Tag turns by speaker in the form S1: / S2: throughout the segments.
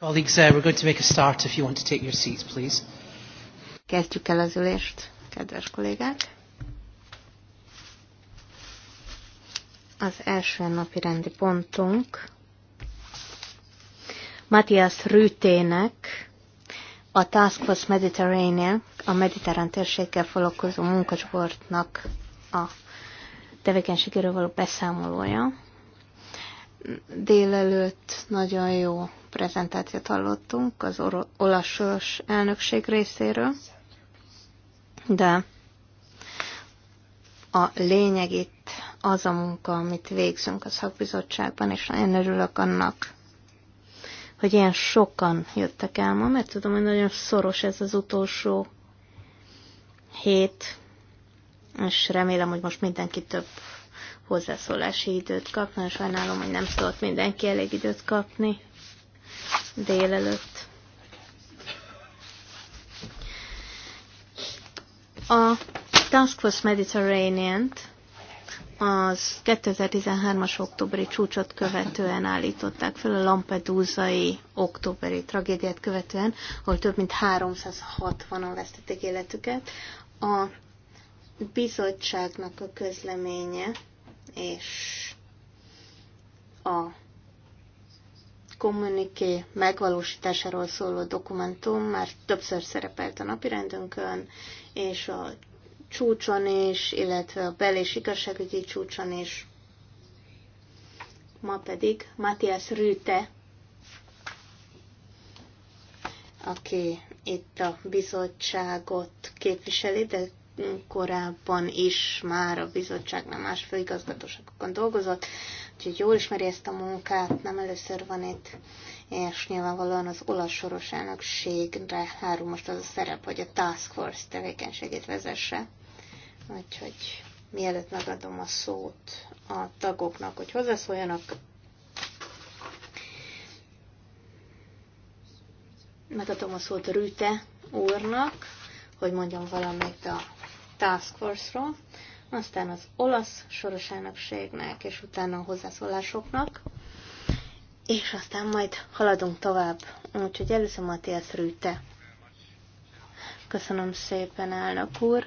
S1: Colleagues, uh, we're going to make a start if you want to take your seats, please.
S2: Kezdjük el az ülést, kedves kollégák. Az első napi rendi pontunk Matthias Rütének a Task Force Mediterranean, a mediterrán térséggel foglalkozó munkacsoportnak a tevékenységéről való beszámolója. Délelőtt nagyon jó prezentációt hallottunk az olasos elnökség részéről, de a lényeg itt az a munka, amit végzünk a szakbizottságban, és nagyon örülök annak, hogy ilyen sokan jöttek el ma, mert tudom, hogy nagyon szoros ez az utolsó hét, és remélem, hogy most mindenki több hozzászólási időt kap. Nagyon sajnálom, hogy nem tudott mindenki elég időt kapni délelőtt. A Task Force mediterranean az 2013-as októberi csúcsot követően állították fel a Lampedusai októberi tragédiát követően, ahol több mint 360-an vesztették életüket. A bizottságnak a közleménye és a kommuniké megvalósításáról szóló dokumentum már többször szerepelt a napirendünkön, és a csúcson is, illetve a bel- és igazságügyi csúcson is. Ma pedig Matthias Rüte, aki itt a bizottságot képviseli, de korábban is már a bizottságnál más főigazgatóságokon dolgozott, úgyhogy jól ismeri ezt a munkát, nem először van itt, és nyilvánvalóan az olasz soros elnökségre három most az a szerep, hogy a Task Force tevékenységét vezesse. Úgyhogy mielőtt megadom a szót a tagoknak, hogy hozzászóljanak, megadom a szót Rüte úrnak, hogy mondjam valamit a Task Force-ról aztán az olasz soros elnökségnek, és utána a hozzászólásoknak, és aztán majd haladunk tovább. Úgyhogy először Matthias Rüte. Köszönöm szépen, elnök úr,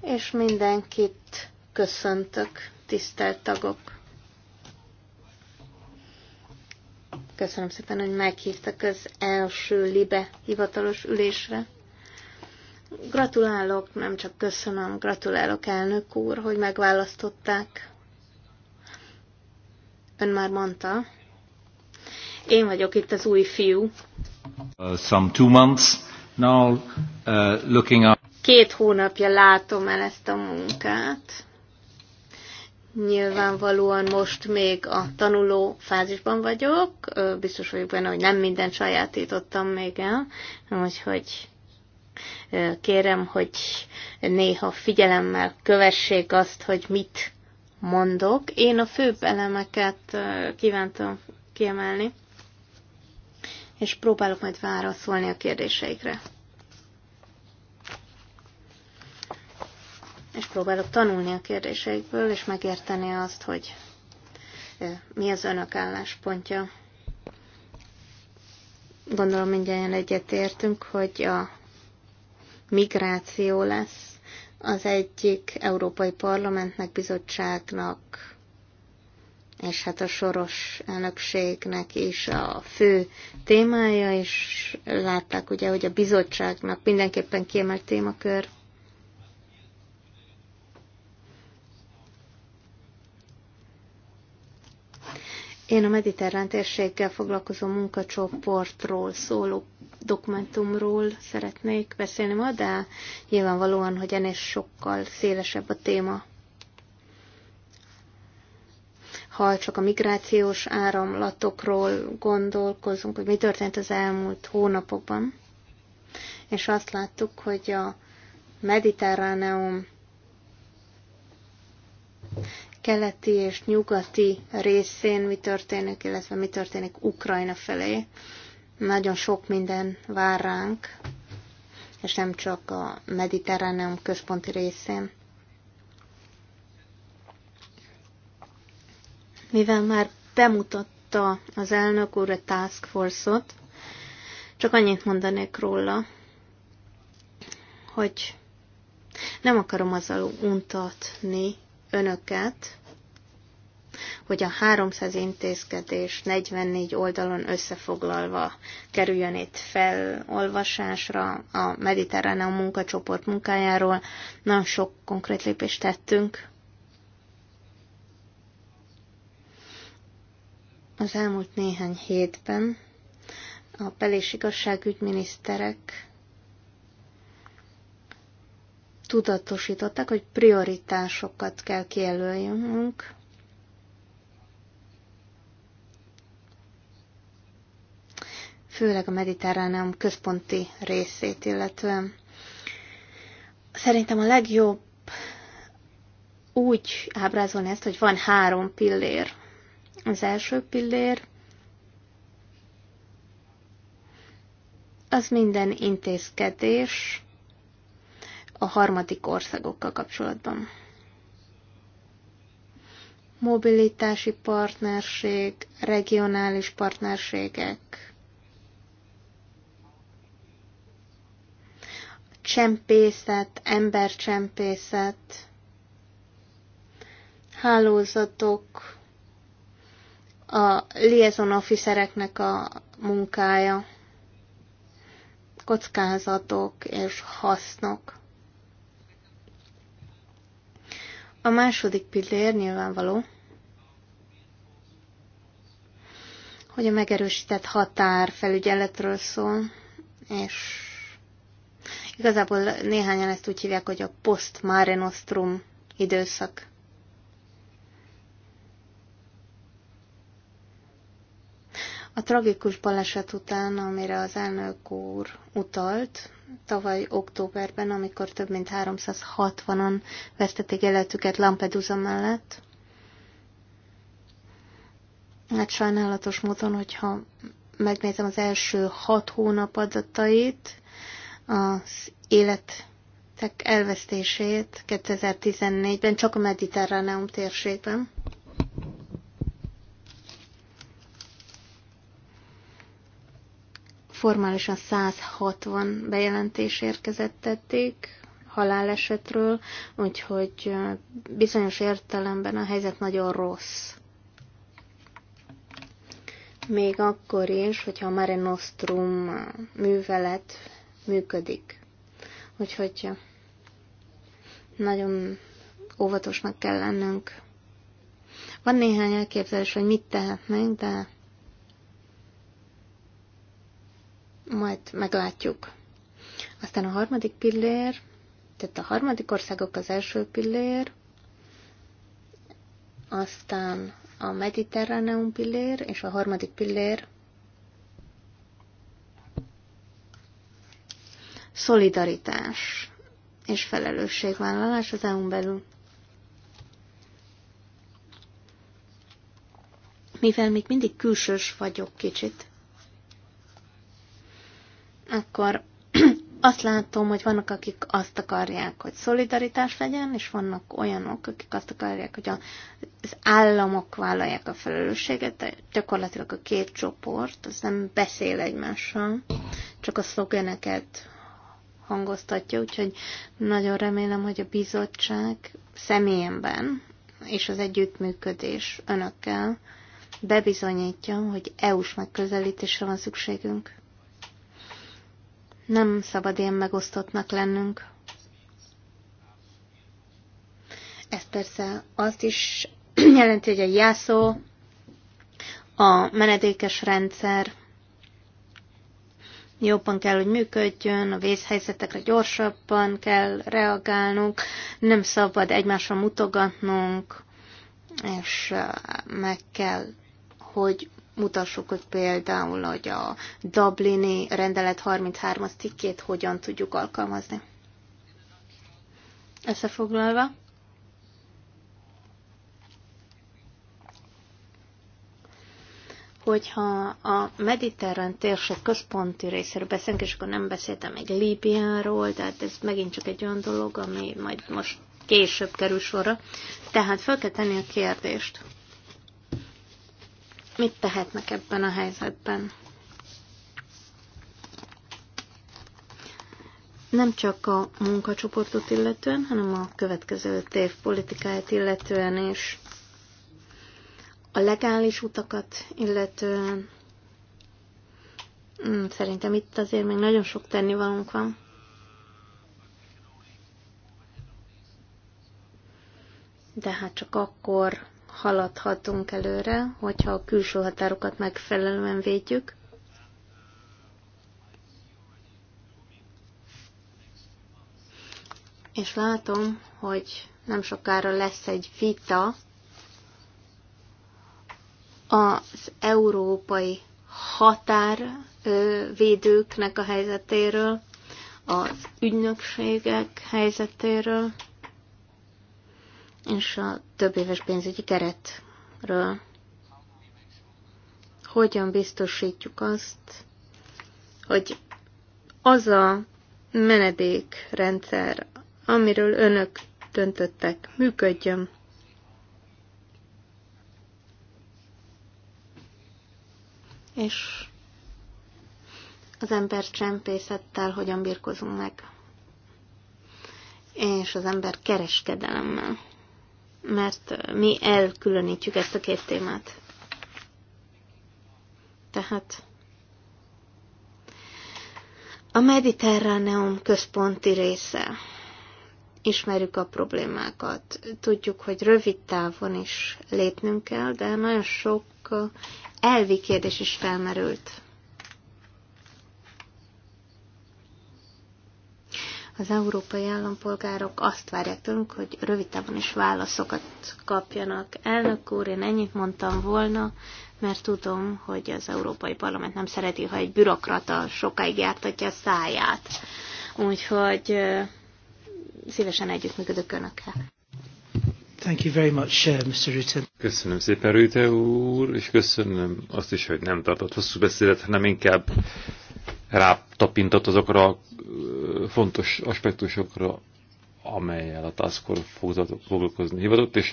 S2: és mindenkit köszöntök, tisztelt tagok. Köszönöm szépen, hogy meghívtak az első LIBE hivatalos ülésre. Gratulálok, nem csak köszönöm, gratulálok elnök úr, hogy megválasztották. Ön már mondta. Én vagyok itt az új fiú.
S3: Uh, some two months now, uh, looking up.
S2: Két hónapja látom el ezt a munkát. Nyilvánvalóan most még a tanuló fázisban vagyok, biztos vagyok benne, hogy nem minden sajátítottam még el, úgyhogy Kérem, hogy néha figyelemmel kövessék azt, hogy mit mondok. Én a főbb elemeket kívántam kiemelni, és próbálok majd válaszolni a kérdéseikre. És próbálok tanulni a kérdéseikből, és megérteni azt, hogy mi az önök álláspontja. Gondolom mindjárt egyetértünk, hogy a migráció lesz az egyik Európai Parlamentnek, Bizottságnak, és hát a soros elnökségnek is a fő témája, és látták ugye, hogy a bizottságnak mindenképpen kiemelt témakör. Én a mediterrán térséggel foglalkozó munkacsoportról szóló dokumentumról szeretnék beszélni ma, de nyilvánvalóan, hogy ennél sokkal szélesebb a téma. Ha csak a migrációs áramlatokról gondolkozunk, hogy mi történt az elmúlt hónapokban, és azt láttuk, hogy a Mediterráneum keleti és nyugati részén mi történik, illetve mi történik Ukrajna felé. Nagyon sok minden vár ránk, és nem csak a mediterráneum központi részén. Mivel már bemutatta az elnök úr a Task Force-ot, csak annyit mondanék róla, hogy nem akarom azzal untatni önöket, hogy a 300 intézkedés 44 oldalon összefoglalva kerüljön itt felolvasásra a Mediterráneum munkacsoport munkájáról. Nagyon sok konkrét lépést tettünk. Az elmúlt néhány hétben a pelés igazságügyminiszterek tudatosították, hogy prioritásokat kell kijelöljünk főleg a mediterráneum központi részét illetően. Szerintem a legjobb úgy ábrázolni ezt, hogy van három pillér. Az első pillér az minden intézkedés a harmadik országokkal kapcsolatban. Mobilitási partnerség, regionális partnerségek, csempészet, embercsempészet, hálózatok, a liaison officereknek a munkája, kockázatok és hasznok. A második pillér nyilvánvaló, hogy a megerősített felügyeletről szól, és Igazából néhányan ezt úgy hívják, hogy a post Mare Nostrum időszak. A tragikus baleset után, amire az elnök úr utalt, tavaly októberben, amikor több mint 360-an vesztették életüket Lampedusa mellett, hát sajnálatos módon, hogyha megnézem az első hat hónap adatait, az életek elvesztését 2014-ben csak a Mediterráneum térségben. Formálisan 160 bejelentés érkezett eddig halálesetről, úgyhogy bizonyos értelemben a helyzet nagyon rossz még akkor is, hogyha a Mare Nostrum művelet működik. Úgyhogy nagyon óvatosnak kell lennünk. Van néhány elképzelés, hogy mit tehetnénk, de majd meglátjuk. Aztán a harmadik pillér, tehát a harmadik országok az első pillér, aztán a mediterráneum pillér és a harmadik pillér szolidaritás és felelősségvállalás az EU-n belül. Mivel még mindig külsős vagyok kicsit, akkor azt látom, hogy vannak, akik azt akarják, hogy szolidaritás legyen, és vannak olyanok, akik azt akarják, hogy az államok vállalják a felelősséget, de gyakorlatilag a két csoport, az nem beszél egymással, csak a szlogeneket hangoztatja, úgyhogy nagyon remélem, hogy a bizottság személyemben és az együttműködés önökkel bebizonyítja, hogy EU-s megközelítésre van szükségünk. Nem szabad ilyen megosztottnak lennünk. Ez persze azt is jelenti, hogy a jászó, a menedékes rendszer, jobban kell, hogy működjön, a vészhelyzetekre gyorsabban kell reagálnunk, nem szabad egymásra mutogatnunk, és meg kell, hogy mutassuk, hogy például, hogy a Dublini rendelet 33-as cikkét hogyan tudjuk alkalmazni. Összefoglalva, hogyha a mediterrán térség központi részéről beszélünk, és akkor nem beszéltem még Líbiáról, tehát ez megint csak egy olyan dolog, ami majd most később kerül sorra. Tehát fel kell tenni a kérdést. Mit tehetnek ebben a helyzetben? Nem csak a munkacsoportot illetően, hanem a következő tév politikáját illetően is. A legális utakat, illetően mm, szerintem itt azért még nagyon sok tennivalónk van. De hát csak akkor haladhatunk előre, hogyha a külső határokat megfelelően védjük. És látom, hogy nem sokára lesz egy vita az európai határvédőknek a helyzetéről, az ügynökségek helyzetéről, és a több éves pénzügyi keretről. Hogyan biztosítjuk azt, hogy az a menedékrendszer, amiről önök döntöttek, működjön. és az ember csempészettel hogyan birkozunk meg, és az ember kereskedelemmel. Mert mi elkülönítjük ezt a két témát. Tehát a Mediterráneum központi része. Ismerjük a problémákat, tudjuk, hogy rövid távon is lépnünk kell, de nagyon sok elvi kérdés is felmerült. Az európai állampolgárok azt várják tőlünk, hogy rövid távon is válaszokat kapjanak. Elnök úr, én ennyit mondtam volna, mert tudom, hogy az Európai Parlament nem szereti, ha egy bürokrata sokáig jártatja a száját. Úgyhogy szívesen együttműködök Önökkel.
S1: Thank you very much, uh, Mr.
S3: Köszönöm szépen, Rüte úr, és köszönöm azt is, hogy nem tartott hosszú beszédet, hanem inkább rátapintott azokra a fontos aspektusokra, amelyel a Task foglalkozni hivatott, és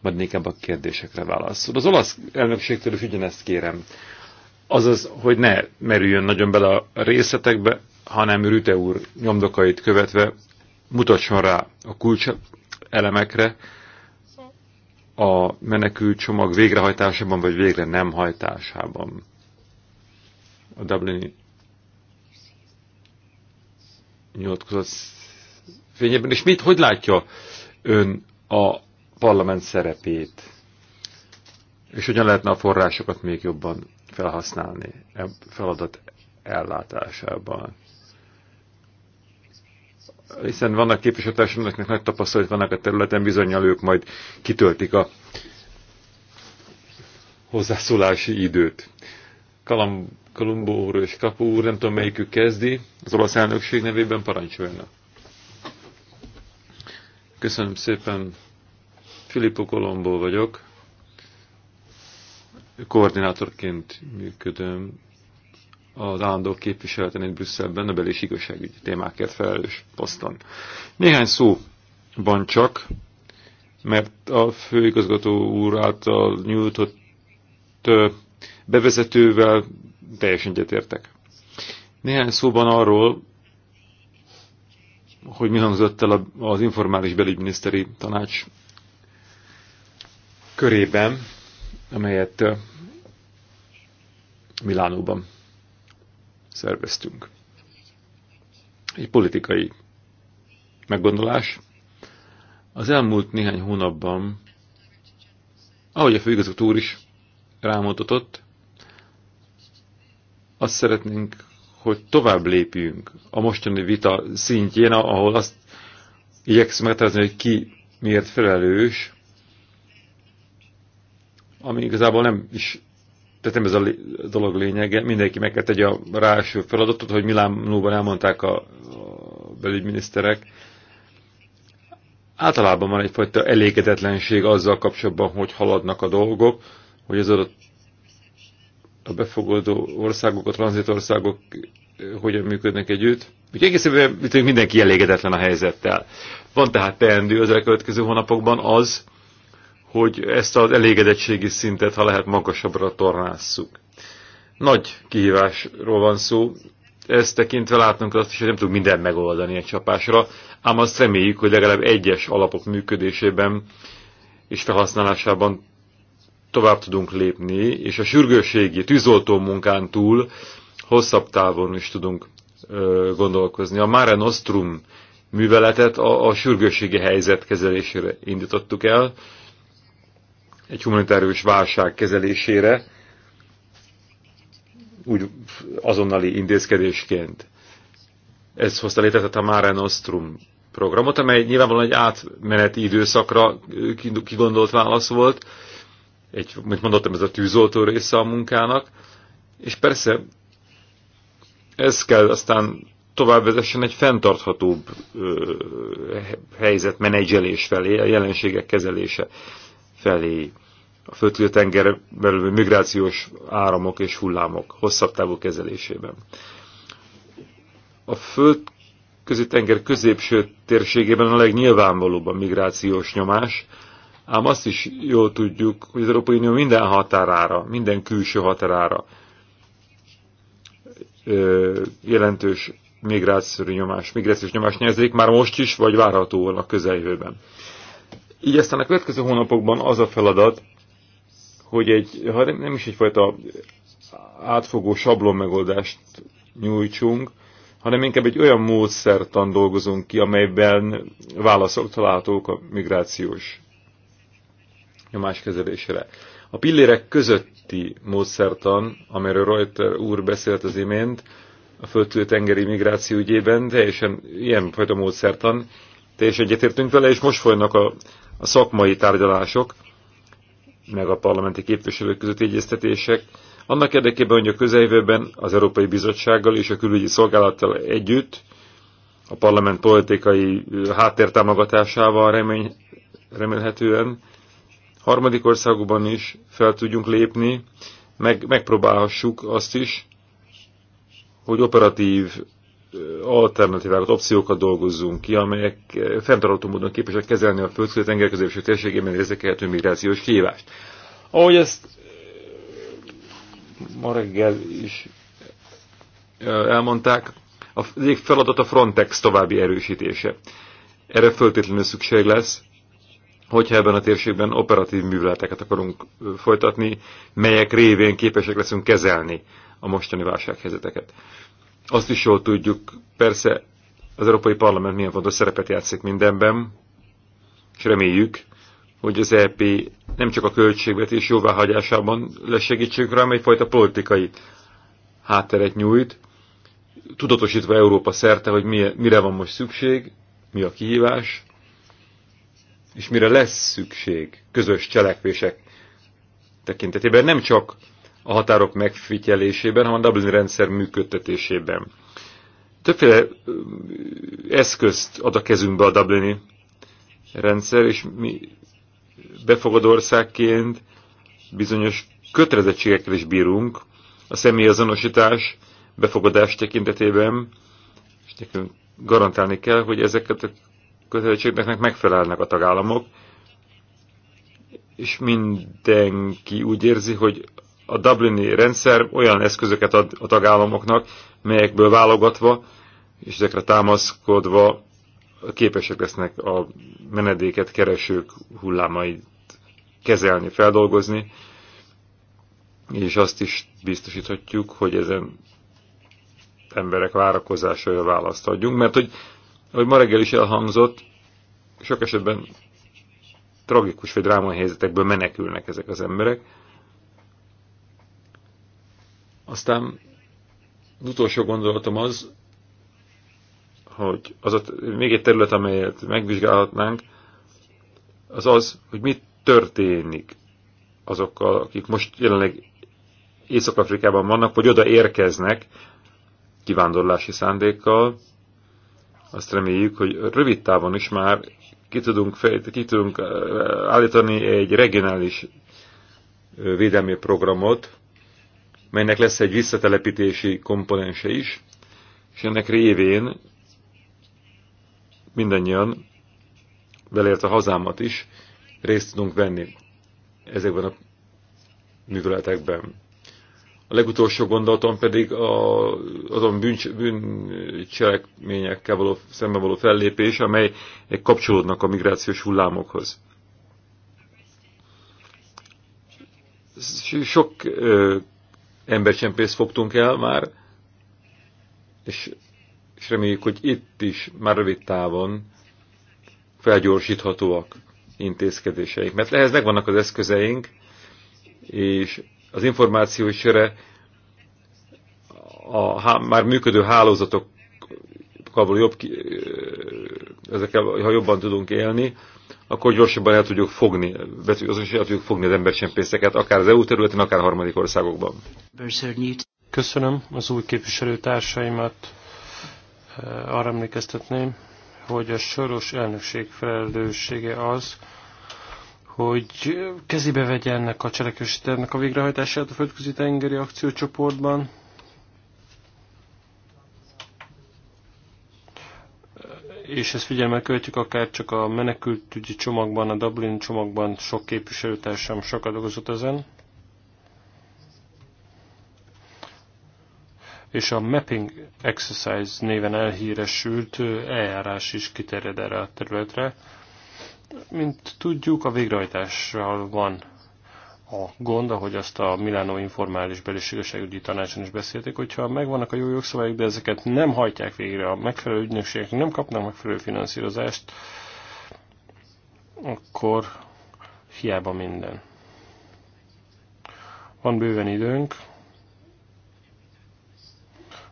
S3: majd inkább a kérdésekre válaszol. Az olasz elnökségtől is ugyanezt kérem. Azaz, hogy ne merüljön nagyon bele a részletekbe, hanem Rüte úr nyomdokait követve mutasson rá a kulcs elemekre, a menekült csomag végrehajtásában vagy végre nem hajtásában. A Dublini nyilatkozat fényében. És mit, hogy látja ön a parlament szerepét? És hogyan lehetne a forrásokat még jobban felhasználni e feladat ellátásában? hiszen vannak képviselőtársamnak nagy tapasztalat vannak a területen, bizonyal ők majd kitöltik a hozzászólási időt. Kalam, Kalumbó úr és Kapu úr, nem tudom melyikük kezdi, az olasz elnökség nevében parancsolna. Köszönöm szépen, Filippo Kolombó vagyok, koordinátorként működöm az állandó képviseleten itt Brüsszelben a és igazságügyi témákért felelős poszton. Néhány szóban csak, mert a főigazgató úr által nyújtott bevezetővel teljesen egyetértek. Néhány szóban arról, hogy mi hangzott el az informális belügyminiszteri tanács körében, amelyet Milánóban szerveztünk. Egy politikai meggondolás. Az elmúlt néhány hónapban, ahogy a főigazgató úr is rámutatott, azt szeretnénk, hogy tovább lépjünk a mostani vita szintjén, ahol azt igyekszünk megtalálni, hogy ki miért felelős, ami igazából nem is tehát nem ez a dolog lényege, mindenki meg kell tegye a ráső feladatot, hogy Milánóban elmondták a, a belügyminiszterek. Általában van egyfajta elégedetlenség azzal kapcsolatban, hogy haladnak a dolgok, hogy az adott a befogadó országok, a tranzitországok eh, hogyan működnek együtt. Úgyhogy egész mindenki elégedetlen a helyzettel. Van tehát teendő az elkövetkező hónapokban az, hogy ezt az elégedettségi szintet, ha lehet, magasabbra tornásszuk. Nagy kihívásról van szó, ezt tekintve látnunk azt is, hogy nem tudunk mindent megoldani egy csapásra, ám azt reméljük, hogy legalább egyes alapok működésében és felhasználásában tovább tudunk lépni, és a sürgőségi, tűzoltó munkán túl hosszabb távon is tudunk ö, gondolkozni. A Mare Nostrum műveletet a, a sürgőségi helyzet kezelésére indítottuk el, egy humanitárius válság kezelésére, úgy azonnali intézkedésként. Ez hozta létre a Mare Nostrum programot, amely nyilvánvalóan egy átmeneti időszakra kigondolt válasz volt, egy, mint mondottam, ez a tűzoltó része a munkának, és persze ez kell aztán tovább vezessen egy fenntarthatóbb ö, helyzet menedzselés felé, a jelenségek kezelése felé. A földközi belül migrációs áramok és hullámok hosszabb távú kezelésében. A földközi tenger középső térségében a legnyilvánvalóbb a migrációs nyomás, ám azt is jól tudjuk, hogy az Európai Unió minden határára, minden külső határára jelentős migrációs nyomás, migrációs nyomás nyezik, már most is, vagy várható volna a közeljövőben. Így aztán a következő hónapokban az a feladat, hogy egy, ha nem is egyfajta átfogó sablon megoldást nyújtsunk, hanem inkább egy olyan módszertan dolgozunk ki, amelyben válaszok találhatók a migrációs nyomáskezelésre. A pillérek közötti módszertan, amelyről Reuter úr beszélt az imént, a tengeri migráció ügyében, teljesen ilyen fajta módszertan, teljesen egyetértünk vele, és most folynak a a szakmai tárgyalások, meg a parlamenti képviselők közötti egyeztetések, annak érdekében, hogy a közeljövőben az Európai Bizottsággal és a külügyi szolgálattal együtt a parlament politikai háttértámogatásával remény, remélhetően harmadik országokban is fel tudjunk lépni, meg, megpróbálhassuk azt is, hogy operatív alternatívákat, opciókat dolgozzunk ki, amelyek eh, fenntartható módon képesek kezelni a földközi tenger középső térségében érzékelhető migrációs kihívást. Ahogy ezt eh, ma reggel is eh, elmondták, az egyik feladat a Frontex további erősítése. Erre föltétlenül szükség lesz, hogyha ebben a térségben operatív műveleteket akarunk folytatni, melyek révén képesek leszünk kezelni a mostani válsághelyzeteket. Azt is jól tudjuk, persze az Európai Parlament milyen fontos szerepet játszik mindenben, és reméljük, hogy az EP nem csak a költségvetés jóváhagyásában lesz segítségükre, hanem egyfajta politikai hátteret nyújt, tudatosítva Európa szerte, hogy mire van most szükség, mi a kihívás, és mire lesz szükség közös cselekvések tekintetében. Nem csak a határok megfigyelésében, hanem a Dublin rendszer működtetésében. Többféle eszközt ad a kezünkbe a Dublini rendszer, és mi befogadó országként bizonyos kötelezettségekkel is bírunk a személyazonosítás befogadás tekintetében, és nekünk garantálni kell, hogy ezeket a kötelezettségeknek megfelelnek a tagállamok, és mindenki úgy érzi, hogy a Dublini rendszer olyan eszközöket ad a tagállamoknak, melyekből válogatva és ezekre támaszkodva képesek lesznek a menedéket keresők hullámait kezelni, feldolgozni, és azt is biztosíthatjuk, hogy ezen emberek várakozásaira választ adjunk, mert hogy, ahogy ma reggel is elhangzott, sok esetben tragikus vagy drámai helyzetekből menekülnek ezek az emberek, aztán az utolsó gondolatom az, hogy az a, még egy terület, amelyet megvizsgálhatnánk, az az, hogy mit történik azokkal, akik most jelenleg Észak-Afrikában vannak, vagy oda érkeznek kivándorlási szándékkal. Azt reméljük, hogy rövid távon is már ki tudunk, fejt, ki tudunk eh, állítani egy regionális eh, védelmi programot, melynek lesz egy visszatelepítési komponense is, és ennek révén mindannyian, beleért a hazámat is, részt tudunk venni ezekben a műveletekben. A legutolsó gondolatom pedig a, azon bűncs, bűncselekményekkel való, szemben való fellépés, amely kapcsolódnak a migrációs hullámokhoz. Sok ö, embercsempészt fogtunk el már, és, és reméljük, hogy itt is már rövid távon felgyorsíthatóak intézkedéseink. Mert ehhez megvannak az eszközeink, és az információsere a há, már működő hálózatok sokkal jobb, ezekkel, ha jobban tudunk élni, akkor gyorsabban el tudjuk fogni, azon is el tudjuk fogni az embercsempészeket, akár az EU területen, akár harmadik országokban.
S4: Köszönöm az új képviselőtársaimat. Arra emlékeztetném, hogy a soros elnökség felelőssége az, hogy kezibe vegye ennek a cselekvési a végrehajtását a Földközi Tengeri Akciócsoportban, és ezt figyelme követjük akár csak a menekültügyi csomagban, a Dublin csomagban sok képviselőtársam sokat dolgozott ezen. És a Mapping Exercise néven elhíresült eljárás is kiterjed erre a területre. Mint tudjuk, a végrehajtással van a gond, ahogy azt a Milánó informális belőségösségügyi tanácson is beszélték, hogyha megvannak a jó jogszabályok, de ezeket nem hajtják végre, a megfelelő ügynökségek nem kapnak megfelelő finanszírozást, akkor hiába minden. Van bőven időnk.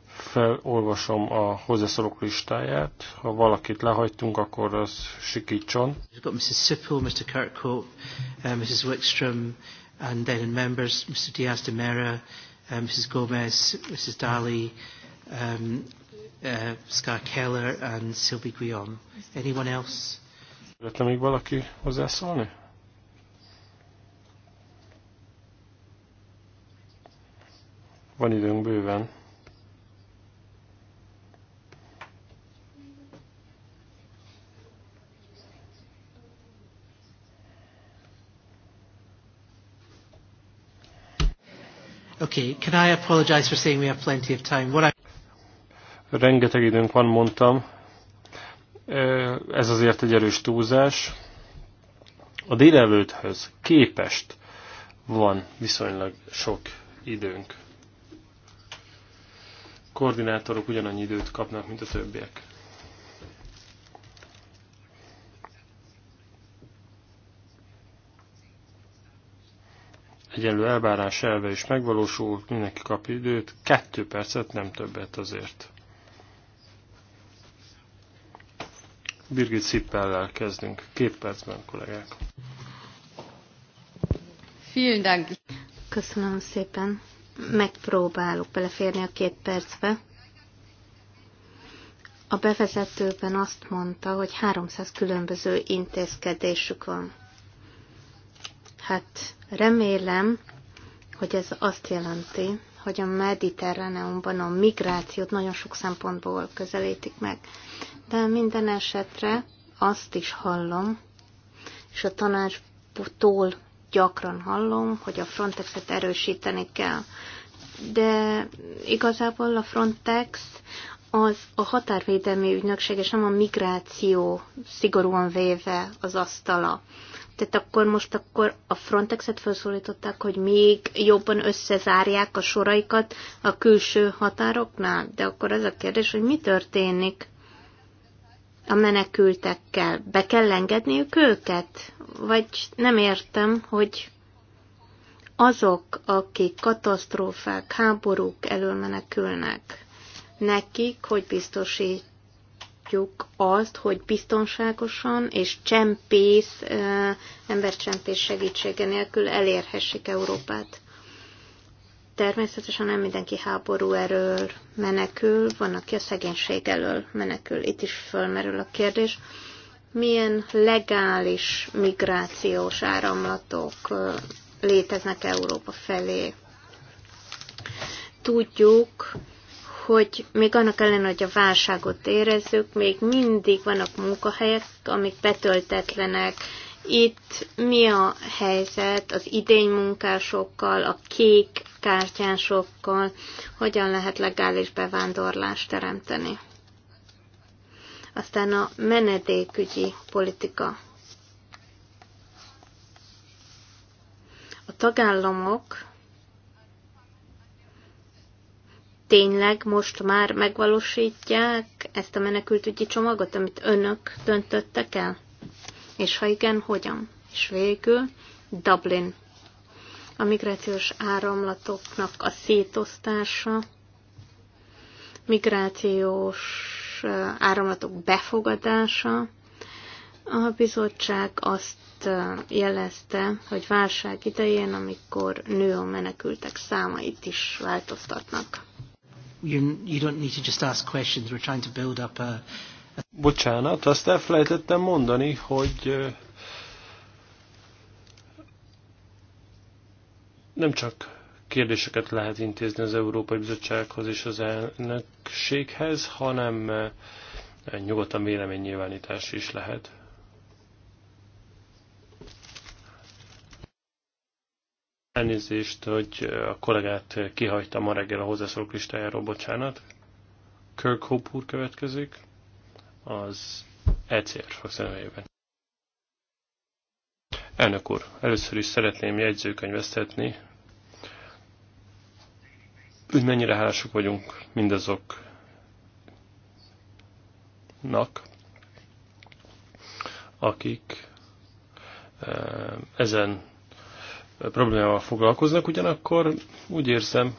S4: Felolvasom a hozzászorok listáját. Ha valakit lehagytunk, akkor az sikítson. Mrs. Sippel, Mr. Kirkhope,
S1: uh, Mrs. Wickstrom, And then members, Mr Diaz de Mera, um, uh, Mrs Gomez, Mrs Daly, um, uh, Scott Keller and Sylvie Guillaume. Anyone else? Szeretne még valaki hozzászólni?
S4: Van időnk bőven.
S1: Okay, can I apologize for saying we have plenty of time? What I...
S4: Rengeteg időnk van, mondtam. Ez azért egy erős túlzás. A délelőtthöz képest van viszonylag sok időnk. Koordinátorok ugyanannyi időt kapnak, mint a többiek. egyenlő elbárás elve is megvalósul, mindenki kap időt, kettő percet, nem többet azért. Birgit Szippellel kezdünk. Két percben, kollégák.
S2: Vielen Dank. Köszönöm szépen. Megpróbálok beleférni a két percbe. A bevezetőben azt mondta, hogy 300 különböző intézkedésük van. Hát remélem, hogy ez azt jelenti, hogy a Mediterráneumban a migrációt nagyon sok szempontból közelítik meg. De minden esetre azt is hallom, és a tanácstól gyakran hallom, hogy a Frontexet erősíteni kell. De igazából a Frontex az a határvédelmi ügynökség, és nem a migráció szigorúan véve az asztala. Tehát akkor most akkor a Frontexet felszólították, hogy még jobban összezárják a soraikat a külső határoknál, de akkor az a kérdés, hogy mi történik a menekültekkel? Be kell engedniük őket? Vagy nem értem, hogy azok, akik katasztrófák, háborúk elől menekülnek, nekik hogy biztosít látjuk azt, hogy biztonságosan és csempész, embercsempész segítsége nélkül elérhessék Európát. Természetesen nem mindenki háború erről menekül, van, aki a szegénység elől menekül. Itt is fölmerül a kérdés, milyen legális migrációs áramlatok léteznek Európa felé. Tudjuk, hogy még annak ellen hogy a válságot érezzük, még mindig vannak munkahelyek, amik betöltetlenek. Itt mi a helyzet az idény munkásokkal, a kék kártyásokkal, hogyan lehet legális bevándorlást teremteni. Aztán a menedékügyi politika. A tagállamok tényleg most már megvalósítják ezt a menekültügyi csomagot, amit önök döntöttek el? És ha igen, hogyan? És végül Dublin. A migrációs áramlatoknak a szétosztása, migrációs áramlatok befogadása. A bizottság azt jelezte, hogy válság idején, amikor nő a menekültek száma, itt is változtatnak
S1: you, you don't need to just ask questions. We're trying to build up a,
S4: a... Bocsánat, azt elfelejtettem mondani, hogy nem csak kérdéseket lehet intézni az Európai Bizottsághoz és az elnökséghez, hanem nyugodtan véleménynyilvánítás is lehet. Elnézést, hogy a kollégát kihagyta ma reggel a hozzászólók listájáról, bocsánat. Kirk Hope úr következik, az ECR frakcionájában. Elnök úr, először is szeretném jegyzőkönyvesztetni, Úgy mennyire hálások vagyunk mindazoknak, akik eh, ezen problémával foglalkoznak, ugyanakkor úgy érzem,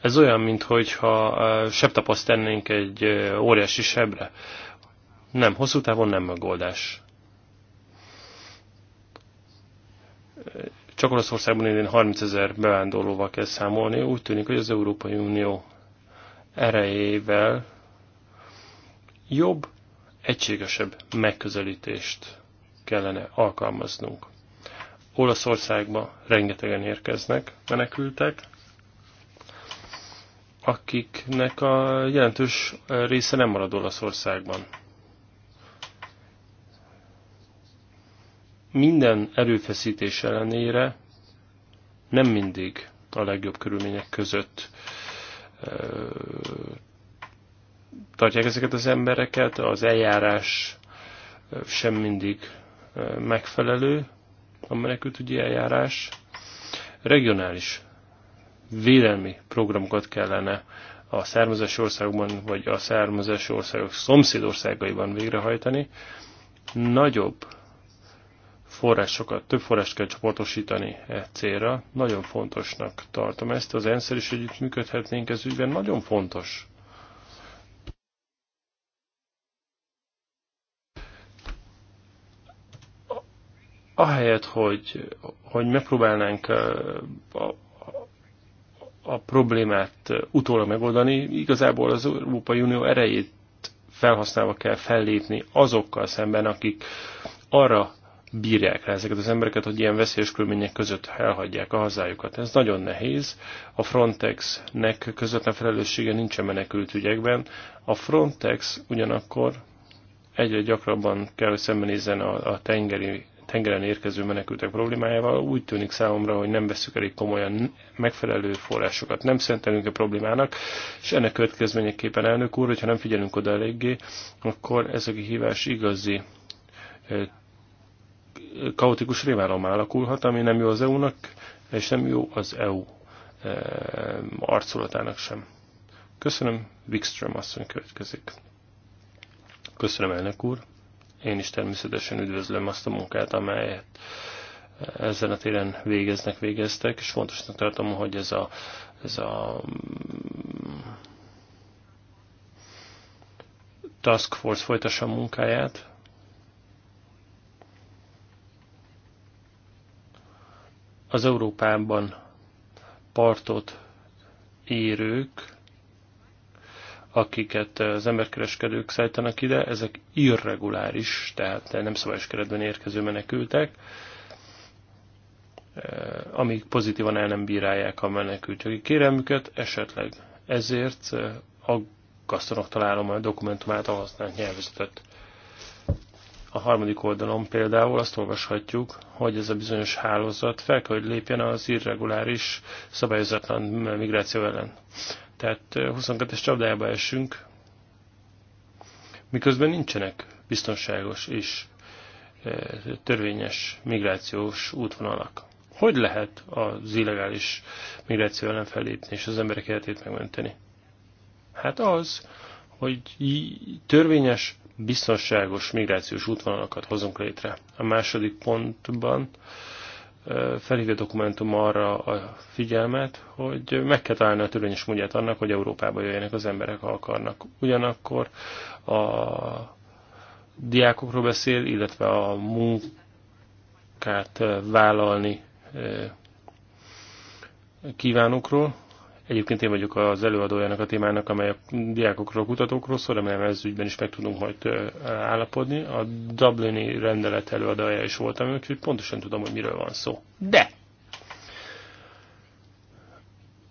S4: ez olyan, mintha sebtapaszt tennénk egy óriási sebre. Nem, hosszú távon nem megoldás. Csak Oroszországban idén 30 ezer bevándorlóval kell számolni. Úgy tűnik, hogy az Európai Unió erejével jobb, egységesebb megközelítést kellene alkalmaznunk. Olaszországba rengetegen érkeznek menekültek, akiknek a jelentős része nem marad Olaszországban. Minden erőfeszítés ellenére nem mindig a legjobb körülmények között tartják ezeket az embereket, az eljárás sem mindig megfelelő a menekültügyi eljárás. Regionális védelmi programokat kellene a származási országokban, vagy a származási országok szomszédországaiban végrehajtani. Nagyobb forrásokat, több forrást kell csoportosítani e célra. Nagyon fontosnak tartom ezt. Az ENSZ-el is működhetnénk ez ügyben. Nagyon fontos ahelyett, hogy, hogy megpróbálnánk a, a problémát utólag megoldani, igazából az Európai Unió erejét felhasználva kell fellépni azokkal szemben, akik arra bírják rá ezeket az embereket, hogy ilyen veszélyes körülmények között elhagyják a hazájukat. Ez nagyon nehéz. A Frontexnek közvetlen felelőssége nincsen menekült ügyekben. A Frontex ugyanakkor egyre gyakrabban kell, hogy szembenézzen a, a tengeri tengeren érkező menekültek problémájával, úgy tűnik számomra, hogy nem veszük elég komolyan megfelelő forrásokat, nem szentelünk a problémának, és ennek következményeképpen elnök úr, hogyha nem figyelünk oda eléggé, akkor ez a kihívás igazi eh, kaotikus rémálom alakulhat, ami nem jó az EU-nak, és nem jó az EU eh, arculatának sem. Köszönöm, Wikström asszony következik. Köszönöm, elnök úr. Én is természetesen üdvözlöm azt a munkát, amelyet ezen a téren végeznek, végeztek, és fontosnak tartom, hogy ez a, ez a Task Force folytassa a munkáját. Az Európában partot érők akiket az emberkereskedők szállítanak ide, ezek irreguláris, tehát nem szabályos keretben érkező menekültek, eh, amíg pozitívan el nem bírálják a jogi kérelmüket, esetleg ezért eh, aggasztanak találom a dokumentumát a használt nyelvezetet. A harmadik oldalon például azt olvashatjuk, hogy ez a bizonyos hálózat fel kell, hogy lépjen az irreguláris, szabályozatlan migráció ellen. Tehát 22-es csapdájába esünk, miközben nincsenek biztonságos és törvényes migrációs útvonalak. Hogy lehet az illegális migráció ellen fellépni és az emberek életét megmenteni? Hát az, hogy törvényes, biztonságos migrációs útvonalakat hozunk létre. A második pontban felhívja dokumentum arra a figyelmet, hogy meg kell találni a törvényes módját annak, hogy Európába jöjjenek az emberek, ha akarnak. Ugyanakkor a diákokról beszél, illetve a munkát vállalni kívánokról, Egyébként én vagyok az előadójának a témának, amely a diákokról, kutatókról szól, remélem ez ügyben is meg tudunk majd állapodni. A Dublini rendelet előadója is voltam, úgyhogy pontosan tudom, hogy miről van szó. De!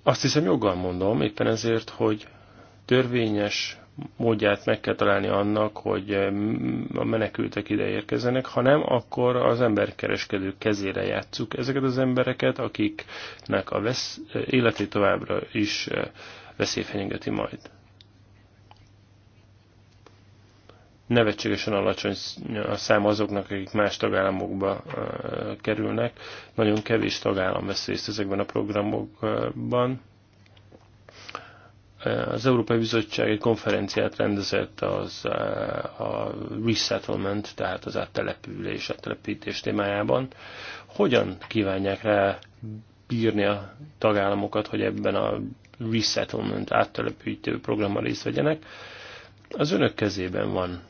S4: Azt hiszem joggal mondom, éppen ezért, hogy törvényes módját meg kell találni annak, hogy eh, a menekültek ide érkezenek, hanem akkor az emberkereskedők kezére játsszuk ezeket az embereket, akiknek a vesz, eh, életét továbbra is eh, veszélyfenyegeti majd. nevetségesen alacsony a szám azoknak, akik más tagállamokba kerülnek. Nagyon kevés tagállam vesz részt ezekben a programokban az Európai Bizottság egy konferenciát rendezett az eh, a resettlement, tehát az áttelepülés, áttelepítés témájában. Hogyan kívánják rá bírni a tagállamokat, hogy ebben a resettlement áttelepítő programban részt vegyenek? Az önök kezében van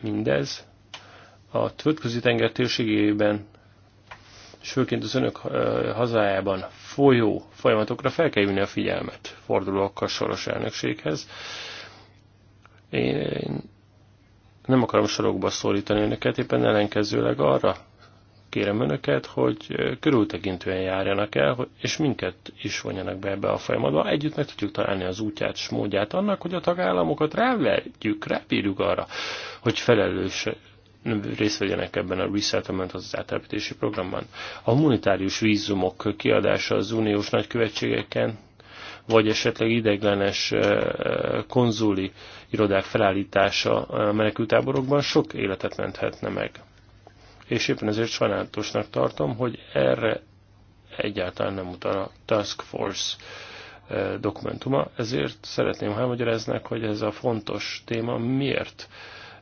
S4: mindez. A földközi tenger térségében és főként az önök hazájában folyó folyamatokra fel kell a figyelmet, fordulókkal a soros elnökséghez. Én nem akarom sorokba szólítani önöket, éppen ellenkezőleg arra kérem önöket, hogy körültekintően járjanak el, és minket is vonjanak be ebbe a folyamatba. Együtt meg tudjuk találni az útját és módját annak, hogy a tagállamokat rávegyük, rábírjuk arra, hogy felelős részt vegyenek ebben a resettlement, az átelepítési programban. A humanitárius vízumok kiadása az uniós nagykövetségeken, vagy esetleg ideiglenes eh, konzuli irodák felállítása a menekültáborokban sok életet menthetne meg. És éppen ezért sajnálatosnak tartom, hogy erre egyáltalán nem utal a Task Force eh, dokumentuma, ezért szeretném, ha elmagyaráznak, hogy ez a fontos téma miért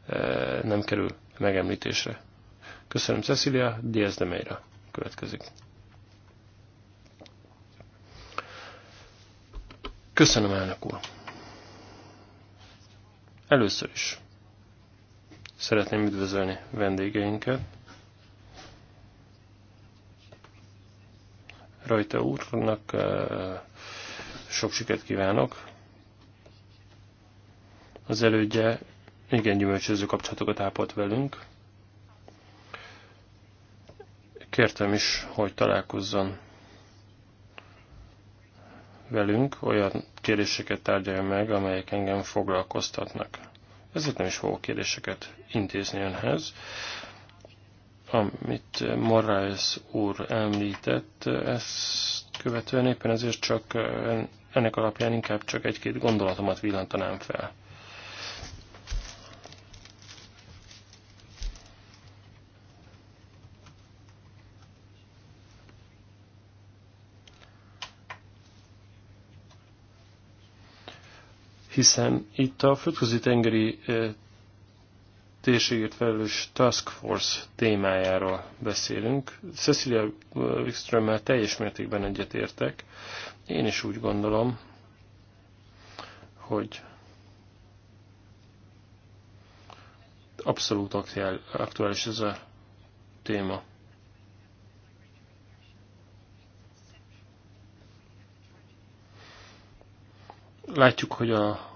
S4: eh, nem kerül megemlítésre. Köszönöm Cecilia, Diaz de Meira következik. Köszönöm, elnök úr. Először is szeretném üdvözölni vendégeinket. Rajta úrnak eh, sok sikert kívánok. Az elődje igen gyümölcsöző kapcsolatokat ápolt velünk. Kértem is, hogy találkozzon velünk, olyan kérdéseket tárgyalja meg, amelyek engem foglalkoztatnak. Ezért nem is fogok kérdéseket intézni önhez. Amit Morales úr említett, ezt követően éppen ezért csak ennek alapján inkább csak egy-két gondolatomat villantanám fel. hiszen itt a földközi tengeri térségért felelős Task Force témájáról beszélünk. Cecilia Wikströmmel teljes mértékben egyetértek. Én is úgy gondolom, hogy abszolút aktuális ez a téma. Látjuk, hogy a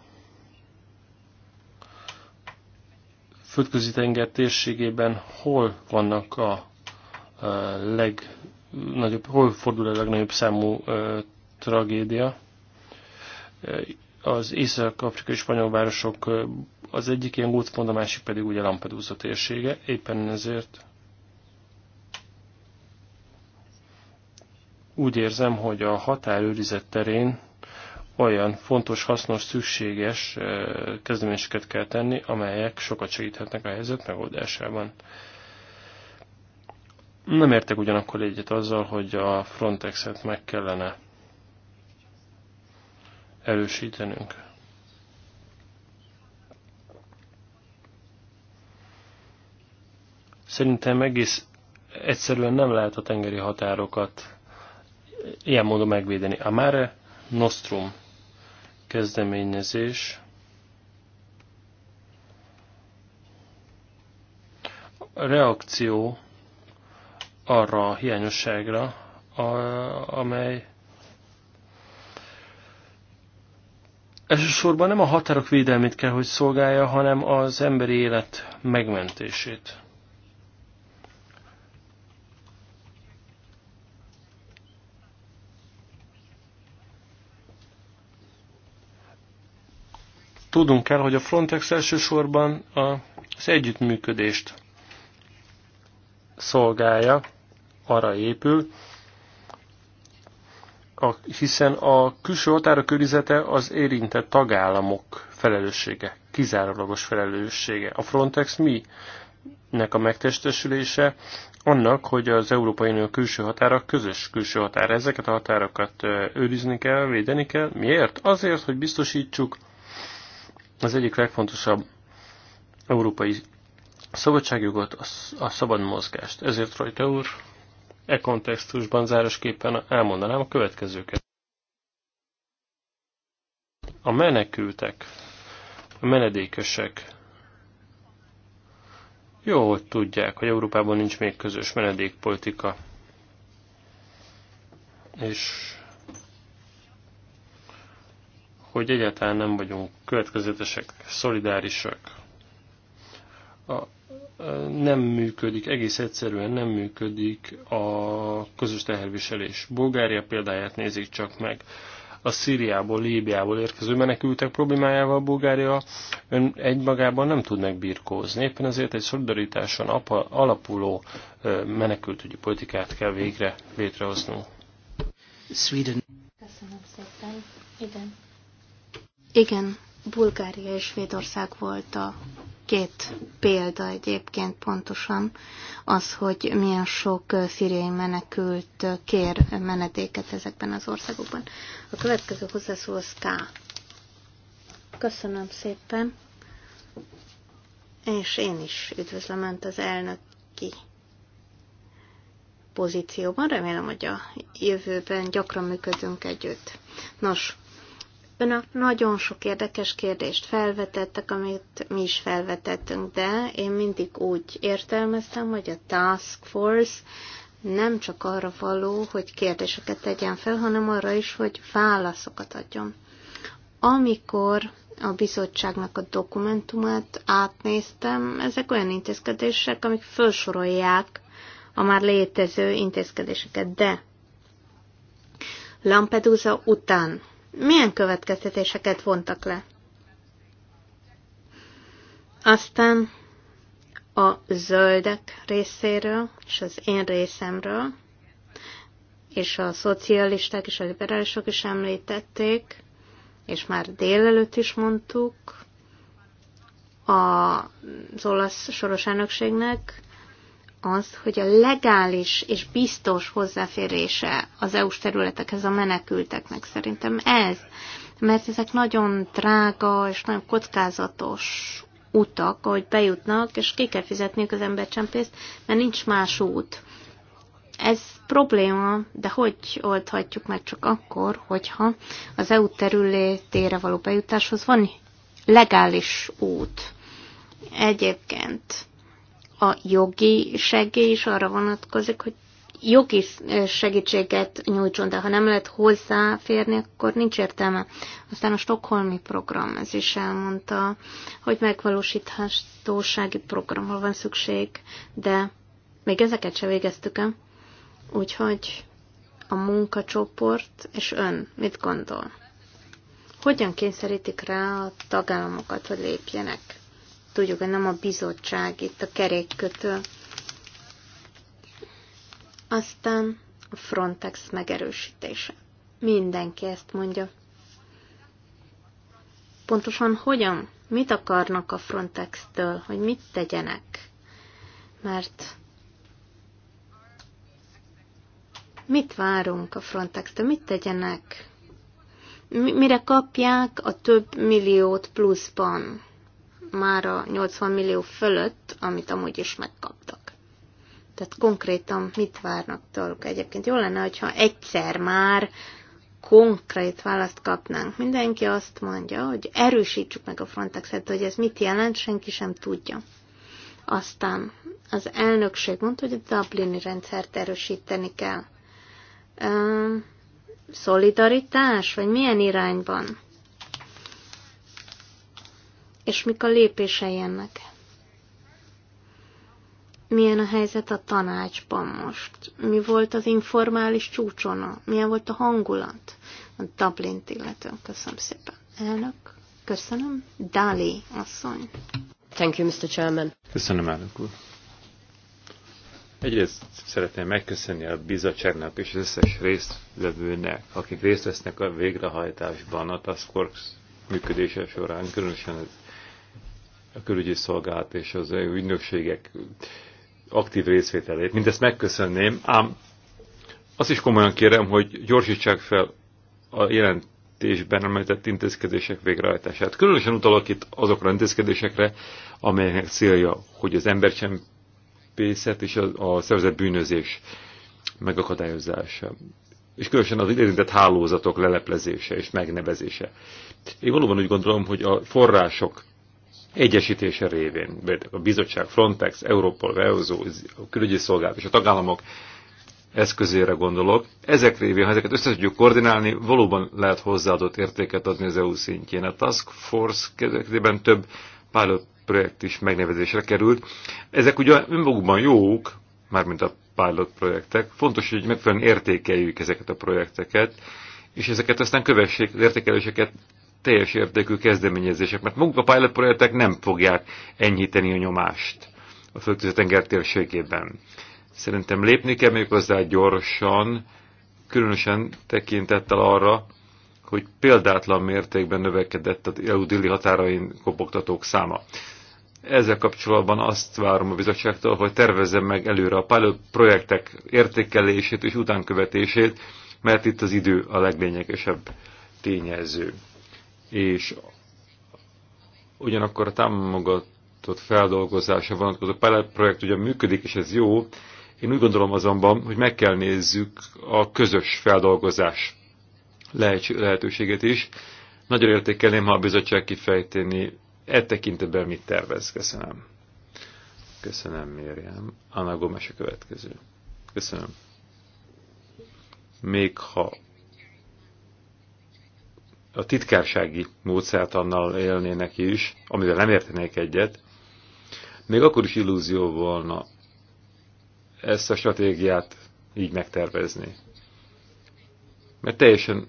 S4: földközi tenger térségében hol vannak a legnagyobb, hol fordul a legnagyobb számú tragédia. Az észak-afrikai spanyol városok az egyik ilyen gócpont, a másik pedig ugye Lampedusa térsége, éppen ezért úgy érzem, hogy a határőrizet terén olyan fontos, hasznos, szükséges kezdeményeket kell tenni, amelyek sokat segíthetnek a helyzet megoldásában. Nem értek ugyanakkor egyet azzal, hogy a Frontexet meg kellene erősítenünk. Szerintem egész egyszerűen nem lehet a tengeri határokat ilyen módon megvédeni. A Mare Nostrum kezdeményezés a reakció arra a hiányosságra, a, amely elsősorban nem a határok védelmét kell, hogy szolgálja, hanem az emberi élet megmentését. Tudunk kell, hogy a Frontex elsősorban az együttműködést szolgálja, arra épül, a, hiszen a külső határa körizete az érintett tagállamok felelőssége, kizárólagos felelőssége. A Frontex mi? nek a megtestesülése, annak, hogy az Európai Unió külső határa közös külső határa. Ezeket a határokat őrizni kell, védeni kell. Miért? Azért, hogy biztosítsuk, az egyik legfontosabb európai szabadságjogot, a szabad mozgást. Ezért rajta úr, e kontextusban zárosképpen elmondanám a következőket. A menekültek, a menedékesek jó, hogy tudják, hogy Európában nincs még közös menedékpolitika. És hogy egyáltalán nem vagyunk következetesek, szolidárisak. A, e, nem működik, egész egyszerűen nem működik a közös teherviselés. Bulgária példáját nézik csak meg. A Szíriából, Líbiából érkező menekültek problémájával Bulgária ön egymagában nem tud megbirkózni. Éppen ezért egy szolidaritáson alapuló e, menekültügyi politikát kell végre létrehoznunk.
S1: Sweden.
S2: Köszönöm szépen. Igen. Igen, Bulgária és Svédország volt a két példa egyébként pontosan az, hogy milyen sok szíriai menekült kér menedéket ezekben az országokban. A következő hozzászól az K. Köszönöm szépen, és én is üdvözlöm Önt az elnöki pozícióban. Remélem, hogy a jövőben gyakran működünk együtt. Nos, Önök nagyon sok érdekes kérdést felvetettek, amit mi is felvetettünk, de én mindig úgy értelmeztem, hogy a Task Force nem csak arra való, hogy kérdéseket tegyen fel, hanem arra is, hogy válaszokat adjon. Amikor a bizottságnak a dokumentumát átnéztem, ezek olyan intézkedések, amik felsorolják a már létező intézkedéseket, de Lampedusa után milyen következtetéseket vontak le. Aztán a zöldek részéről, és az én részemről, és a szocialisták és a liberálisok is említették, és már délelőtt is mondtuk, az olasz soros elnökségnek az, hogy a legális és biztos hozzáférése az EU-s területekhez a menekülteknek szerintem ez, mert ezek nagyon drága és nagyon kockázatos utak, ahogy bejutnak, és ki kell fizetniük az embercsempészt, mert nincs más út. Ez probléma, de hogy oldhatjuk meg csak akkor, hogyha az EU területére való bejutáshoz van legális út. Egyébként a jogi segély is arra vonatkozik, hogy jogi segítséget nyújtson, de ha nem lehet hozzáférni, akkor nincs értelme. Aztán a stokholmi program, ez is elmondta, hogy megvalósíthatósági programra van szükség, de még ezeket se végeztük el. Úgyhogy a munkacsoport és ön mit gondol? Hogyan kényszerítik rá a tagállamokat, hogy lépjenek? tudjuk, hogy nem a bizottság, itt a kerékkötő. Aztán a Frontex megerősítése. Mindenki ezt mondja. Pontosan hogyan? Mit akarnak a Frontex-től, hogy mit tegyenek? Mert mit várunk a Frontex-től, mit tegyenek? mire kapják a több milliót pluszban? már a 80 millió fölött, amit amúgy is megkaptak. Tehát konkrétan mit várnak tőlük? Egyébként jó lenne, hogyha egyszer már konkrét választ kapnánk. Mindenki azt mondja, hogy erősítsük meg a Frontexet, hogy ez mit jelent, senki sem tudja. Aztán az elnökség mondta, hogy a Dublini rendszert erősíteni kell. Ö, szolidaritás, vagy milyen irányban? és mik a lépései ennek. Milyen a helyzet a tanácsban most? Mi volt az informális csúcsona? Milyen volt a hangulat a dublin illető? Köszönöm szépen. Elnök, köszönöm. Dali asszony. Thank you, Mr. Chairman.
S3: Köszönöm, elnök úr. Egyrészt szeretném megköszönni a bizottságnak és az összes résztvevőnek, akik részt vesznek a végrehajtásban a Task Force működése során, különösen az a külügyi szolgálat és az ügynökségek aktív részvételét. Mindezt megköszönném, ám azt is komolyan kérem, hogy gyorsítsák fel a jelentésben említett intézkedések végrehajtását. Különösen utalok itt azokra intézkedésekre, amelyek célja, hogy az embercsempészet és a, a szervezett bűnözés megakadályozása. És különösen az érintett hálózatok leleplezése és megnevezése. Én valóban úgy gondolom, hogy a források egyesítése révén, a bizottság, Frontex, Europol, Veozó, a külügyi szolgálat és a tagállamok eszközére gondolok. Ezek révén, ha ezeket össze tudjuk koordinálni, valóban lehet hozzáadott értéket adni az EU szintjén. A Task Force kezdetében több pilot projekt is megnevezésre került. Ezek ugye önmagukban jók, mármint a pilot projektek. Fontos, hogy megfelelően értékeljük ezeket a projekteket, és ezeket aztán kövessék, az értékeléseket teljes értékű kezdeményezések, mert maguk a pilot projektek nem fogják enyhíteni a nyomást a földközi-tenger térségében. Szerintem lépni kell még hozzá gyorsan, különösen tekintettel arra, hogy példátlan mértékben növekedett az EU déli határain kopogtatók száma. Ezzel kapcsolatban azt várom a bizottságtól, hogy tervezze meg előre a pilot projektek értékelését és utánkövetését, mert itt az idő a leglényegesebb tényező és ugyanakkor a támogatott feldolgozása vonatkozó projekt ugyan működik, és ez jó, én úgy gondolom azonban, hogy meg kell nézzük a közös feldolgozás lehetőséget is. Nagyon értékelném, ha a bizottság kifejteni e tekintetben mit tervez. Köszönöm. Köszönöm, Mérjem. Anna Gomes a következő. Köszönöm. Még ha a titkársági módszert annal élnének is, amivel nem értenék egyet, még akkor is illúzió volna ezt a stratégiát így megtervezni. Mert teljesen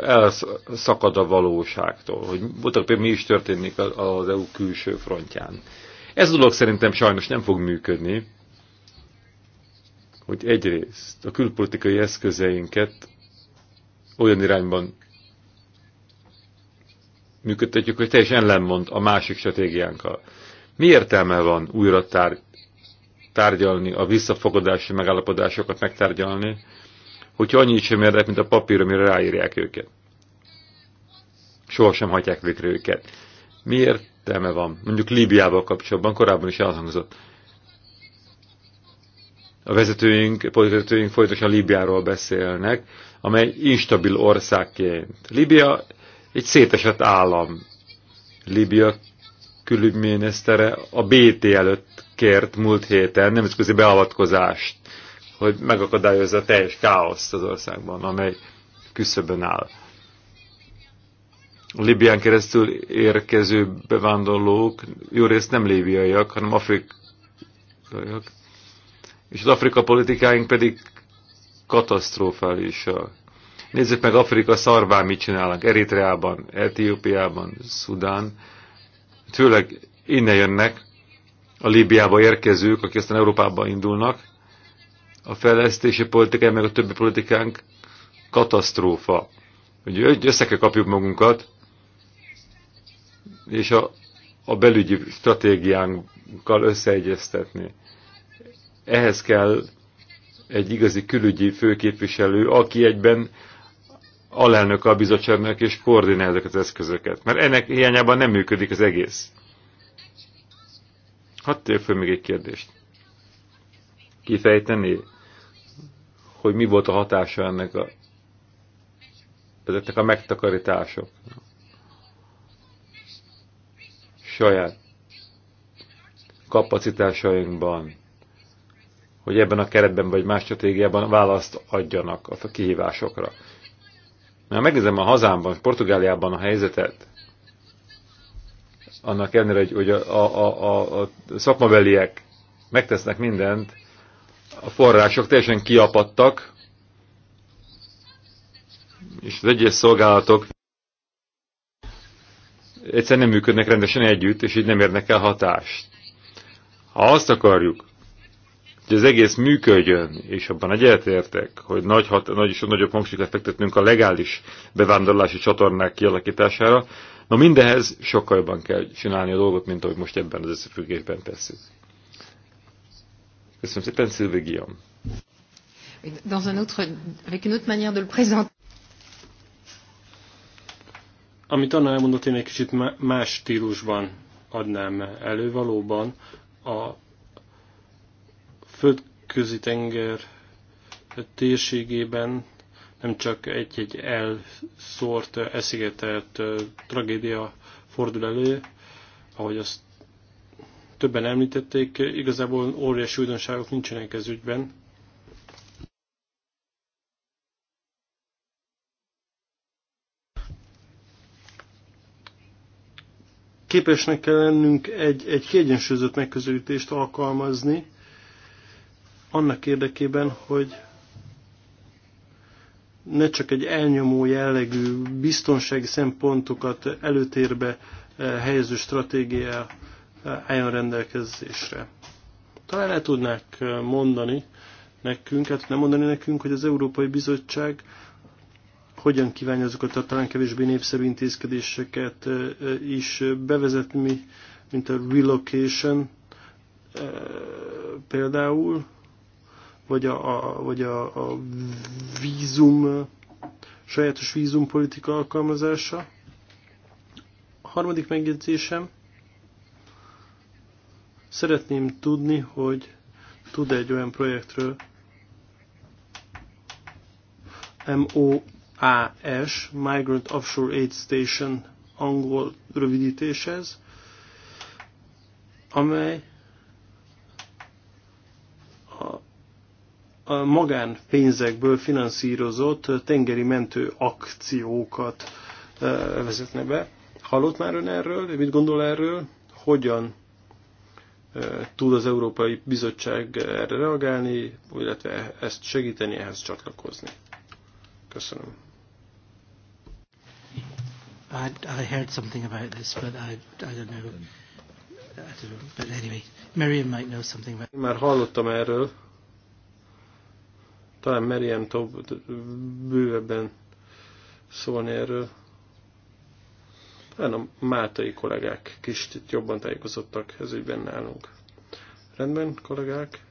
S3: elszakad a valóságtól, hogy voltak például mi is történik az EU külső frontján. Ez a dolog szerintem sajnos nem fog működni, hogy egyrészt a külpolitikai eszközeinket olyan irányban működtetjük, hogy teljesen ellenmond a másik stratégiánkkal. Mi értelme van újra tár, tárgyalni, a visszafogadási megállapodásokat megtárgyalni, hogyha annyit sem érdek, mint a papír, amire ráírják őket? Sohasem hagyják végre őket. Mi értelme van? Mondjuk Líbiával kapcsolatban, korábban is elhangzott. A vezetőink, a politikai folyamatosan Líbiáról beszélnek, amely instabil országként. Líbia egy szétesett állam. Libia külügyminisztere a BT előtt kért múlt héten nemzetközi beavatkozást, hogy megakadályozza a teljes káoszt az országban, amely küszöbön áll. A Libyán keresztül érkező bevándorlók jó részt nem líbiaiak, hanem afrikaiak, és az Afrika politikáink pedig katasztrofálisak Nézzük meg Afrika szarván mit csinálnak, Eritreában, Etiópiában, Szudán. Főleg innen jönnek a Líbiába érkezők, akik aztán Európába indulnak. A fejlesztési politikán, meg a többi politikánk katasztrófa. Ugye össze kell kapjuk magunkat, és a, a belügyi stratégiánkkal összeegyeztetni. Ehhez kell egy igazi külügyi főképviselő, aki egyben alelnök a bizottságnak és koordinál ezeket az eszközöket. Mert ennek hiányában nem működik az egész. Hadd tér föl még egy kérdést. Kifejteni, hogy mi volt a hatása ennek a, ezeknek a megtakarítások. Saját kapacitásainkban, hogy ebben a keretben vagy más stratégiában választ adjanak a kihívásokra. Mert megnézem a hazámban, Portugáliában a helyzetet, annak ellenére, hogy, hogy a, a, a, a szakmabeliek megtesznek mindent, a források teljesen kiapadtak, és az egyes szolgálatok egyszerűen nem működnek rendesen együtt, és így nem érnek el hatást. Ha azt akarjuk, hogy az egész működjön, és abban egyetértek, hogy nagy, hat, nagy és nagyobb hangsúlyt fektetnünk a legális bevándorlási csatornák kialakítására, na mindehez sokkal jobban kell csinálni a dolgot, mint ahogy most ebben az összefüggésben tesszük. Köszönöm szépen, Szilvi Guillaume.
S2: Dans un autre, avec une autre manière de le présenter.
S4: Amit Anna elmondott, én egy kicsit más stílusban adnám elő valóban. A földközi tenger térségében nem csak egy-egy elszórt, eszigetelt tragédia fordul elő, ahogy azt többen említették, igazából óriási újdonságok nincsenek ez ügyben. Képesnek kell lennünk egy, egy kiegyensúlyozott megközelítést alkalmazni, annak érdekében, hogy ne csak egy elnyomó jellegű biztonsági szempontokat előtérbe eh, helyező stratégia eh, álljon rendelkezésre. Talán el tudnák eh, mondani nekünk, hát nem mondani nekünk, hogy az Európai Bizottság hogyan kívánja azokat a talán kevésbé népszerű intézkedéseket is bevezetni, mint a relocation például, vagy a, a, vagy a, a vízum, sajátos vízumpolitika alkalmazása. A harmadik megjegyzésem, szeretném tudni, hogy tud egy olyan projektről, MOAS, Migrant Offshore Aid Station angol rövidítéshez, amely a magánpénzekből finanszírozott tengeri mentő akciókat eh, vezetne be. Hallott már ön erről? Mit gondol erről? Hogyan eh, tud az Európai Bizottság erre reagálni, illetve ezt segíteni, ehhez csatlakozni? Köszönöm. I,
S1: I heard something about this, but I, I don't know. I don't know. But anyway, Miriam might know something about.
S4: Már hallottam erről. Talán Meriem tud bővebben szólni erről. Talán a máltai kollégák kicsit jobban tájékozottak ez ügyben nálunk. Rendben, kollégák.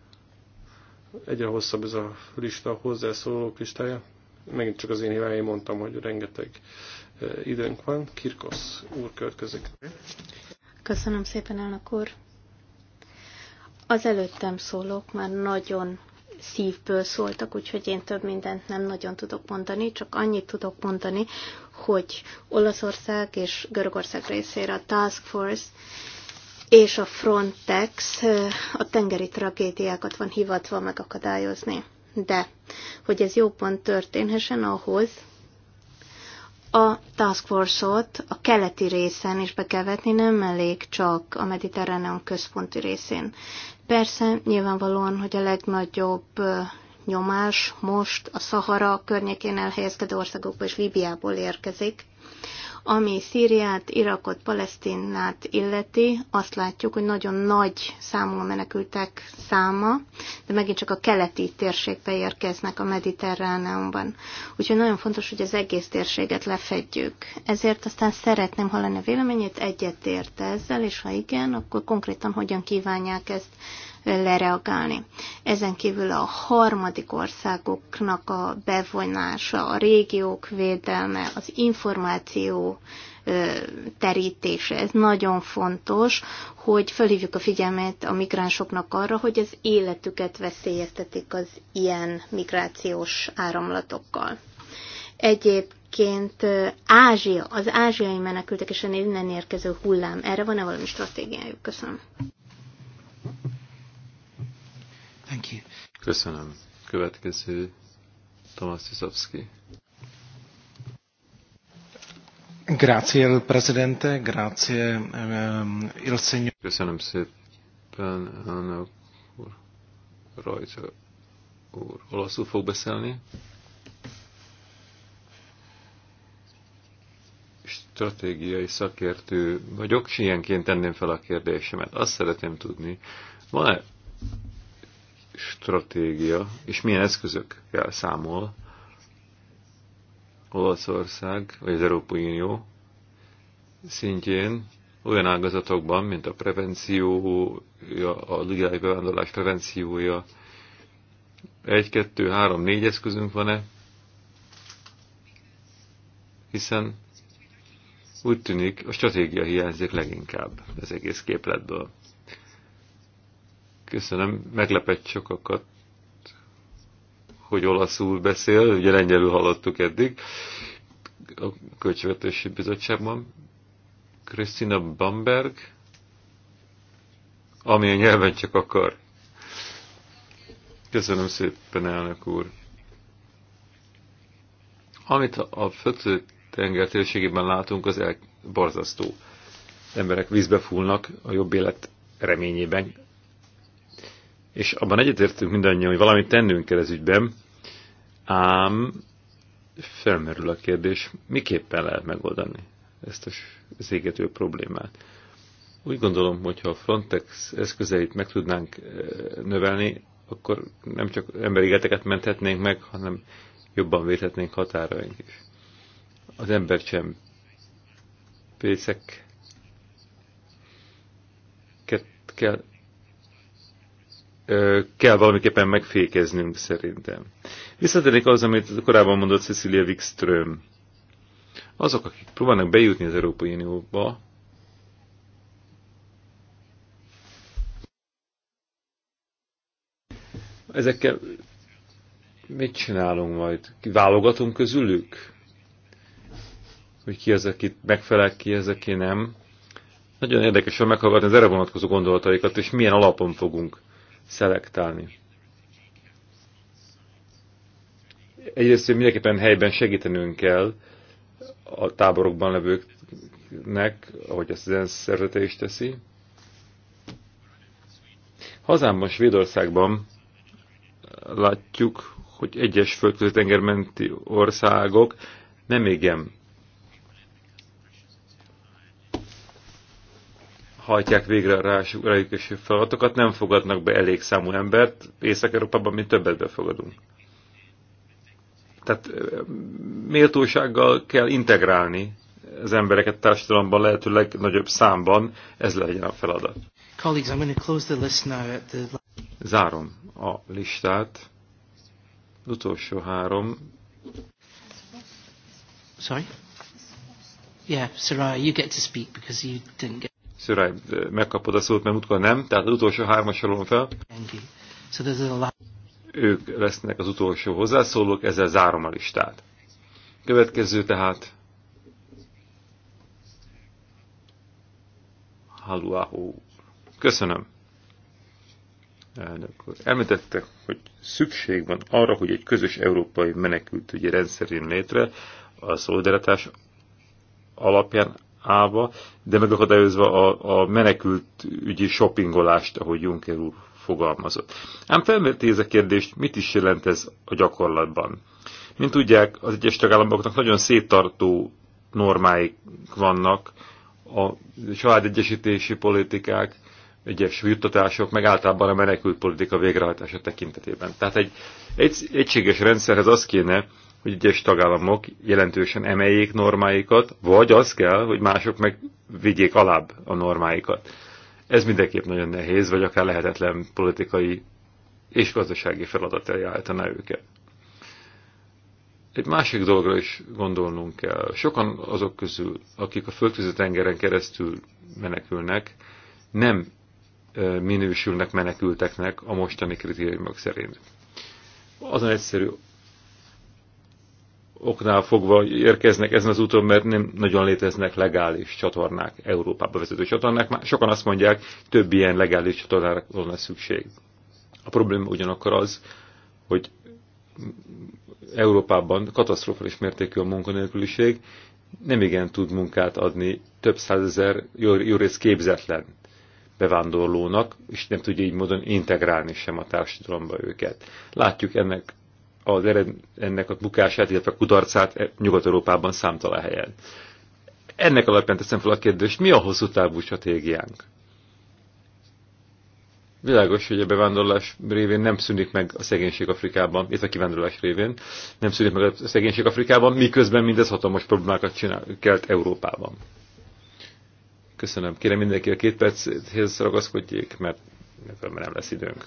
S4: Egyre hosszabb ez a lista, a hozzászólók listája. Megint csak az én hibáim mondtam, hogy rengeteg e, időnk van. Kirkosz úr következik.
S2: Köszönöm szépen, elnök úr. Az előttem szólók már nagyon szívből szóltak, úgyhogy én több mindent nem nagyon tudok mondani, csak annyit tudok mondani, hogy Olaszország és Görögország részére a Task Force és a Frontex a tengeri tragédiákat van hivatva megakadályozni. De, hogy ez jobban történhessen ahhoz, a Task Force-ot a keleti részen is be kell vetni, nem elég csak a mediterráneum központi részén. Persze, nyilvánvalóan, hogy a legnagyobb nyomás most a Szahara környékén elhelyezkedő országokból és Líbiából érkezik, ami Szíriát, Irakot, Palesztinát illeti, azt látjuk, hogy nagyon nagy számú a menekültek száma, de megint csak a keleti térségbe érkeznek a mediterráneumban. Úgyhogy nagyon fontos, hogy az egész térséget lefedjük. Ezért aztán szeretném hallani a véleményét, egyetért ezzel, és ha igen, akkor konkrétan hogyan kívánják ezt lereagálni. Ezen kívül a harmadik országoknak a bevonása, a régiók védelme, az információ terítése. Ez nagyon fontos, hogy fölhívjuk a figyelmet a migránsoknak arra, hogy az életüket veszélyeztetik az ilyen migrációs áramlatokkal. Egyébként Ázsia, az ázsiai menekültek és a innen érkező hullám, erre van-e valami stratégiájuk? Köszönöm.
S3: Thank you. Köszönöm. Következő Tomasz Tiszovszki. Grazie, presidente, grazie, um, il signor. Köszönöm szépen, elnök úr. Rajta úr. Olaszul fog beszélni. stratégiai szakértő vagyok, és ilyenként tenném fel a kérdésemet. Azt szeretném tudni, van-e stratégia, és milyen eszközökkel számol Olaszország, vagy az Európai Unió szintjén olyan ágazatokban, mint a prevenció, a legális bevándorlás prevenciója, egy, kettő, három, négy eszközünk van-e? Hiszen úgy tűnik, a stratégia hiányzik leginkább az egész képletből. Köszönöm, meglepett sokakat, hogy olaszul beszél, ugye lengyelül hallottuk eddig a Költségvetési Bizottságban. Krisztina Bamberg, ami a nyelven csak akar. Köszönöm szépen, elnök úr. Amit a fötő tenger térségében látunk, az borzasztó. Emberek vízbe fúlnak a jobb élet reményében, és abban egyetértünk mindannyian, hogy valamit tennünk kell ez ügyben, ám felmerül a kérdés, miképpen lehet megoldani ezt a égető problémát. Úgy gondolom, hogy ha a Frontex eszközeit meg tudnánk eh, növelni, akkor nem csak emberi életeket menthetnénk meg, hanem jobban védhetnénk határaink is. Az embercsempészek kell kell valamiképpen megfékeznünk szerintem. Visszatérnék az, amit korábban mondott Cecilia Wikström. Azok, akik próbálnak bejutni az Európai Unióba, ezekkel mit csinálunk majd? Válogatunk közülük? Hogy ki az, aki megfelel, ki az, aki nem? Nagyon érdekes, hogy meghallgatni az erre vonatkozó gondolataikat, és milyen alapon fogunk szelektálni. Egyrészt, hogy mindenképpen helyben segítenünk kell a táborokban levőknek, ahogy ezt az ENSZ is teszi. Hazámban, Svédországban látjuk, hogy egyes földközi tengermenti országok nem igen hajtják végre a rájuk és feladatokat, nem fogadnak be elég számú embert, Észak-Európában mi többet befogadunk. Tehát méltósággal kell integrálni az embereket társadalomban lehető legnagyobb számban, ez legyen a feladat. Zárom a listát. Az utolsó három. Sorry?
S1: Yeah, Sarah, you get to speak because you didn't get...
S3: Szüráj, megkapod a szót, mert utkor nem, tehát az utolsó hármas sorolom fel. Ők lesznek az utolsó hozzászólók, ezzel zárom a listát. Következő tehát Halluahó. Köszönöm. Elnök úr. hogy szükség van arra, hogy egy közös európai menekültügyi rendszerén létre a szolidaritás alapján állva, de megakadályozva a, a menekült ügyi shoppingolást, ahogy Juncker úr fogalmazott. Ám felmerti ez a kérdést, mit is jelent ez a gyakorlatban. Mint tudják, az egyes tagállamoknak nagyon széttartó normáik vannak, a családegyesítési politikák, egyes juttatások, meg általában a menekült politika végrehajtása tekintetében. Tehát egy, egy egységes rendszerhez az kéne, hogy egyes tagállamok jelentősen emeljék normáikat, vagy az kell, hogy mások meg vigyék alább a normáikat. Ez mindenképp nagyon nehéz, vagy akár lehetetlen politikai és gazdasági feladat eljártaná őket. Egy másik dologra is gondolnunk kell. Sokan azok közül, akik a földközi tengeren keresztül menekülnek, nem minősülnek menekülteknek a mostani kritériumok szerint. Azon egyszerű oknál fogva érkeznek ezen az úton, mert nem nagyon léteznek legális csatornák, Európába vezető csatornák. Már sokan azt mondják, több ilyen legális csatornára volna szükség. A probléma ugyanakkor az, hogy Európában katasztrofális mértékű a munkanélküliség, nem igen tud munkát adni több százezer, jó rész képzetlen bevándorlónak, és nem tudja így módon integrálni sem a társadalomba őket. Látjuk ennek az ered, ennek a bukását, illetve a kudarcát e, Nyugat-Európában számtalan helyen. Ennek alapján teszem fel a kérdést, mi a hosszú távú stratégiánk? Világos, hogy a bevándorlás révén nem szűnik meg a szegénység Afrikában, illetve a kivándorlás révén nem szűnik meg a szegénység Afrikában, miközben mindez hatalmas problémákat csinál, kelt Európában. Köszönöm. Kérem mindenki a két perchez ragaszkodjék, mert nem lesz időnk.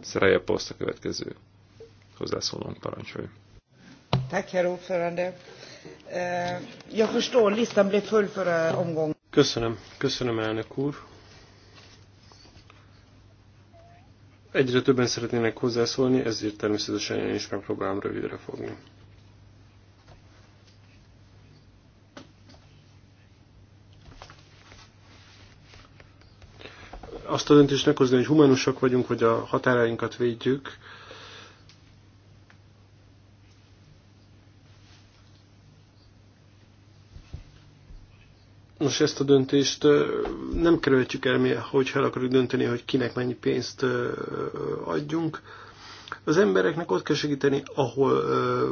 S3: Szerelje poszt a következő hozzászólónk parancsoljon.
S1: Eh,
S4: köszönöm, köszönöm elnök úr. Egyre többen szeretnének hozzászólni, ezért természetesen én is megpróbálom rövidre fogni. Azt a döntést meghozni, hogy humánusak vagyunk, hogy a határainkat védjük, Nos, ezt a döntést nem kerülhetjük el mi, hogyha el akarjuk dönteni, hogy kinek mennyi pénzt adjunk. Az embereknek ott kell segíteni, ahol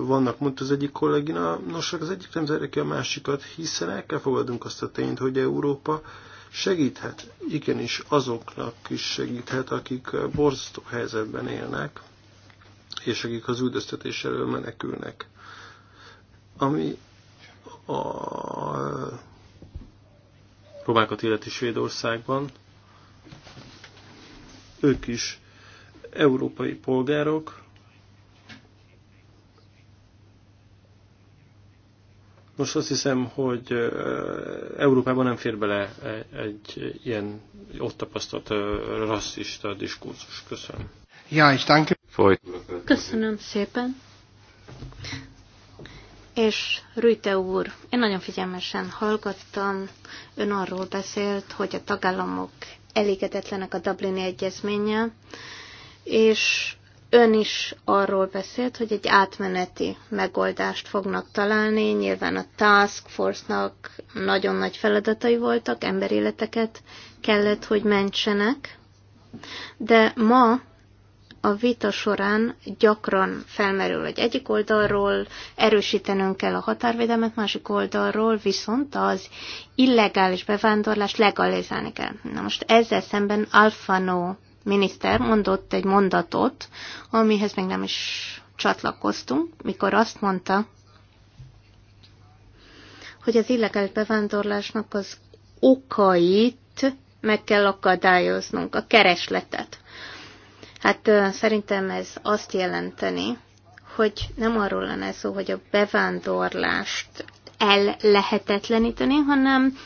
S4: vannak, mondta az egyik kollégina. Nos, az egyik nem zárja ki a másikat, hiszen el kell fogadnunk azt a tényt, hogy Európa segíthet, igenis azoknak is segíthet, akik borzasztó helyzetben élnek, és akik az üldöztetés elől menekülnek. Ami a romákat illeti Svédországban. Ők is európai polgárok. Most azt hiszem, hogy Európában nem fér bele egy ilyen ott tapasztalt rasszista diskurzus. Köszönöm. Ja, és
S2: Köszönöm szépen. És Rüte úr, én nagyon figyelmesen hallgattam, ön arról beszélt, hogy a tagállamok elégedetlenek a Dublini Egyezménnyel, és ön is arról beszélt, hogy egy átmeneti megoldást fognak találni. Nyilván a Task Force-nak nagyon nagy feladatai voltak, emberéleteket kellett, hogy mentsenek. De ma a vita során gyakran felmerül, hogy egyik oldalról erősítenünk kell a határvédelmet, másik oldalról viszont az illegális bevándorlást legalizálni kell. Na most ezzel szemben Alfano miniszter mondott egy mondatot, amihez még nem is csatlakoztunk, mikor azt mondta, hogy az illegális bevándorlásnak az okait meg kell akadályoznunk, a keresletet. Hát szerintem ez azt jelenteni, hogy nem arról lenne szó, hogy a bevándorlást el lehetetleníteni, hanem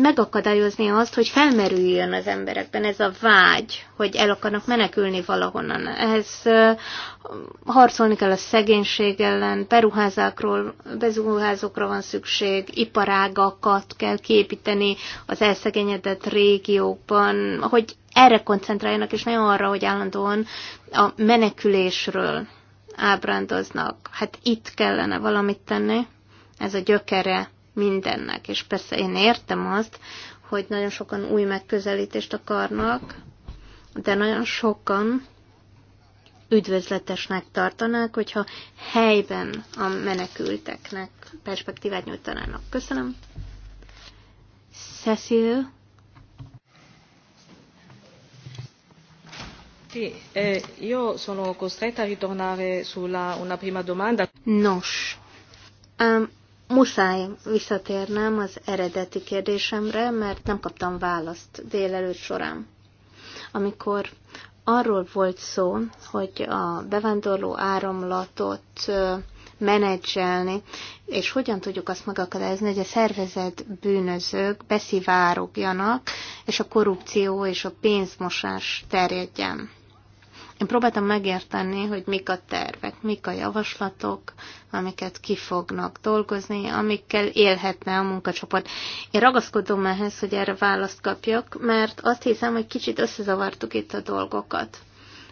S2: megakadályozni azt, hogy felmerüljön az emberekben ez a vágy, hogy el akarnak menekülni valahonnan. Ehhez harcolni kell a szegénység ellen, beruházákról, bezuházókra van szükség, iparágakat kell képíteni az elszegényedett régiókban, hogy erre koncentráljanak, és nagyon arra, hogy állandóan a menekülésről ábrándoznak. Hát itt kellene valamit tenni, ez a gyökere mindennek. És persze én értem azt, hogy nagyon sokan új megközelítést akarnak, de nagyon sokan üdvözletesnek tartanák, hogyha helyben a menekülteknek perspektívát nyújtanának. Köszönöm. Cecil Sì, eh, io sono costretta a ritornare sulla una prima domanda. Nos, um, muszáj visszatérnem az eredeti kérdésemre, mert nem kaptam választ délelőtt során. Amikor arról volt szó, hogy a bevándorló áramlatot menedzselni, és hogyan tudjuk azt megakadályozni, hogy a szervezet bűnözők beszivárogjanak, és a korrupció és a pénzmosás terjedjen. Én próbáltam megérteni, hogy mik a tervek, mik a javaslatok, amiket ki fognak dolgozni, amikkel élhetne a munkacsoport. Én ragaszkodom ehhez, hogy erre választ kapjak, mert azt hiszem, hogy kicsit összezavartuk itt a dolgokat.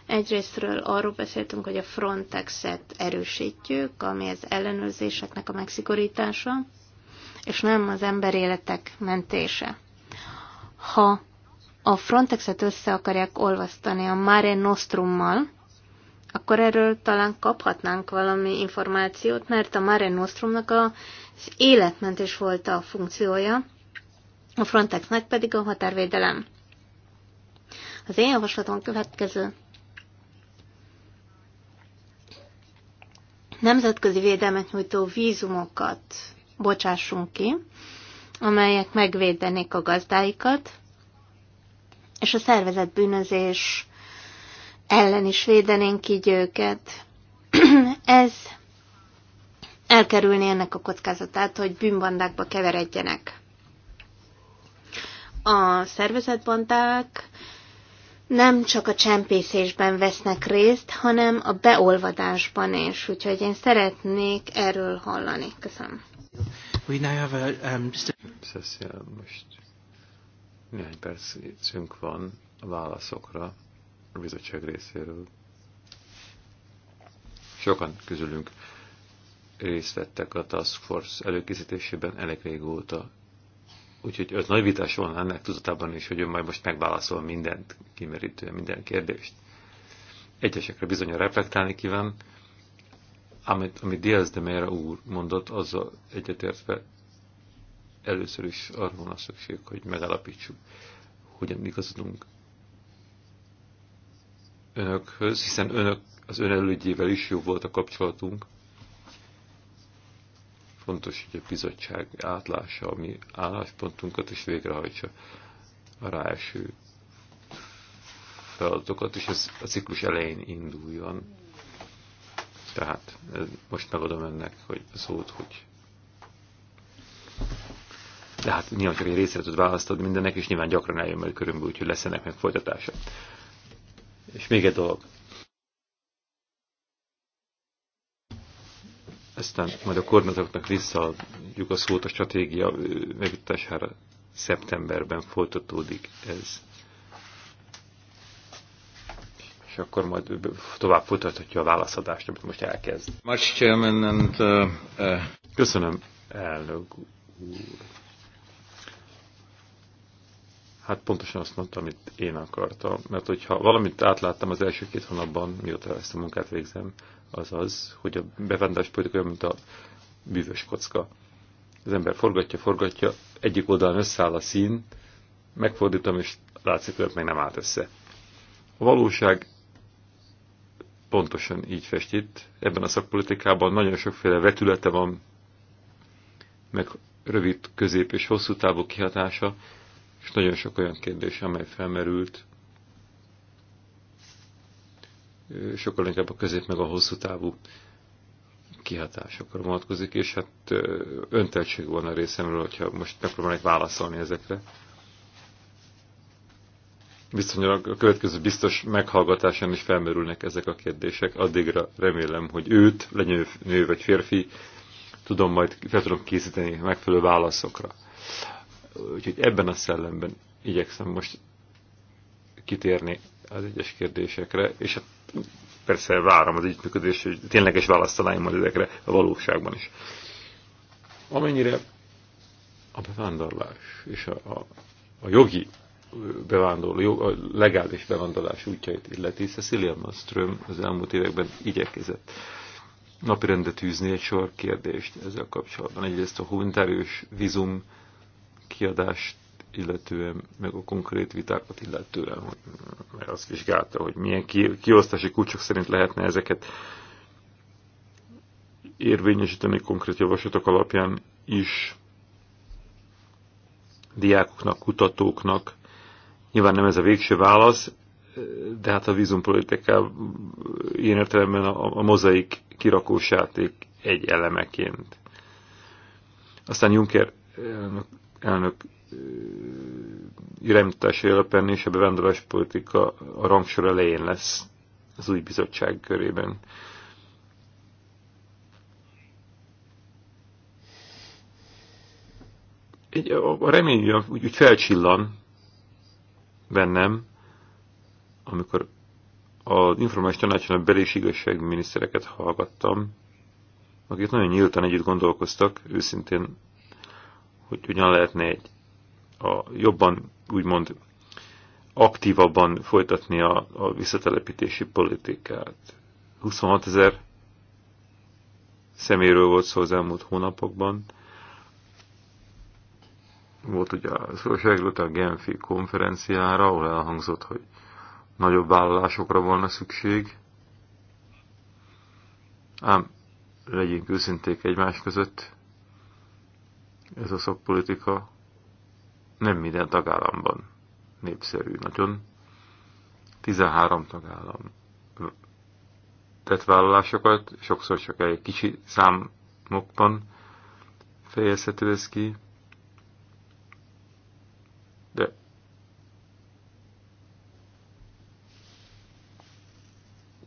S2: Egyrésztről arról beszéltünk, hogy a Frontex-et erősítjük, ami az ellenőrzéseknek a megszigorítása, és nem az emberéletek mentése. Ha a Frontexet össze akarják olvasztani a Mare Nostrummal, akkor erről talán kaphatnánk valami információt, mert a Mare Nostrumnak az életmentés volt a funkciója, a Frontexnek pedig a határvédelem. Az én javaslatom következő. Nemzetközi védelmet nyújtó vízumokat bocsássunk ki, amelyek megvédenék a gazdáikat, és a szervezet bűnözés ellen is védenénk így őket. Ez elkerülni ennek a kockázatát, hogy bűnbandákba keveredjenek. A szervezetbandák nem csak a csempészésben vesznek részt, hanem a beolvadásban is. Úgyhogy én szeretnék erről hallani. Köszönöm.
S1: We now have a, um,
S3: just a... most néhány percünk van a válaszokra a bizottság részéről. Sokan közülünk részt vettek a Task Force előkészítésében elég régóta. Úgyhogy az nagy vitás volna ennek tudatában is, hogy ő majd most megválaszol mindent, kimerítően minden kérdést. Egyesekre bizonyra reflektálni kíván, amit, amit Diaz de Mera úr mondott, azzal egyetértve először is arra van a szükség, hogy megállapítsuk, hogyan igazodunk önökhöz, hiszen önök, az ön elődjével is jó volt a kapcsolatunk. Fontos, hogy a bizottság átlássa a mi álláspontunkat, és végrehajtsa a ráeső feladatokat, és ez a ciklus elején induljon. Tehát eh, most megadom ennek hogy szót, hogy de hát nyilván csak egy részre tud választod mindennek, és nyilván gyakran eljön majd körünkbe, úgyhogy lesz ennek meg folytatása. És még egy dolog. Aztán majd a kormányzatoknak visszaadjuk a szót a stratégia megütésére Szeptemberben folytatódik ez. És akkor majd tovább folytathatja a válaszadást, amit most elkezd. Uh, uh, Köszönöm, elnök úr. Hát pontosan azt mondtam, amit én akartam. Mert hogyha valamit átláttam az első két hónapban, mióta ezt a munkát végzem, az az, hogy a bevándorlás politika olyan, mint a bűvös kocka. Az ember forgatja, forgatja, egyik oldalon összeáll a szín, megfordítom, és látszik, hogy meg nem állt össze. A valóság pontosan így festít. Ebben a szakpolitikában nagyon sokféle vetülete van, meg rövid, közép és hosszú távú kihatása, és nagyon sok olyan kérdés, amely felmerült, sokkal inkább a közép meg a hosszú távú kihatásokra vonatkozik, és hát önteltség van a részemről, hogyha most megpróbálnék válaszolni ezekre. Viszonylag a következő biztos meghallgatásán is felmerülnek ezek a kérdések. Addigra remélem, hogy őt, legyen nő vagy férfi, tudom majd fel tudom készíteni megfelelő válaszokra. Úgyhogy ebben a szellemben igyekszem most kitérni az egyes kérdésekre, és hát persze várom az együttműködés, hogy tényleges választ találjunk majd ezekre a valóságban is. Amennyire a bevándorlás és a, a, a jogi bevándorló, jog, a legális bevándorlás útjait illeti, Cecilia Malmström az elmúlt években igyekezett napirendet tűzni egy sor kérdést ezzel kapcsolatban. Egyrészt a humanitárius vizum kiadást illetően, meg a konkrét vitákat illetően, hogy, mert azt vizsgálta, hogy milyen ki, kiosztási kulcsok szerint lehetne ezeket érvényesíteni konkrét javaslatok alapján is diákoknak, kutatóknak. Nyilván nem ez a végső válasz, de hát a vízumpolitiká ilyen értelemben a, a mozaik kirakós játék egy elemeként. Aztán Juncker elnök irányítási alapen és a bevándorlás politika a rangsor elején lesz az új bizottság körében. Egy, a, a remény úgy, úgy felcsillan bennem, amikor az informális tanácson a bel- és igazságminisztereket hallgattam, akik nagyon nyíltan együtt gondolkoztak, őszintén hogy hogyan lehetne egy a jobban, úgymond aktívabban folytatni a, a visszatelepítési politikát. 26 ezer szeméről volt szó az elmúlt hónapokban. Volt ugye a szoroságról a Genfi konferenciára, ahol elhangzott, hogy nagyobb vállalásokra volna szükség. Ám legyünk őszinték egymás között, ez a szakpolitika nem minden tagállamban népszerű nagyon. 13 tagállam tett vállalásokat, sokszor csak egy kicsi számokban fejezhető ez ki, de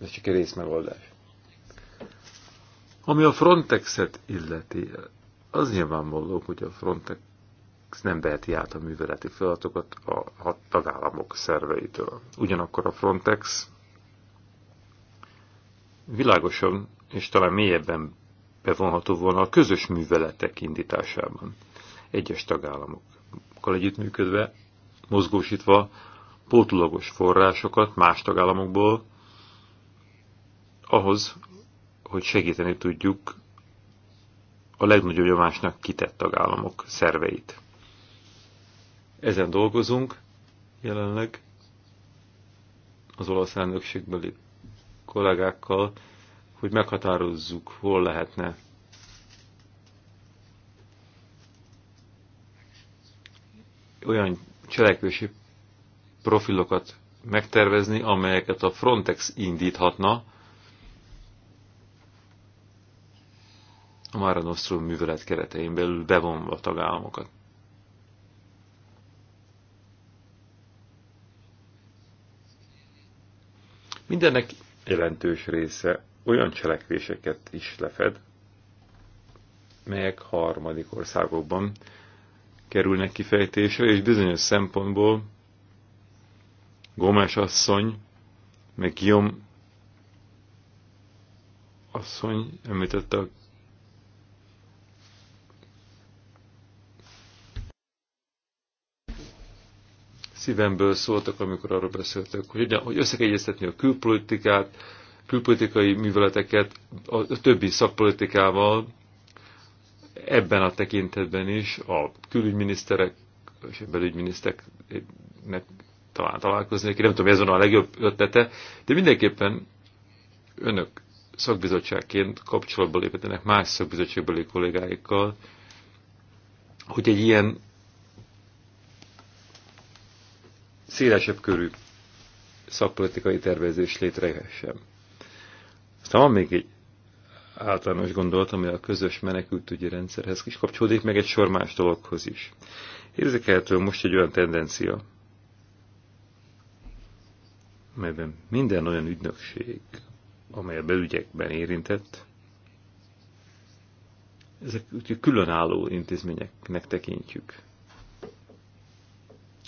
S3: ez csak egy részmegoldás. Ami a Frontexet illeti, az nyilvánvaló, hogy a Frontex nem veheti át a műveleti feladatokat a, hat tagállamok szerveitől. Ugyanakkor a Frontex világosan és talán mélyebben bevonható volna a közös műveletek indításában. Egyes tagállamokkal együttműködve, mozgósítva pótulagos forrásokat más tagállamokból, ahhoz, hogy segíteni tudjuk a legnagyobb nyomásnak kitett tagállamok szerveit. Ezen dolgozunk jelenleg az olasz elnökségbeli kollégákkal, hogy meghatározzuk, hol lehetne olyan cselekvési profilokat megtervezni, amelyeket a Frontex indíthatna, a Mara Nostrum művelet keretein belül bevonva a tagállamokat. Mindennek jelentős része olyan cselekvéseket is lefed, melyek harmadik országokban kerülnek kifejtésre, és bizonyos szempontból Gómez asszony, meg Guillaume asszony említette a szívemből szóltak, amikor arról beszéltek, hogy, hogy összekegyeztetni a külpolitikát, külpolitikai műveleteket a többi szakpolitikával, ebben a tekintetben is a külügyminiszterek és a belügyminisztereknek talán találkozni, nem tudom, ez van a legjobb ötlete, de mindenképpen önök szakbizottságként kapcsolatba léphetnek más szakbizottságbeli kollégáikkal, hogy egy ilyen szélesebb körű szakpolitikai tervezés létrehessen. Aztán van még egy általános gondolat, ami a közös menekültügyi rendszerhez is kapcsolódik, meg egy sor más dologhoz is. Érzékelhető most egy olyan tendencia, melyben minden olyan ügynökség, amely a belügyekben érintett, ezek különálló intézményeknek tekintjük.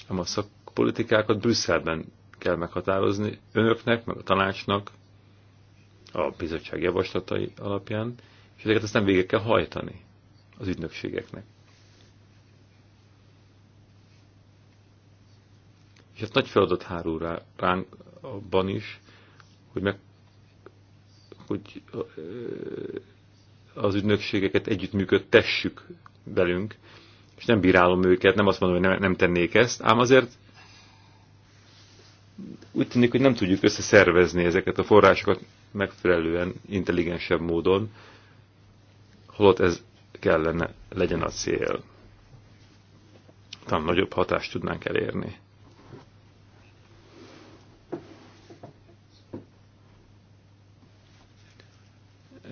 S3: Ám a szak politikákat Brüsszelben kell meghatározni önöknek, meg a tanácsnak, a bizottság javaslatai alapján, és ezeket aztán végig kell hajtani az ügynökségeknek. És ez nagy feladat hárul rá, ránk abban is, hogy, meg, hogy az ügynökségeket együttműködtessük velünk, és nem bírálom őket, nem azt mondom, hogy nem, nem tennék ezt, ám azért úgy tűnik, hogy nem tudjuk összeszervezni ezeket a forrásokat megfelelően intelligensebb módon, holott ez kellene legyen a cél. Talán nagyobb hatást tudnánk elérni.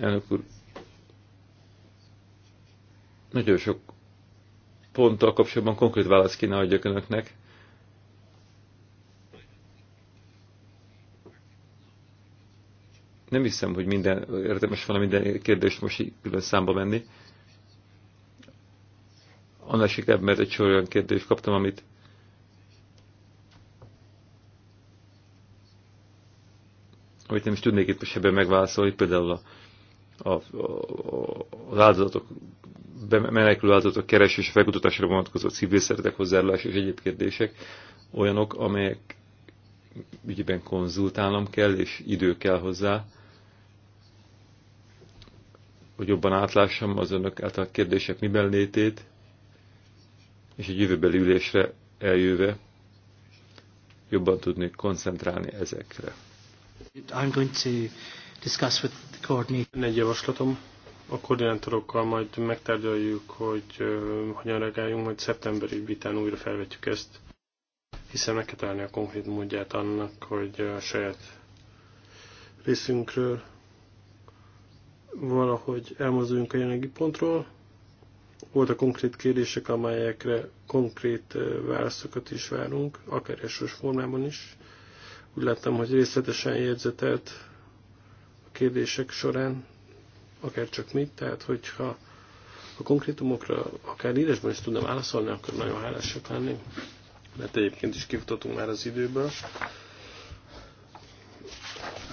S3: Elnök úr, nagyon sok ponttal kapcsolatban konkrét választ kéne adjak önöknek. nem hiszem, hogy minden, érdemes volna minden kérdést most így külön számba venni. Annál sikerebb, mert egy sor olyan kérdést kaptam, amit amit nem is tudnék itt ebben megválaszolni, például a, a, a, az áldozatok, menekülő áldozatok keresés, felkutatásra vonatkozó civil szeretek hozzáállás és egyéb kérdések olyanok, amelyek ügyben konzultálnom kell, és idő kell hozzá hogy jobban átlássam az önök által a kérdések miben létét, és egy jövőbeli ülésre eljöve jobban tudnék koncentrálni ezekre.
S4: I'm going to discuss with the coordinator. Egy javaslatom, a koordinátorokkal majd megtárgyaljuk, hogy uh, hogyan reagáljunk, majd szeptemberi vitán újra felvetjük ezt, hiszen meg kell találni a konkrét módját annak, hogy a saját részünkről valahogy elmozduljunk a jelenlegi pontról. Voltak konkrét kérdések, amelyekre konkrét válaszokat is várunk, akár esős formában is. Úgy láttam, hogy részletesen jegyzetelt a kérdések során, akár csak mit, tehát hogyha a konkrétumokra akár írásban is tudnám válaszolni, akkor nagyon hálásak lennénk, mert egyébként is kifutatunk már az időből.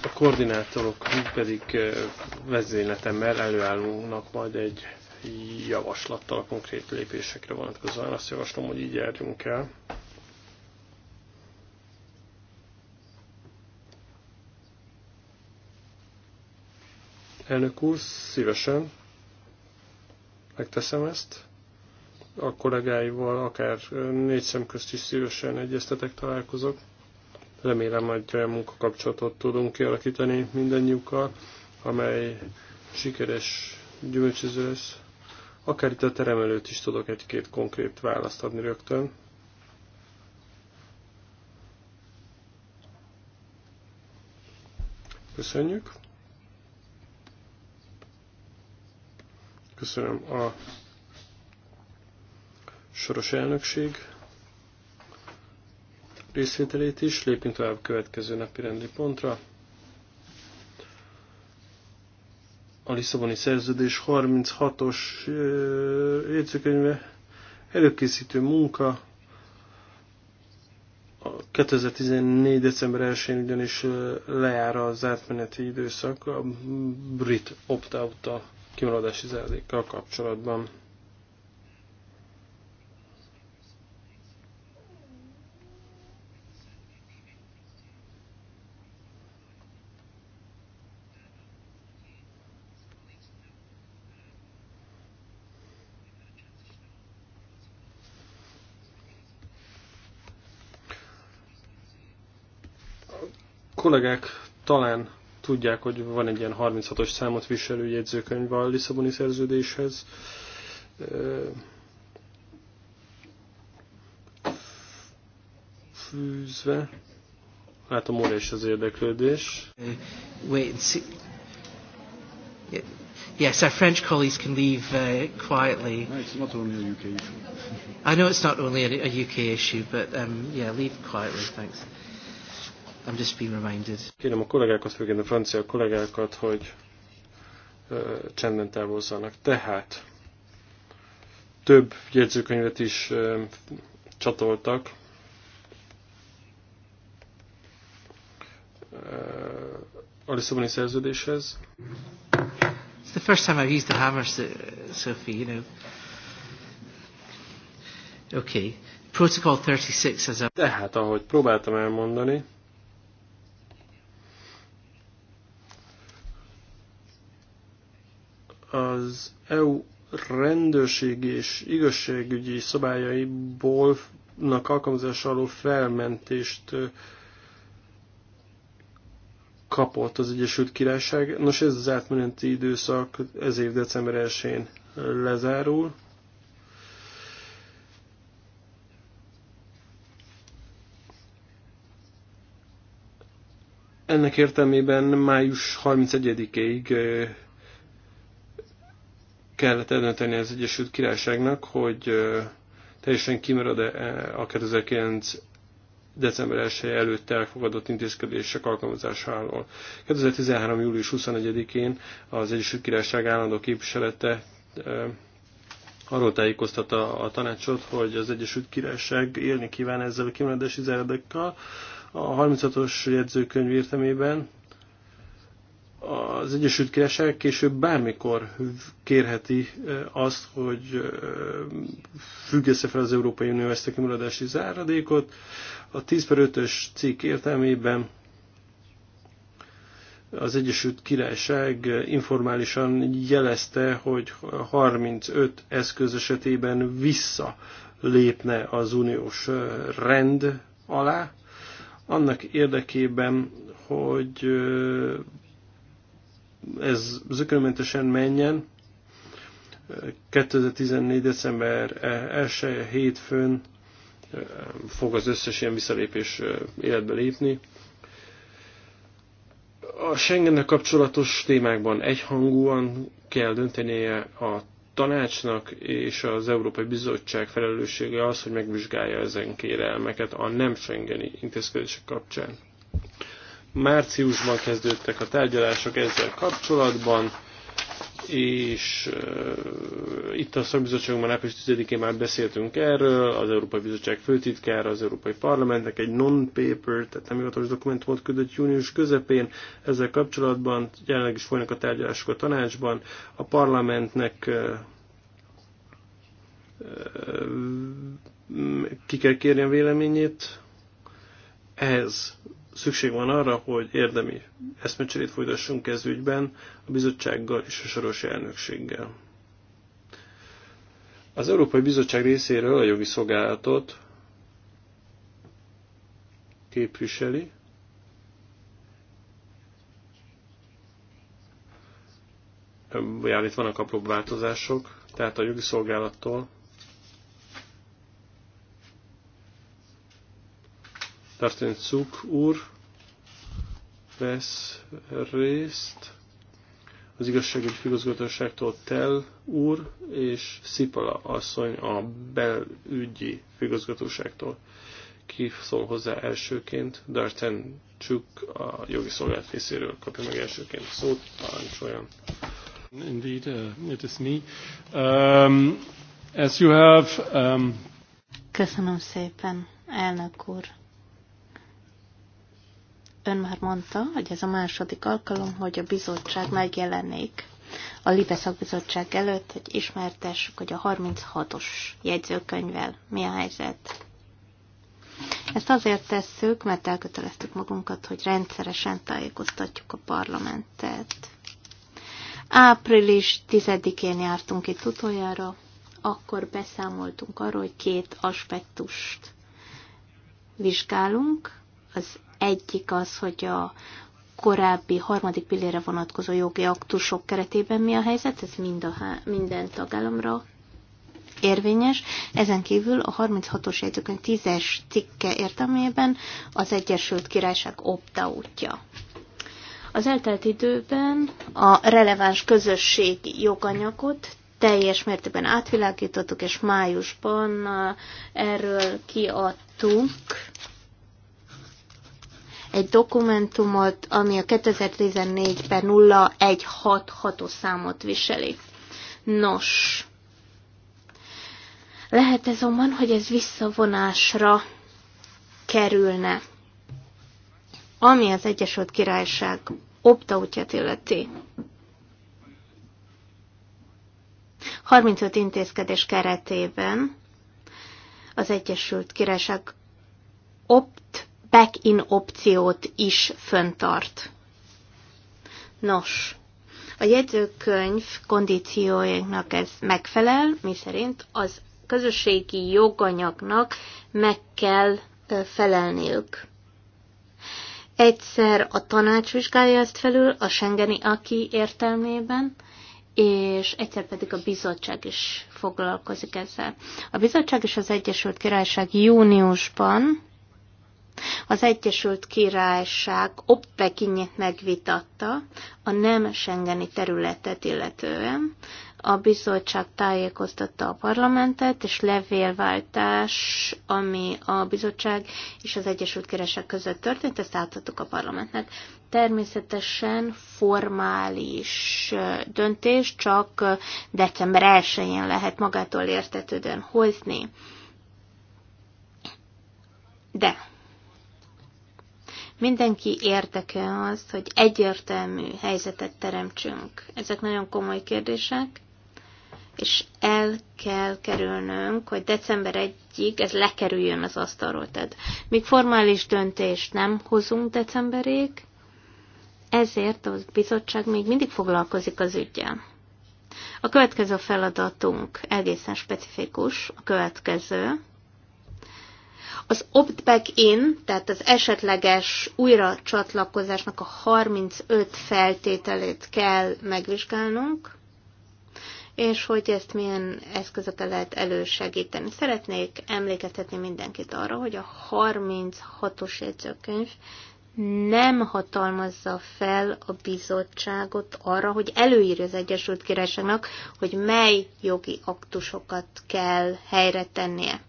S4: A koordinátorok pedig eh, vezényletemmel előállulnak majd egy javaslattal a konkrét lépésekre vonatkozóan. Azt javaslom, hogy így járjunk el. Elnök úr, szívesen megteszem ezt. A kollégáival akár eh, négy szem közt is szívesen egyeztetek, találkozok. Remélem, hogy olyan munkakapcsolatot tudunk kialakítani mindannyiukkal, amely sikeres gyümölcsöző lesz. Akár itt a terem előtt is tudok egy-két konkrét választ adni rögtön. Köszönjük. Köszönöm a soros elnökség részvételét is. Lépjünk tovább a következő napi rendi pontra. A Lisszaboni Szerződés 36-os jegyzőkönyve előkészítő munka. A 2014. december 1-én ugyanis lejár az átmeneti időszak a brit opt-out-a kimaradási zárdékkal kapcsolatban. kollégák talán tudják, hogy van egy ilyen 36-os számot viselő jegyzőkönyv a Lisszaboni szerződéshez. Fűzve. Látom, óra is az érdeklődés. Uh, wait and see.
S1: Yes, our French colleagues can leave uh, quietly. No, it's not only a UK issue. I know it's not only a, a UK issue, but um, yeah, leave quietly, thanks. I'm just being reminded.
S4: Kérem a kollégákat, főként a francia kollégákat, hogy ö, csenden távozzanak. Tehát több jegyzőkönyvet is ö, csatoltak. a Lisszaboni szerződéshez.
S1: It's the first time I've used the hammer, Sophie, you know.
S4: Okay. Protocol 36 as a... Tehát, ahogy próbáltam elmondani, az EU rendőrségi és igazságügyi szabályaiból alkalmazása alól felmentést kapott az Egyesült Királyság. Nos, ez az átmeneti időszak ez év december 1-én lezárul. Ennek értelmében május 31-ig kellett eldönteni az Egyesült Királyságnak, hogy teljesen kimarad-e e, a 2009 december 1 előtt elfogadott intézkedések alkalmazásáról. 2013. július 21-én az Egyesült Királyság állandó képviselete arról tájékoztatta a tanácsot, hogy az Egyesült Királyság élni kíván ezzel a kimaradási záradékkal. A 36-os jegyzőkönyv értemében az Egyesült Királyság később bármikor kérheti azt, hogy függesse fel az Európai Unió ezt a kimaradási záradékot. A 10 per 5-ös cikk értelmében az Egyesült Királyság informálisan jelezte, hogy 35 eszköz esetében vissza lépne az uniós rend alá, annak érdekében, hogy ez zökönmentesen menjen. 2014. december 1 hétfőn fog az összes ilyen visszalépés életbe lépni. A schengen kapcsolatos témákban egyhangúan kell döntenie a tanácsnak és az Európai Bizottság felelőssége az, hogy megvizsgálja ezen kérelmeket a nem Schengeni intézkedések kapcsán. Márciusban kezdődtek a tárgyalások ezzel kapcsolatban, és uh, itt a szakbizottságban április 10-én már beszéltünk erről, az Európai Bizottság főtitkára az Európai Parlamentnek egy non-paper, tehát nem hivatalos dokumentumot küldött június közepén, ezzel kapcsolatban jelenleg is folynak a tárgyalások a tanácsban, a parlamentnek uh, uh, ki kell kérni a véleményét, ehhez szükség van arra, hogy érdemi eszmecserét folytassunk ez ügyben a bizottsággal és a soros elnökséggel. Az Európai Bizottság részéről a jogi szolgálatot képviseli. Ján itt vannak apróbb változások, tehát a jogi szolgálattól Martin Cuk úr vesz részt, az igazságügyi főigazgatóságtól Tell úr és Szipala asszony a belügyi főigazgatóságtól. Ki szól hozzá elsőként? Darten Csuk a jogi szolgált részéről kapja meg elsőként szót, parancsoljon. Indeed, uh, it is me. Um, as you have... Um...
S2: Köszönöm szépen, elnök úr ön már mondta, hogy ez a második alkalom, hogy a bizottság megjelenik a Libe szakbizottság előtt, hogy ismertessük, hogy a 36-os jegyzőkönyvvel mi a helyzet. Ezt azért tesszük, mert elköteleztük magunkat, hogy rendszeresen tájékoztatjuk a parlamentet. Április 10-én jártunk itt utoljára, akkor beszámoltunk arról, hogy két aspektust vizsgálunk. Az egyik az, hogy a korábbi harmadik pillére vonatkozó jogi aktusok keretében mi a helyzet, ez mind a, minden tagállamra érvényes. Ezen kívül a 36-os jegyzőkönyv 10-es cikke értelmében az Egyesült Királyság opta Az eltelt időben a releváns közösségi joganyagot teljes mértékben átvilágítottuk, és májusban uh, erről kiadtunk egy dokumentumot, ami a 2014-ben 0166-os számot viseli. Nos, lehet azonban, hogy ez visszavonásra kerülne. Ami az Egyesült Királyság optautját illeti, 35 intézkedés keretében az Egyesült Királyság opt back-in opciót is föntart. Nos, a jegyzőkönyv kondícióinknak ez megfelel, mi szerint az közösségi joganyagnak meg kell felelniük. Egyszer a tanács vizsgálja ezt felül a Schengeni aki értelmében, és egyszer pedig a bizottság is foglalkozik ezzel. A bizottság és az Egyesült Királyság júniusban az Egyesült Királyság oppekinyét megvitatta a nem Schengeni területet illetően. A bizottság tájékoztatta a parlamentet, és levélváltás, ami a bizottság és az Egyesült Királyság között történt, ezt átadtuk a parlamentnek. Természetesen formális döntés csak december 1-én lehet magától értetődően hozni. De Mindenki érdeke az, hogy egyértelmű helyzetet teremtsünk. Ezek nagyon komoly kérdések, és el kell kerülnünk, hogy december 1-ig ez lekerüljön az asztalról. Tehát még formális döntést nem hozunk decemberig, ezért a bizottság még mindig foglalkozik az ügyel. A következő feladatunk egészen specifikus, a következő, az opt-back in, tehát az esetleges újra csatlakozásnak a 35 feltételét kell megvizsgálnunk, és hogy ezt milyen eszközökkel lehet elősegíteni. Szeretnék emlékeztetni mindenkit arra, hogy a 36-os jegyzőkönyv nem hatalmazza fel a bizottságot arra, hogy előírja az Egyesült Királyságnak, hogy mely jogi aktusokat kell helyre tennie.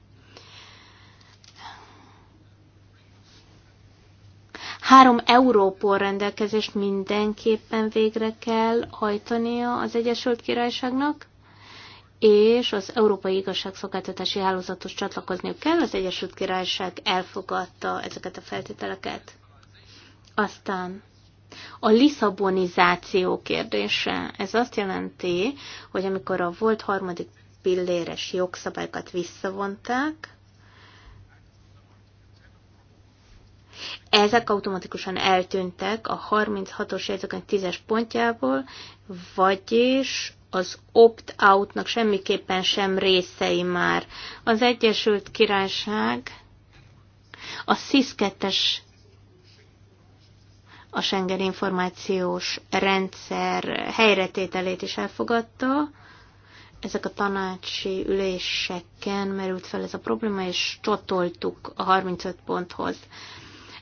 S2: Három Európol rendelkezést mindenképpen végre kell hajtania az Egyesült Királyságnak, és az Európai Igazságszolgáltatási Hálózatos csatlakozniuk kell. Az Egyesült Királyság elfogadta ezeket a feltételeket. Aztán a liszabonizáció kérdése. Ez azt jelenti, hogy amikor a volt harmadik pilléres jogszabályokat visszavonták, Ezek automatikusan eltűntek a 36-os jegyzőkönyv 10-es pontjából, vagyis az opt-outnak semmiképpen sem részei már. Az Egyesült Királyság a SZISZ a Schengen információs rendszer helyretételét is elfogadta. Ezek a tanácsi üléseken merült fel ez a probléma, és csatoltuk a 35 ponthoz.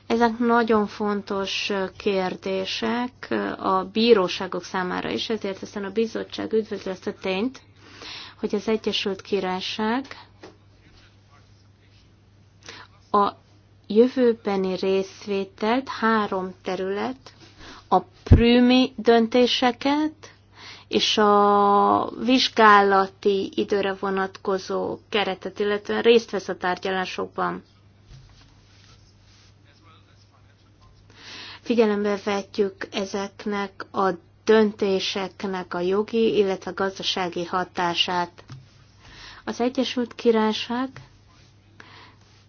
S2: Ezek nagyon fontos kérdések a bíróságok számára is, ezért aztán a bizottság üdvözli ezt a tényt, hogy az Egyesült Királyság a jövőbeni részvételt három terület, a prümi döntéseket és a vizsgálati időre vonatkozó keretet, illetve részt vesz a tárgyalásokban. figyelembe vetjük ezeknek a döntéseknek a jogi, illetve gazdasági hatását. Az Egyesült Királyság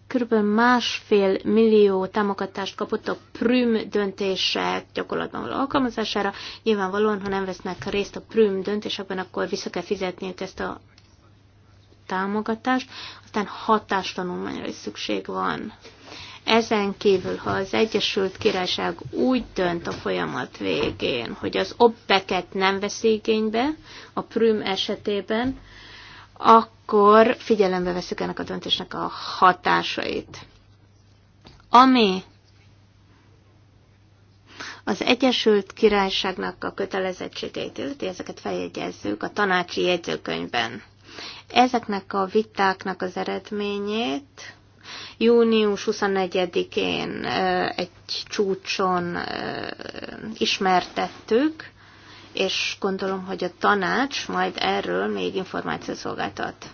S2: kb. másfél millió támogatást kapott a prüm döntése gyakorlatban való alkalmazására. Nyilvánvalóan, ha nem vesznek részt a prüm döntésekben, akkor vissza kell fizetniük ezt a támogatást. Aztán hatástanulmányra is szükség van. Ezen kívül, ha az Egyesült Királyság úgy dönt a folyamat végén, hogy az obbeket nem veszi igénybe, a prüm esetében, akkor figyelembe veszük ennek a döntésnek a hatásait. Ami az Egyesült Királyságnak a kötelezettségeit illeti, ezeket feljegyezzük a tanácsi jegyzőkönyvben. Ezeknek a vitáknak az eredményét Június 21 én egy csúcson ismertettük, és gondolom, hogy a tanács majd erről még információt szolgáltat.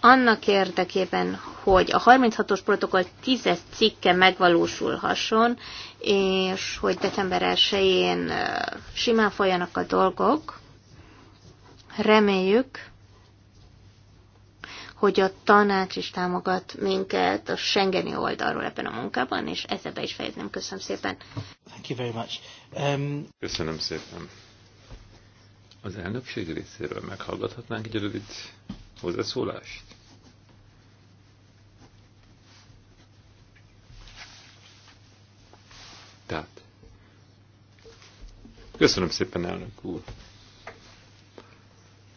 S2: Annak érdekében, hogy a 36-os protokoll 10 cikke megvalósulhasson, és hogy december 1-én simán folyanak a dolgok, reméljük, hogy a tanács is támogat minket a Schengeni oldalról ebben a munkában, és ezzel be is fejezném. Köszönöm szépen. Thank
S3: you very much. Um... Köszönöm szépen. Az elnökség részéről meghallgathatnánk egy rövid hozzászólást? Tehát. Köszönöm szépen, elnök úr.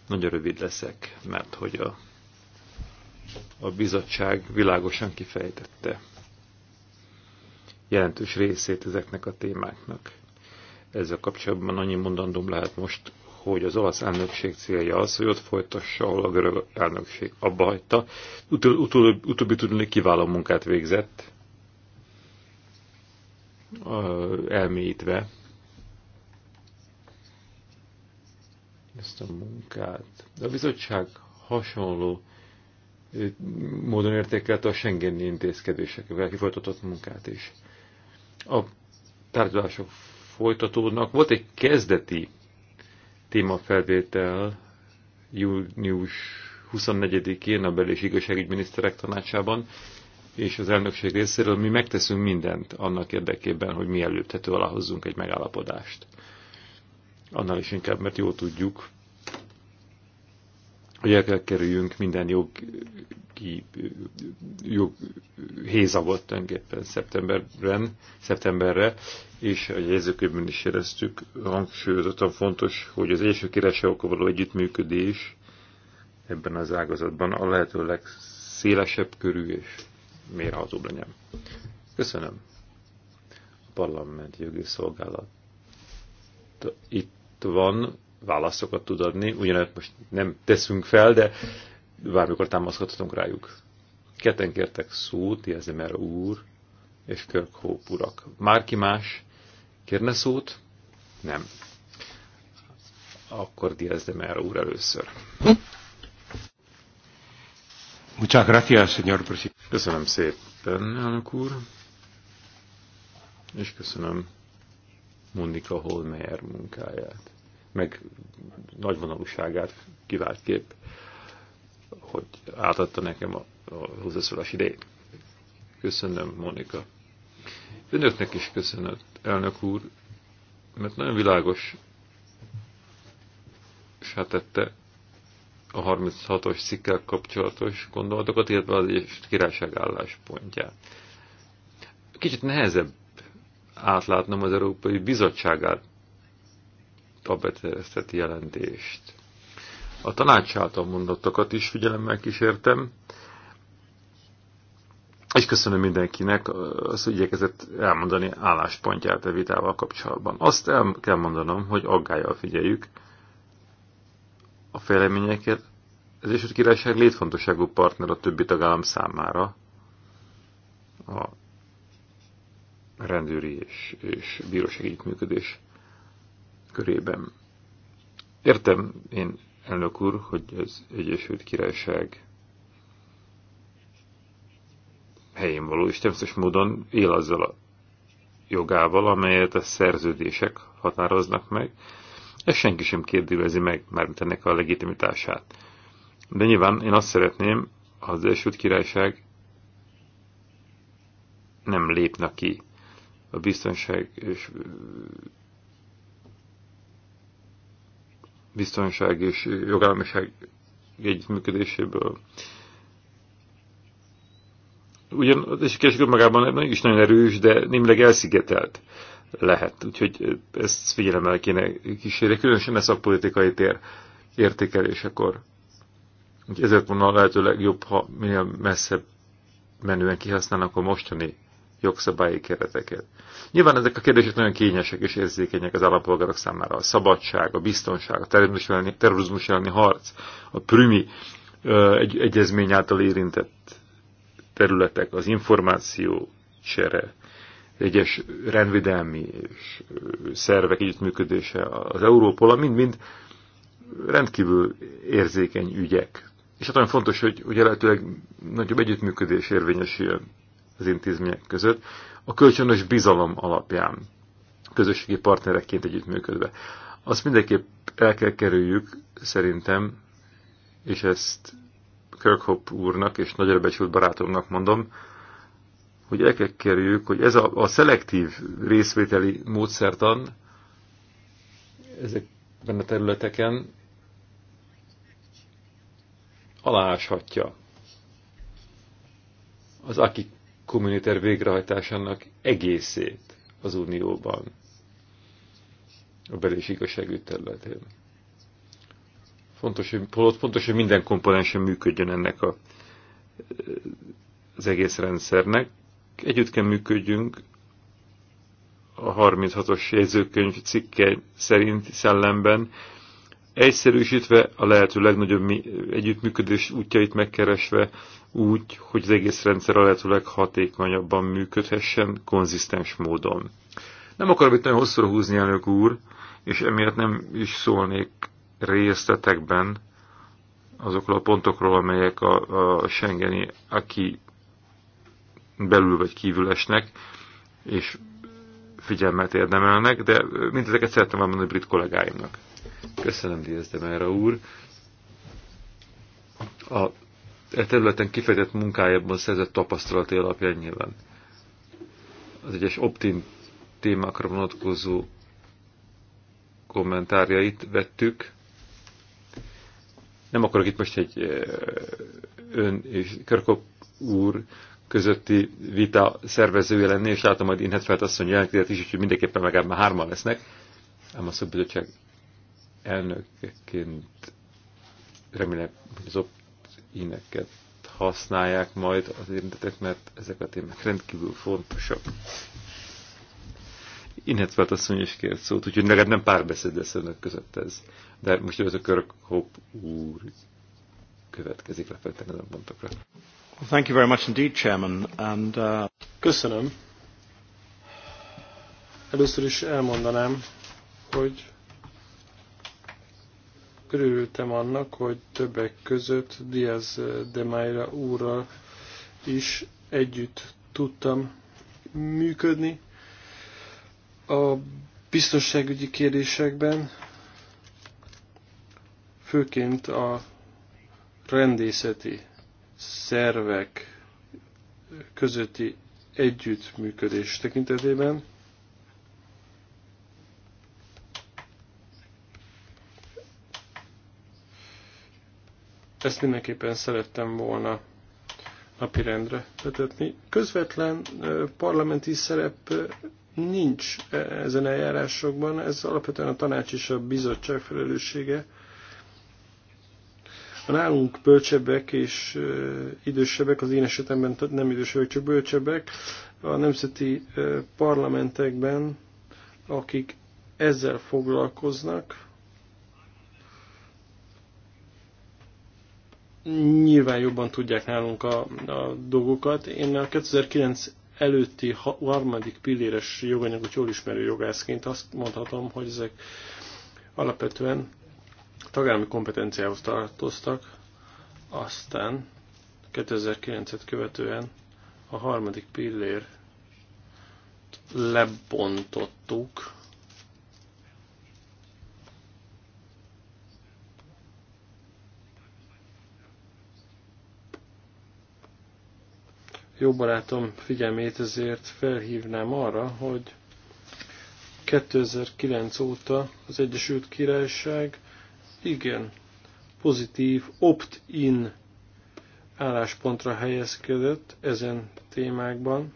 S3: Nagyon rövid leszek, mert hogy a a bizottság világosan kifejtette jelentős részét ezeknek a témáknak. Ezzel kapcsolatban annyi mondandóm lehet most, hogy az olasz elnökség célja az, hogy ott folytassa, ahol a görög elnökség abba hagyta. Utóbbi tudni kiváló munkát végzett, elmélyítve ezt a munkát. De a bizottság hasonló módon értékelte a Schengeni intézkedésekkel kifolytatott munkát is. A tárgyalások folytatódnak. Volt egy kezdeti témafelvétel június 24-én a Bel- és Igazságügyminiszterek tanácsában, és az elnökség részéről mi megteszünk mindent annak érdekében, hogy mielőbb tető alá hozzunk egy megállapodást. Annál is inkább, mert jó tudjuk, hogy el kell kerüljünk minden jogi, jog hézagot tulajdonképpen szeptemberben, szeptemberre, és a jegyzőkönyvben is éreztük, hangsúlyozottan fontos, hogy az első királyságokkal való együttműködés ebben az ágazatban a lehető legszélesebb körű és mérhatóbb legyen. Köszönöm. A parlament jogi szolgálat itt van, válaszokat tud adni, ugyanett most nem teszünk fel, de bármikor támaszkodhatunk rájuk. Ketten kértek szót, Jezemer úr és Kirk Hope urak. Márki más kérne szót? Nem. Akkor Diazdemer úr először. Muchas gracias, señor presidente. Köszönöm szépen, elnök úr. És köszönöm Monika Holmeyer munkáját meg nagyvonalúságát kivált kép, hogy átadta nekem a, a hozzászólás idejét. Köszönöm, Monika. Önöknek is köszönöm, elnök úr, mert nagyon világos sátette a 36-os szikkel kapcsolatos gondolatokat, illetve az királyság álláspontját. Kicsit nehezebb átlátnom az Európai Bizottságát a beterjesztett jelentést. A tanács által mondottakat is figyelemmel kísértem, és köszönöm mindenkinek az, hogy igyekezett elmondani álláspontját a vitával kapcsolatban. Azt el kell mondanom, hogy aggájjal figyeljük a fejleményeket. Az Egyesült Királyság létfontosságú partner a többi tagállam számára a rendőri és, és bírósági működés körében. Értem én, elnök úr, hogy az Egyesült Királyság helyén való, és természetes módon él azzal a jogával, amelyet a szerződések határoznak meg. Ez senki sem kérdőjelezi meg, mármint ennek a legitimitását. De nyilván én azt szeretném, ha az Egyesült Királyság nem lépne ki a biztonság és biztonság és jogállamiság együttműködéséből. Ugyan az esikesgő magában is nagyon erős, de némileg elszigetelt lehet. Úgyhogy ezt figyelemmel kéne kísérni, különösen a szakpolitikai tér értékelésekor. Úgyhogy ezért volna a lehető legjobb, ha minél messzebb menően kihasználnak a mostani jogszabályi kereteket. Nyilván ezek a kérdések nagyon kényesek és érzékenyek az állampolgárok számára. A szabadság, a biztonság, a terrorizmus elleni, terrorizmus elleni harc, a prümi egy, egyezmény által érintett területek, az információ csere, egyes rendvédelmi és szervek együttműködése, az Európola, mind-mind rendkívül érzékeny ügyek. És hát olyan fontos, hogy, hogy lehetőleg nagyobb együttműködés érvényesüljön az intézmények között, a kölcsönös bizalom alapján, közösségi partnerekként együttműködve. Azt mindenképp el kell kerüljük, szerintem, és ezt Kirkhope úrnak és nagyra becsült barátomnak mondom, hogy el kell kerüljük, hogy ez a, a szelektív részvételi módszertan ezekben a területeken aláshatja az akik kommuniter végrehajtásának egészét az Unióban, a bel- és igazságügy területén. Fontos, hogy, fontos, hogy minden komponensen működjön ennek a, az egész rendszernek. Együtt kell működjünk a 36-os jegyzőkönyv cikke szerint szellemben egyszerűsítve, a lehető legnagyobb együttműködés útjait megkeresve, úgy, hogy az egész rendszer a lehető leghatékonyabban működhessen, konzisztens módon. Nem akarom itt nagyon hosszúra húzni, elnök úr, és emiatt nem is szólnék részletekben azokról a pontokról, amelyek a, a Schengeni, aki belül vagy kívül esnek, és figyelmet érdemelnek, de mindezeket szeretném elmondani a brit kollégáimnak. Köszönöm, Díaz de Mera úr. A, e területen kifejtett munkájában szerzett tapasztalati alapján nyilván az egyes optim témákra vonatkozó kommentárjait vettük. Nem akarok itt most egy e, ön és Körkop úr közötti vita szervezője lenni, és látom, hogy Inhetfelt asszony jelentkezett is, úgyhogy mindenképpen legalább már hárman lesznek, ám a szobbizottság elnökként remélem, hogy az opt-ineket használják majd az érintetek, mert ezek a témák rendkívül fontosak. Inhetvált asszony is kért szót, úgyhogy legalább nem párbeszéd lesz önök között ez. De most ez a Körök hopp, úr következik lefektetni a pontokra.
S4: Well, thank you very much indeed, Chairman. And, uh... Köszönöm. Először is elmondanám, hogy örültem annak, hogy többek között Diaz de Mayra úrral is együtt tudtam működni a biztonságügyi kérdésekben, főként a rendészeti szervek közötti együttműködés tekintetében. Ezt mindenképpen szerettem volna napirendre vetetni. Közvetlen parlamenti szerep nincs ezen eljárásokban, ez alapvetően a tanács és a bizottság felelőssége. A nálunk bölcsebbek és idősebbek, az én esetemben nem idősebbek, csak bölcsebbek, a nemzeti parlamentekben, akik ezzel foglalkoznak, nyilván jobban tudják nálunk a, a dolgokat. Én a 2009 előtti harmadik pilléres joganyagot jól ismerő jogászként azt mondhatom, hogy ezek alapvetően tagállami kompetenciához tartoztak, aztán 2009-et követően a harmadik pillér lebontottuk, jó barátom figyelmét ezért felhívnám arra, hogy 2009 óta az Egyesült Királyság igen pozitív opt-in álláspontra helyezkedett ezen témákban.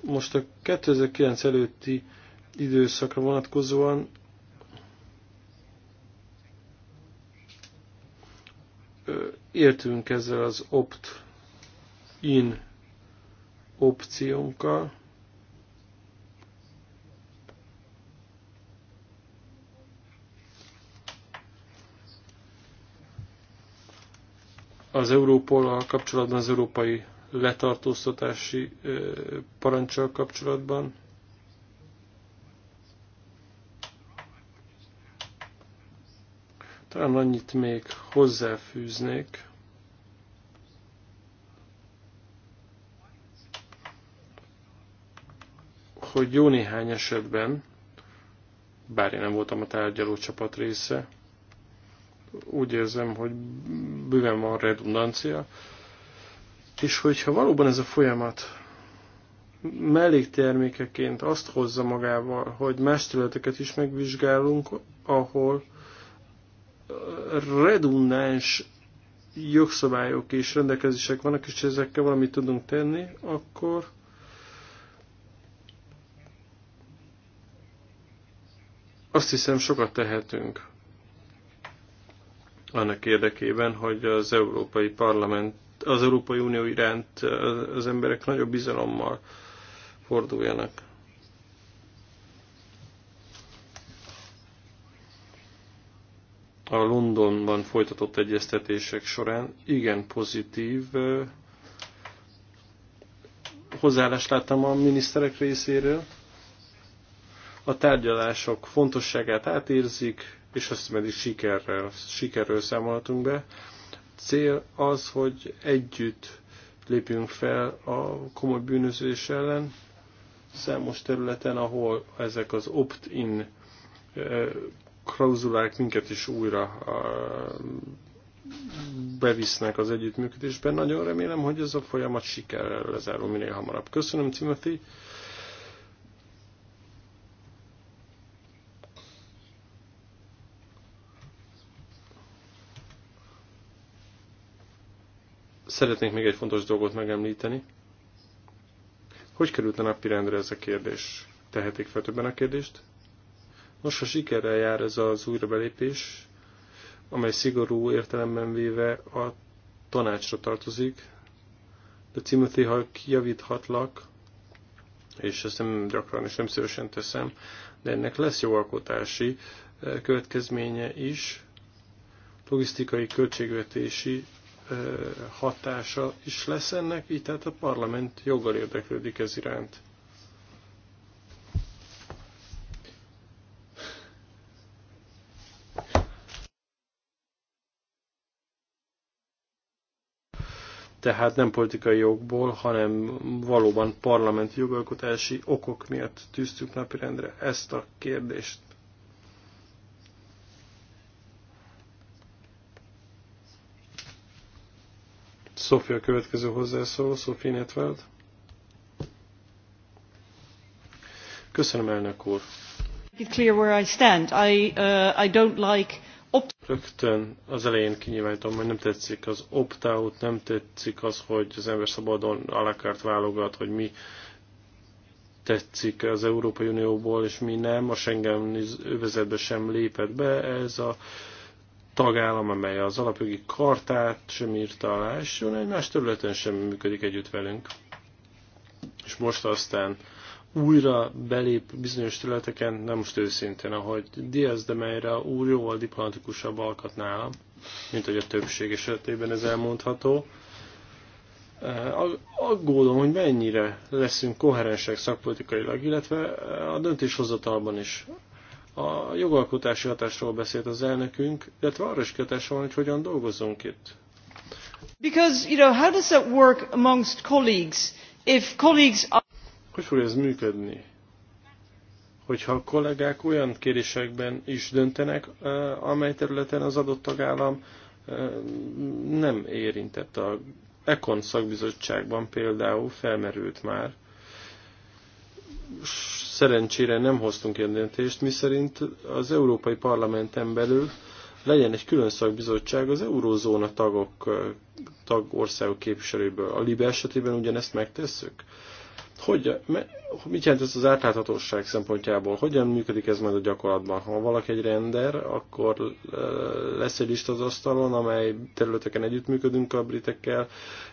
S4: Most a 2009 előtti időszakra vonatkozóan értünk ezzel az opt in opciónkkal, az Európol kapcsolatban, az európai letartóztatási parancsal kapcsolatban. Talán annyit még hozzáfűznék. hogy jó néhány esetben, bár én nem voltam a tárgyaló csapat része, úgy érzem, hogy bőven van redundancia, és hogyha valóban ez a folyamat melléktermékeként azt hozza magával, hogy más területeket is megvizsgálunk, ahol redundáns jogszabályok és rendelkezések vannak, és ezekkel valamit tudunk tenni, akkor Azt hiszem sokat tehetünk annak érdekében, hogy az Európai Parlament, az Európai Unió iránt az emberek nagyobb bizalommal forduljanak. a Londonban folytatott egyeztetések során igen pozitív hozzáállást láttam a miniszterek részéről a tárgyalások fontosságát átérzik, és azt hogy sikerrel, sikerről számolhatunk be. Cél az, hogy együtt lépjünk fel a komoly bűnözés ellen, számos területen, ahol ezek az opt-in klauzulák minket is újra bevisznek az együttműködésben. Nagyon remélem, hogy ez a folyamat sikerrel lezárul minél hamarabb. Köszönöm, Timothy! Szeretnék még egy fontos dolgot megemlíteni. Hogy került a napirendre ez a kérdés? Tehetik fel többen a kérdést? Nos, ha sikerrel jár ez az újrabelépés, amely szigorú értelemben véve a tanácsra tartozik, de Timothy, ha kijavíthatlak, és ezt nem gyakran és nem szívesen teszem, de ennek lesz jogalkotási eh, következménye is, logisztikai, költségvetési hatása is lesz ennek, így tehát a parlament joggal érdeklődik ez iránt. tehát nem politikai jogból, hanem valóban parlamenti jogalkotási okok miatt tűztük napirendre ezt a kérdést. Sofia következő hozzászóló, Sofia Netveld. Köszönöm, elnök úr.
S1: It clear where I stand. I, uh, I don't
S4: like Rögtön az elején kinyilvánítom, hogy nem tetszik az opt-out, nem tetszik az, hogy az ember szabadon alakárt válogat, hogy mi tetszik az Európai Unióból, és mi nem. A Schengen övezetbe sem lépett be. Ez a uh, tagállam, amely az alapjogi kartát sem írta alá, és egy más területen sem működik együtt velünk. És most aztán újra belép bizonyos területeken, nem most őszintén, ahogy Diaz de Meira úr jóval diplomatikusabb alkat nálam, mint hogy a többség esetében ez elmondható. Eh, aggódom, hogy mennyire leszünk koherensek szakpolitikailag, illetve a döntéshozatalban is. A jogalkotási hatásról beszélt az elnökünk, illetve arra is kötés van, hogy hogyan dolgozunk itt.
S1: Because, you know, how does that work amongst colleagues
S4: if colleagues are... Hogy fog ez működni? hogyha a kollégák olyan kérésekben is döntenek, amely területen az adott tagállam nem érintett. A Ekon szakbizottságban például felmerült már, Szerencsére nem hoztunk ilyen döntést, miszerint az Európai Parlamenten belül legyen egy külön szakbizottság az eurózóna tagok, tagországok képviselőből. A Libe esetében ugyanezt megtesszük? Hogy, mit jelent ez az átláthatóság szempontjából? Hogyan működik ez majd a gyakorlatban? Ha valaki egy render, akkor lesz egy lista az asztalon, amely területeken együttműködünk a britekkel,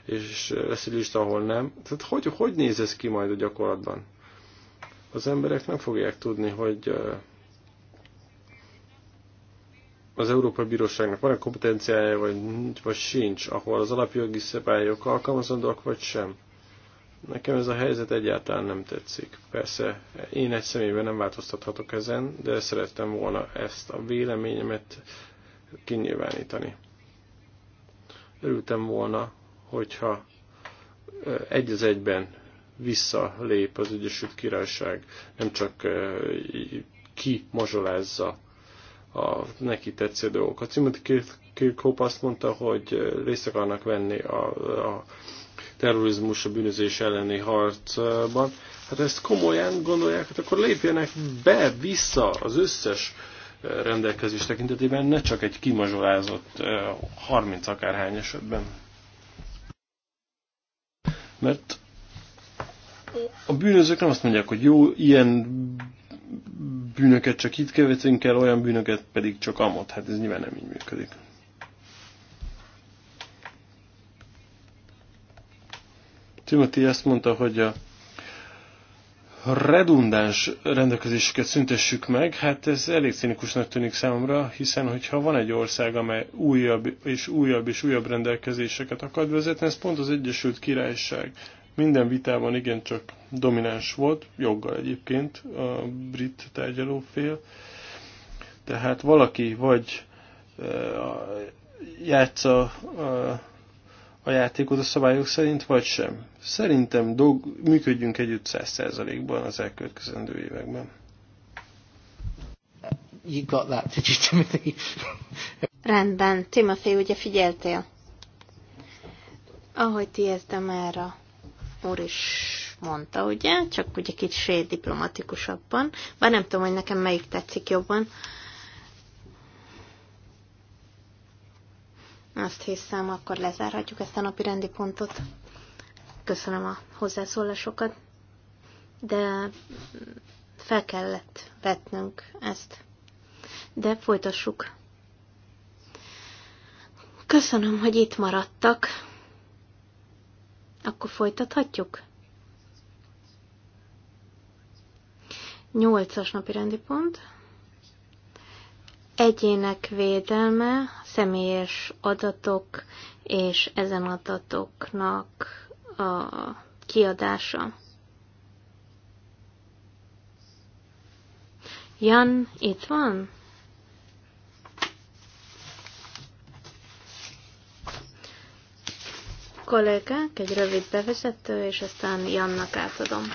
S4: és lesz egy lista, ahol nem. Tehát hogy, hogy néz ez ki majd a gyakorlatban? az emberek nem fogják tudni, hogy az Európai Bíróságnak van-e kompetenciája, vagy, vagy sincs, ahol az alapjogi szabályok alkalmazandóak, vagy sem. Nekem ez a helyzet egyáltalán nem tetszik. Persze én egy személyben nem változtathatok ezen, de szerettem volna ezt a véleményemet kinyilvánítani. Örültem volna, hogyha egy az egyben visszalép az Egyesült Királyság, nem csak eh, mazsolázza a neki tetsző dolgokat. Timothy Kirkhope azt mondta, hogy eh, részt akarnak venni a, a terrorizmus, a bűnözés elleni harcban. Hát ezt komolyan gondolják, hát akkor lépjenek be, vissza az összes eh, rendelkezés tekintetében, ne csak egy kimazsolázott 30 akárhány esetben. Mert a bűnözők nem azt mondják, hogy jó, ilyen bűnöket csak itt követünk el, olyan bűnöket pedig csak amott. Hát ez nyilván nem így működik. Timothy azt mondta, hogy a redundáns rendelkezéseket szüntessük meg, hát ez elég cinikusnak tűnik számomra, hiszen hogyha van egy ország, amely újabb és újabb és újabb rendelkezéseket akar vezetni, ez pont az Egyesült Királyság. Minden vitában igencsak domináns volt, joggal egyébként a brit tárgyalófél. Tehát valaki vagy játsza a játékot a szabályok szerint, vagy sem. Szerintem dolg, működjünk együtt 100%-ban az elkövetkezendő években.
S1: You got that, did you, Timothy?
S2: Rendben, Timothy, ugye figyeltél? Ahogy ti ezt már a úr is mondta, ugye? Csak ugye kicsit diplomatikusabban. Bár nem tudom, hogy nekem melyik tetszik jobban. Azt hiszem, akkor lezárhatjuk ezt a napi rendi pontot. Köszönöm a hozzászólásokat, de fel kellett vetnünk ezt. De folytassuk. Köszönöm, hogy itt maradtak. Akkor folytathatjuk? Nyolcas napi rendi pont. Egyének védelme, személyes adatok és ezen adatoknak a kiadása. Jan itt van? kollégák, egy rövid bevezető, és aztán Jannak átadom.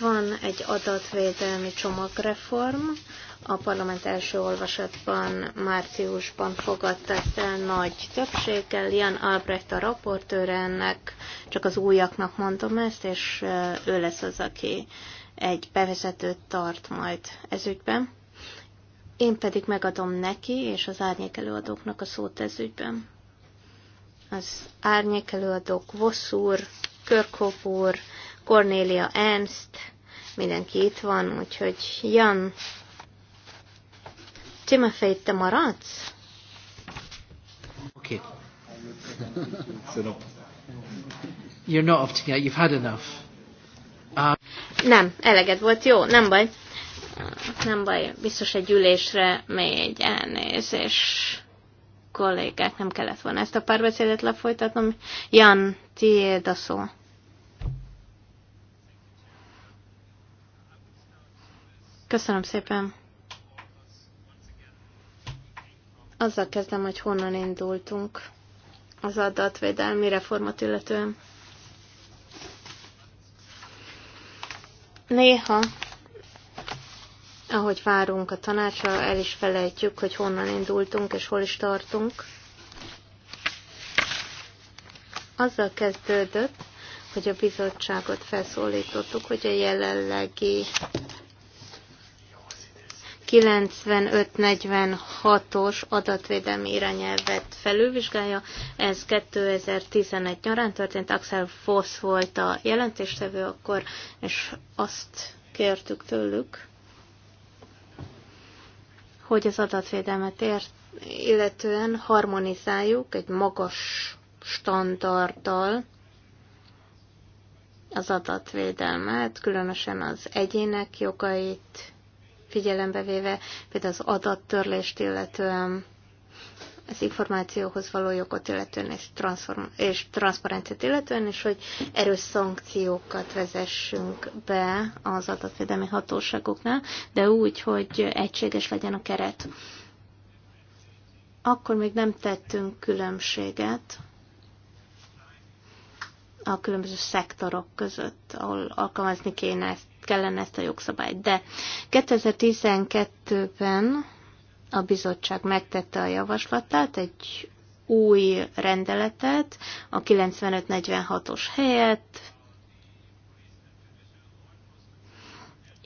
S2: Van egy adatvédelmi csomagreform, a parlament első olvasatban márciusban fogadták el nagy többséggel. Jan Albrecht a raportőr ennek, csak az újaknak mondom ezt, és ő lesz az, aki egy bevezetőt tart majd ezügyben. Én pedig megadom neki és az árnyék előadóknak a szót ez ügyben. Az árnyék előadók Vosszúr, Körkopúr, Cornélia Ernst, mindenki itt van, úgyhogy Jan, Timofej, te maradsz?
S1: Oké. Okay. You're not up to get, you've had enough.
S2: Nem, eleged volt, jó, nem baj. Nem baj, biztos egy ülésre még elnézés kollégák, nem kellett volna ezt a párbeszédet lefolytatnom. Jan, tiéd a szó. Köszönöm szépen. Azzal kezdem, hogy honnan indultunk az adatvédelmi reformot illetően. Néha ahogy várunk a tanácsra, el is felejtjük, hogy honnan indultunk és hol is tartunk. Azzal kezdődött, hogy a bizottságot felszólítottuk, hogy a jelenlegi 95-46-os adatvédelmi irányelvet felülvizsgálja. Ez 2011 nyarán történt. Axel Foss volt a jelentéstevő akkor, és azt kértük tőlük, hogy az adatvédelmet ért, illetően harmonizáljuk egy magas standarddal az adatvédelmet, különösen az egyének jogait figyelembe véve, például az adattörlést illetően az információhoz való jogot illetően és, transform- és transzparenciát illetően, és hogy erős szankciókat vezessünk be az adatvédelmi hatóságoknál, de úgy, hogy egységes legyen a keret. Akkor még nem tettünk különbséget a különböző szektorok között, ahol alkalmazni kéne ezt, kellene ezt a jogszabályt. De 2012-ben a bizottság megtette a javaslatát, egy új rendeletet, a 9546-os helyett.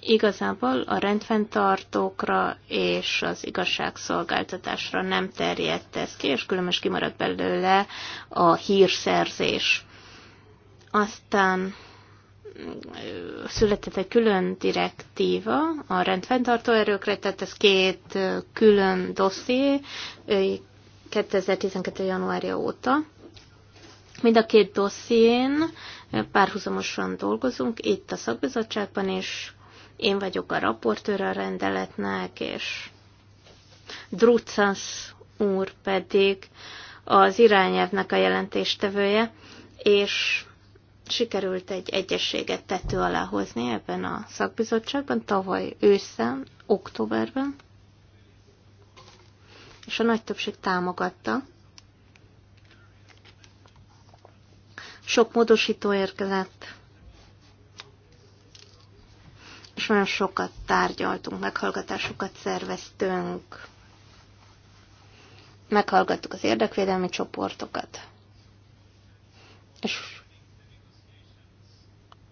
S2: Igazából a rendfenntartókra és az igazságszolgáltatásra nem terjedt ez ki, és különös kimaradt belőle a hírszerzés. Aztán született egy külön direktíva a rendfenntartó erőkre, tehát ez két külön dosszié 2012. januárja óta. Mind a két dosszién párhuzamosan dolgozunk, itt a szakbizottságban és én vagyok a raportőr a rendeletnek, és Drucas úr pedig az irányelvnek a jelentéstevője, és sikerült egy egyességet tető alá hozni ebben a szakbizottságban tavaly ősszel, októberben, és a nagy többség támogatta. Sok módosító érkezett, és nagyon sokat tárgyaltunk, meghallgatásokat szerveztünk, meghallgattuk az érdekvédelmi csoportokat, és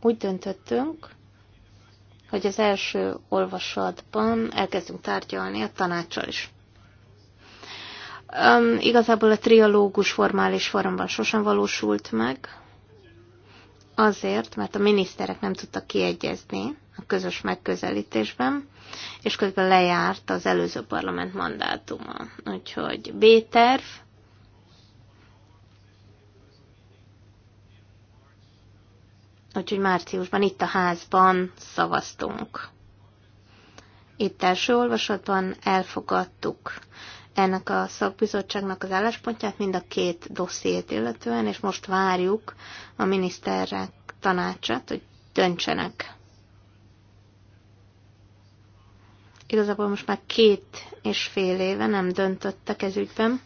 S2: úgy döntöttünk, hogy az első olvasatban elkezdünk tárgyalni a tanácssal is. Um, igazából a trialógus formális formában sosem valósult meg, azért, mert a miniszterek nem tudtak kiegyezni a közös megközelítésben, és közben lejárt az előző parlament mandátuma. Úgyhogy B-terv, Úgyhogy márciusban itt a házban szavaztunk. Itt első olvasatban elfogadtuk ennek a szakbizottságnak az álláspontját, mind a két dossziét illetően, és most várjuk a miniszterek tanácsát, hogy döntsenek. Igazából most már két és fél éve nem döntöttek ez ügyben,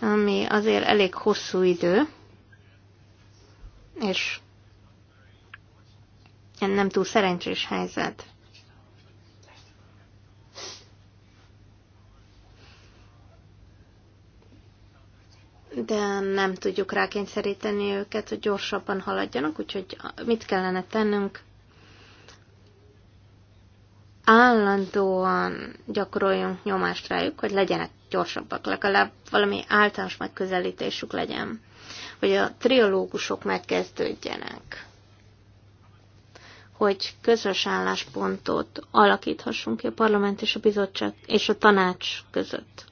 S2: ami azért elég hosszú idő, és nem túl szerencsés helyzet. de nem tudjuk rákényszeríteni őket, hogy gyorsabban haladjanak, úgyhogy mit kellene tennünk? Állandóan gyakoroljunk nyomást rájuk, hogy legyenek gyorsabbak, legalább valami általános megközelítésük legyen, hogy a triológusok megkezdődjenek hogy közös álláspontot alakíthassunk ki a parlament és a bizottság és a tanács között.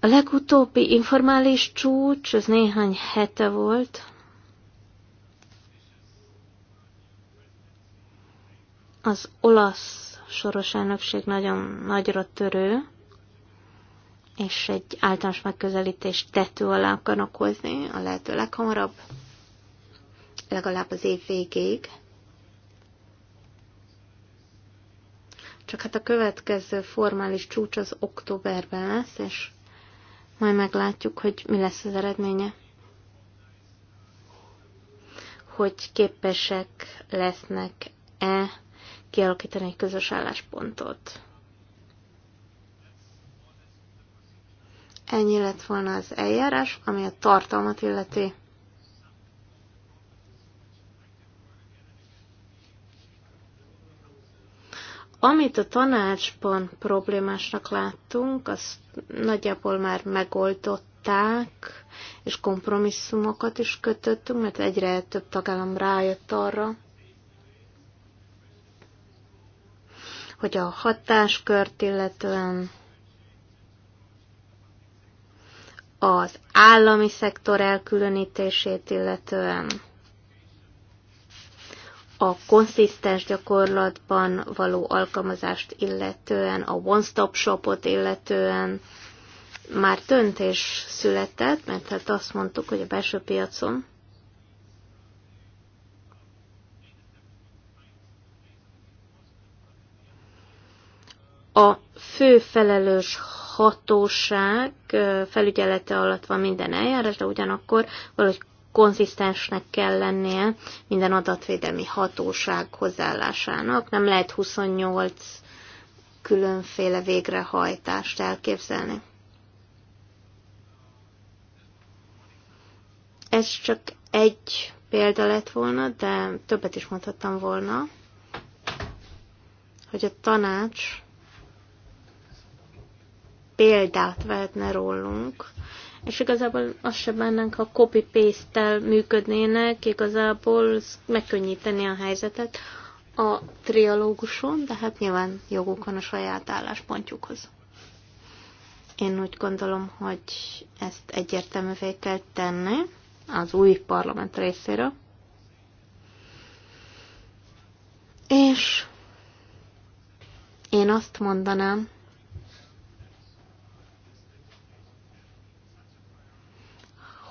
S2: A legutóbbi informális csúcs, az néhány hete volt, az olasz soros elnökség nagyon nagyra törő, és egy általános megközelítést tető alá akarnak hozni a lehető leghamarabb legalább az év végéig. Csak hát a következő formális csúcs az októberben lesz, és majd meglátjuk, hogy mi lesz az eredménye. Hogy képesek lesznek-e kialakítani egy közös álláspontot. Ennyi lett volna az eljárás, ami a tartalmat illeti. Amit a tanácsban problémásnak láttunk, azt nagyjából már megoldották, és kompromisszumokat is kötöttünk, mert egyre több tagállam rájött arra, hogy a hatáskört illetően az állami szektor elkülönítését illetően a konszisztens gyakorlatban való alkalmazást illetően, a one-stop shopot illetően már döntés született, mert hát azt mondtuk, hogy a belső piacon a fő felelős hatóság felügyelete alatt van minden eljárás, de ugyanakkor valahogy konzisztensnek kell lennie minden adatvédelmi hatóság hozzáállásának. Nem lehet 28 különféle végrehajtást elképzelni. Ez csak egy példa lett volna, de többet is mondhattam volna, hogy a tanács példát vehetne rólunk, és igazából azt sem bennünk, ha copy-paste-tel működnének, igazából megkönnyíteni a helyzetet a trialóguson, de hát nyilván joguk van a saját álláspontjukhoz. Én úgy gondolom, hogy ezt egyértelművé kell tenni az új parlament részéről. És én azt mondanám,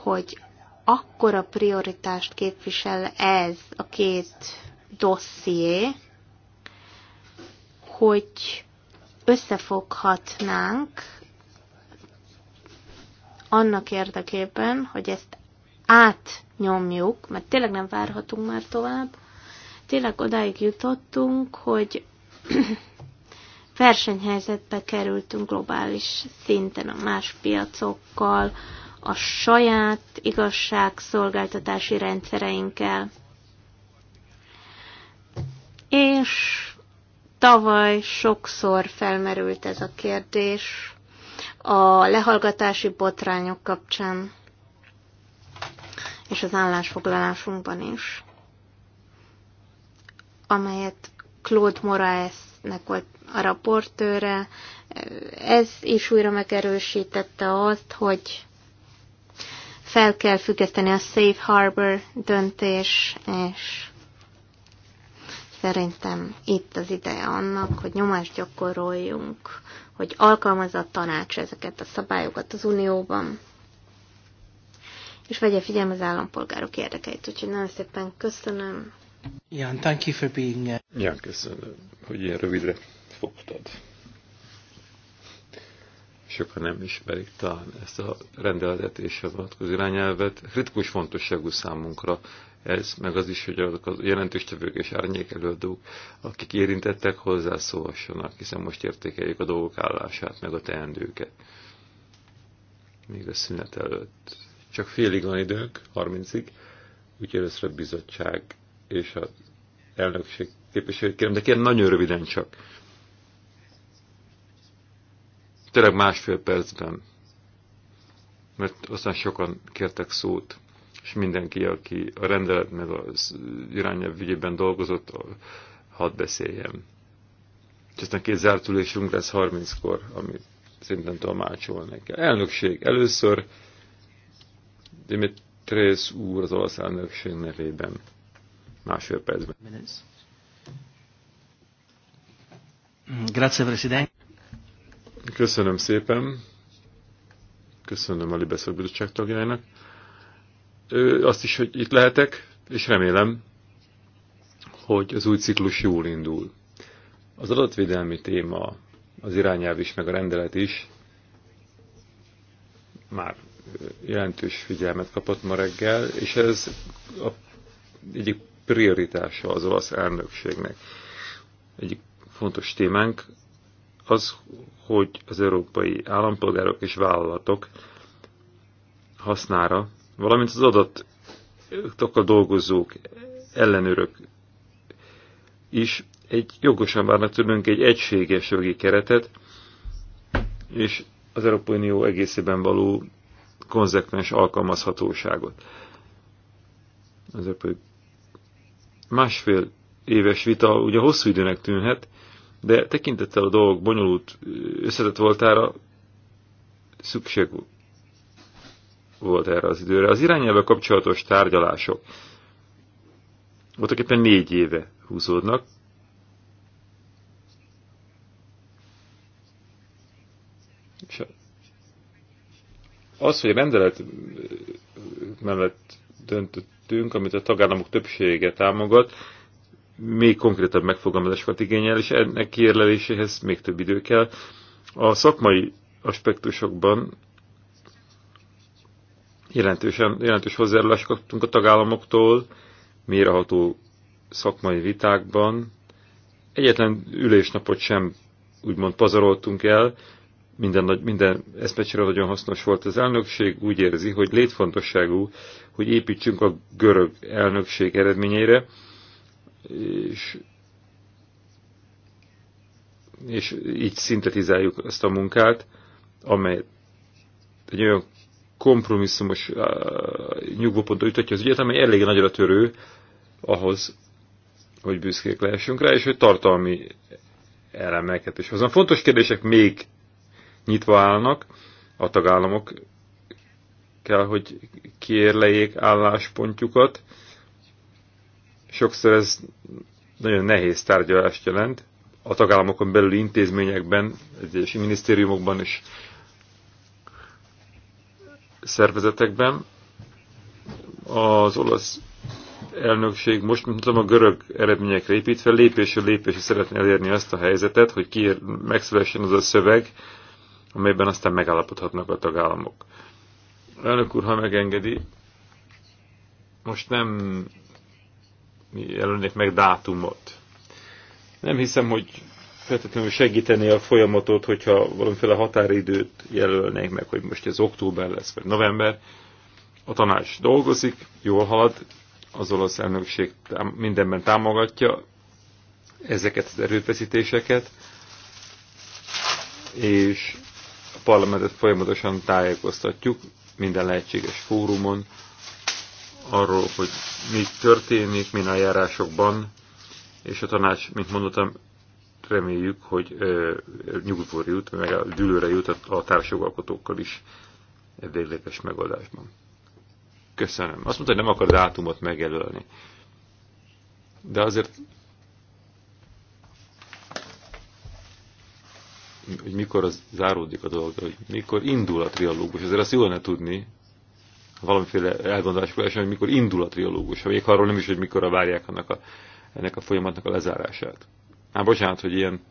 S2: hogy akkora prioritást képvisel ez a két dosszié, hogy összefoghatnánk annak érdekében, hogy ezt átnyomjuk, mert tényleg nem várhatunk már tovább. Tényleg odáig jutottunk, hogy versenyhelyzetbe kerültünk globális szinten a más piacokkal, a saját igazságszolgáltatási rendszereinkkel. És tavaly sokszor felmerült ez a kérdés a lehallgatási botrányok kapcsán, és az állásfoglalásunkban is, amelyet Claude Moraesnek volt a raportőre. Ez is újra megerősítette azt, hogy fel kell függeszteni a Safe Harbor döntés, és szerintem itt az ideje annak, hogy nyomást gyakoroljunk, hogy alkalmazza a tanács ezeket a szabályokat az Unióban, és vegye figyelme az állampolgárok érdekeit. Úgyhogy nagyon szépen köszönöm.
S3: Jan, thank you for being here. Jan, köszönöm, hogy ilyen rövidre fogtad sokan nem ismerik talán ezt a rendeletet és a vonatkozó irányelvet. Kritikus fontosságú számunkra ez, meg az is, hogy azok a jelentőstevők és árnyékelődők, akik érintettek, hozzászólhassanak, hiszen most értékeljük a dolgok állását, meg a teendőket. Még a szünet előtt. Csak félig van időnk, 30-ig, úgyhogy először a bizottság és az elnökség képviselőt kérem, de kérem nagyon röviden csak tényleg másfél percben, mert aztán sokan kértek szót, és mindenki, aki a rendelet meg az irányabb ügyében dolgozott, hadd beszéljen. És aztán két zárt ülésünk lesz 30-kor, amit szintén tolmácsol nekem. Elnökség először Dimitrész úr az olasz elnökség nevében másfél percben.
S1: Grazie, Presidente.
S3: Köszönöm szépen. Köszönöm a Libeszok Bizottság tagjának. Ö, azt is, hogy itt lehetek, és remélem, hogy az új ciklus jól indul. Az adatvédelmi téma, az irányelv is, meg a rendelet is már jelentős figyelmet kapott ma reggel, és ez a egyik prioritása az olasz elnökségnek. Egyik fontos témánk az, hogy az európai állampolgárok és vállalatok hasznára, valamint az adatokkal dolgozók, ellenőrök is egy jogosan várnak tőlünk egy egységes jogi keretet, és az Európai Unió egészében való konzekvens alkalmazhatóságot. Az Európai másfél éves vita ugye hosszú időnek tűnhet, de tekintettel a dolgok bonyolult összetett voltára szükség volt erre az időre. Az irányelve kapcsolatos tárgyalások voltak éppen négy éve húzódnak. És az, hogy a rendelet mellett döntöttünk, amit a tagállamok többsége támogat, még konkrétabb megfogalmazásokat igényel, és ennek kiérleléséhez még több idő kell. A szakmai aspektusokban jelentősen, jelentős hozzájárulást kaptunk a tagállamoktól, méreható szakmai vitákban. Egyetlen ülésnapot sem úgymond pazaroltunk el, minden, minden eszmecsere nagyon hasznos volt. Az elnökség úgy érzi, hogy létfontosságú, hogy építsünk a görög elnökség eredményeire, és, és így szintetizáljuk ezt a munkát, amely egy olyan kompromisszumos uh, nyugvópontra jutatja az ügyet, amely elég nagyra törő ahhoz, hogy büszkék lehessünk rá, és hogy tartalmi elemeket is hozzon. Fontos kérdések még nyitva állnak, a tagállamok kell, hogy kérlejék álláspontjukat, Sokszor ez nagyon nehéz tárgyalást jelent. A tagállamokon belüli intézményekben, egyes minisztériumokban és szervezetekben. Az olasz elnökség most, mint tudom, a görög eredményekre építve lépésről lépésre szeretné elérni azt a helyzetet, hogy kiér, megszülessen az a szöveg, amelyben aztán megállapodhatnak a tagállamok. Elnök úr, ha megengedi, most nem jelölnék meg dátumot. Nem hiszem, hogy feltétlenül segíteni a folyamatot, hogyha valamiféle határidőt jelölnék meg, hogy most ez október lesz, vagy november. A tanács dolgozik, jól halad, az olasz elnökség mindenben támogatja ezeket az erőfeszítéseket, és a parlamentet folyamatosan tájékoztatjuk minden lehetséges fórumon, arról, hogy mi történik, min a járásokban, és a tanács, mint mondottam, reméljük, hogy nyugvóra jut, meg a dülőre jut a, a társjogalkotókkal is végleges megoldásban. Köszönöm. Azt mondta, hogy nem akar dátumot megjelölni. De azért, hogy mikor az záródik a dolog, hogy mikor indul a trialógus, azért azt jól ne tudni, valamiféle elgondolásuk lesen, hogy mikor indul a triológus, ha még arról nem is, hogy mikor várják annak a, ennek a folyamatnak a lezárását. Hát bocsánat, hogy ilyen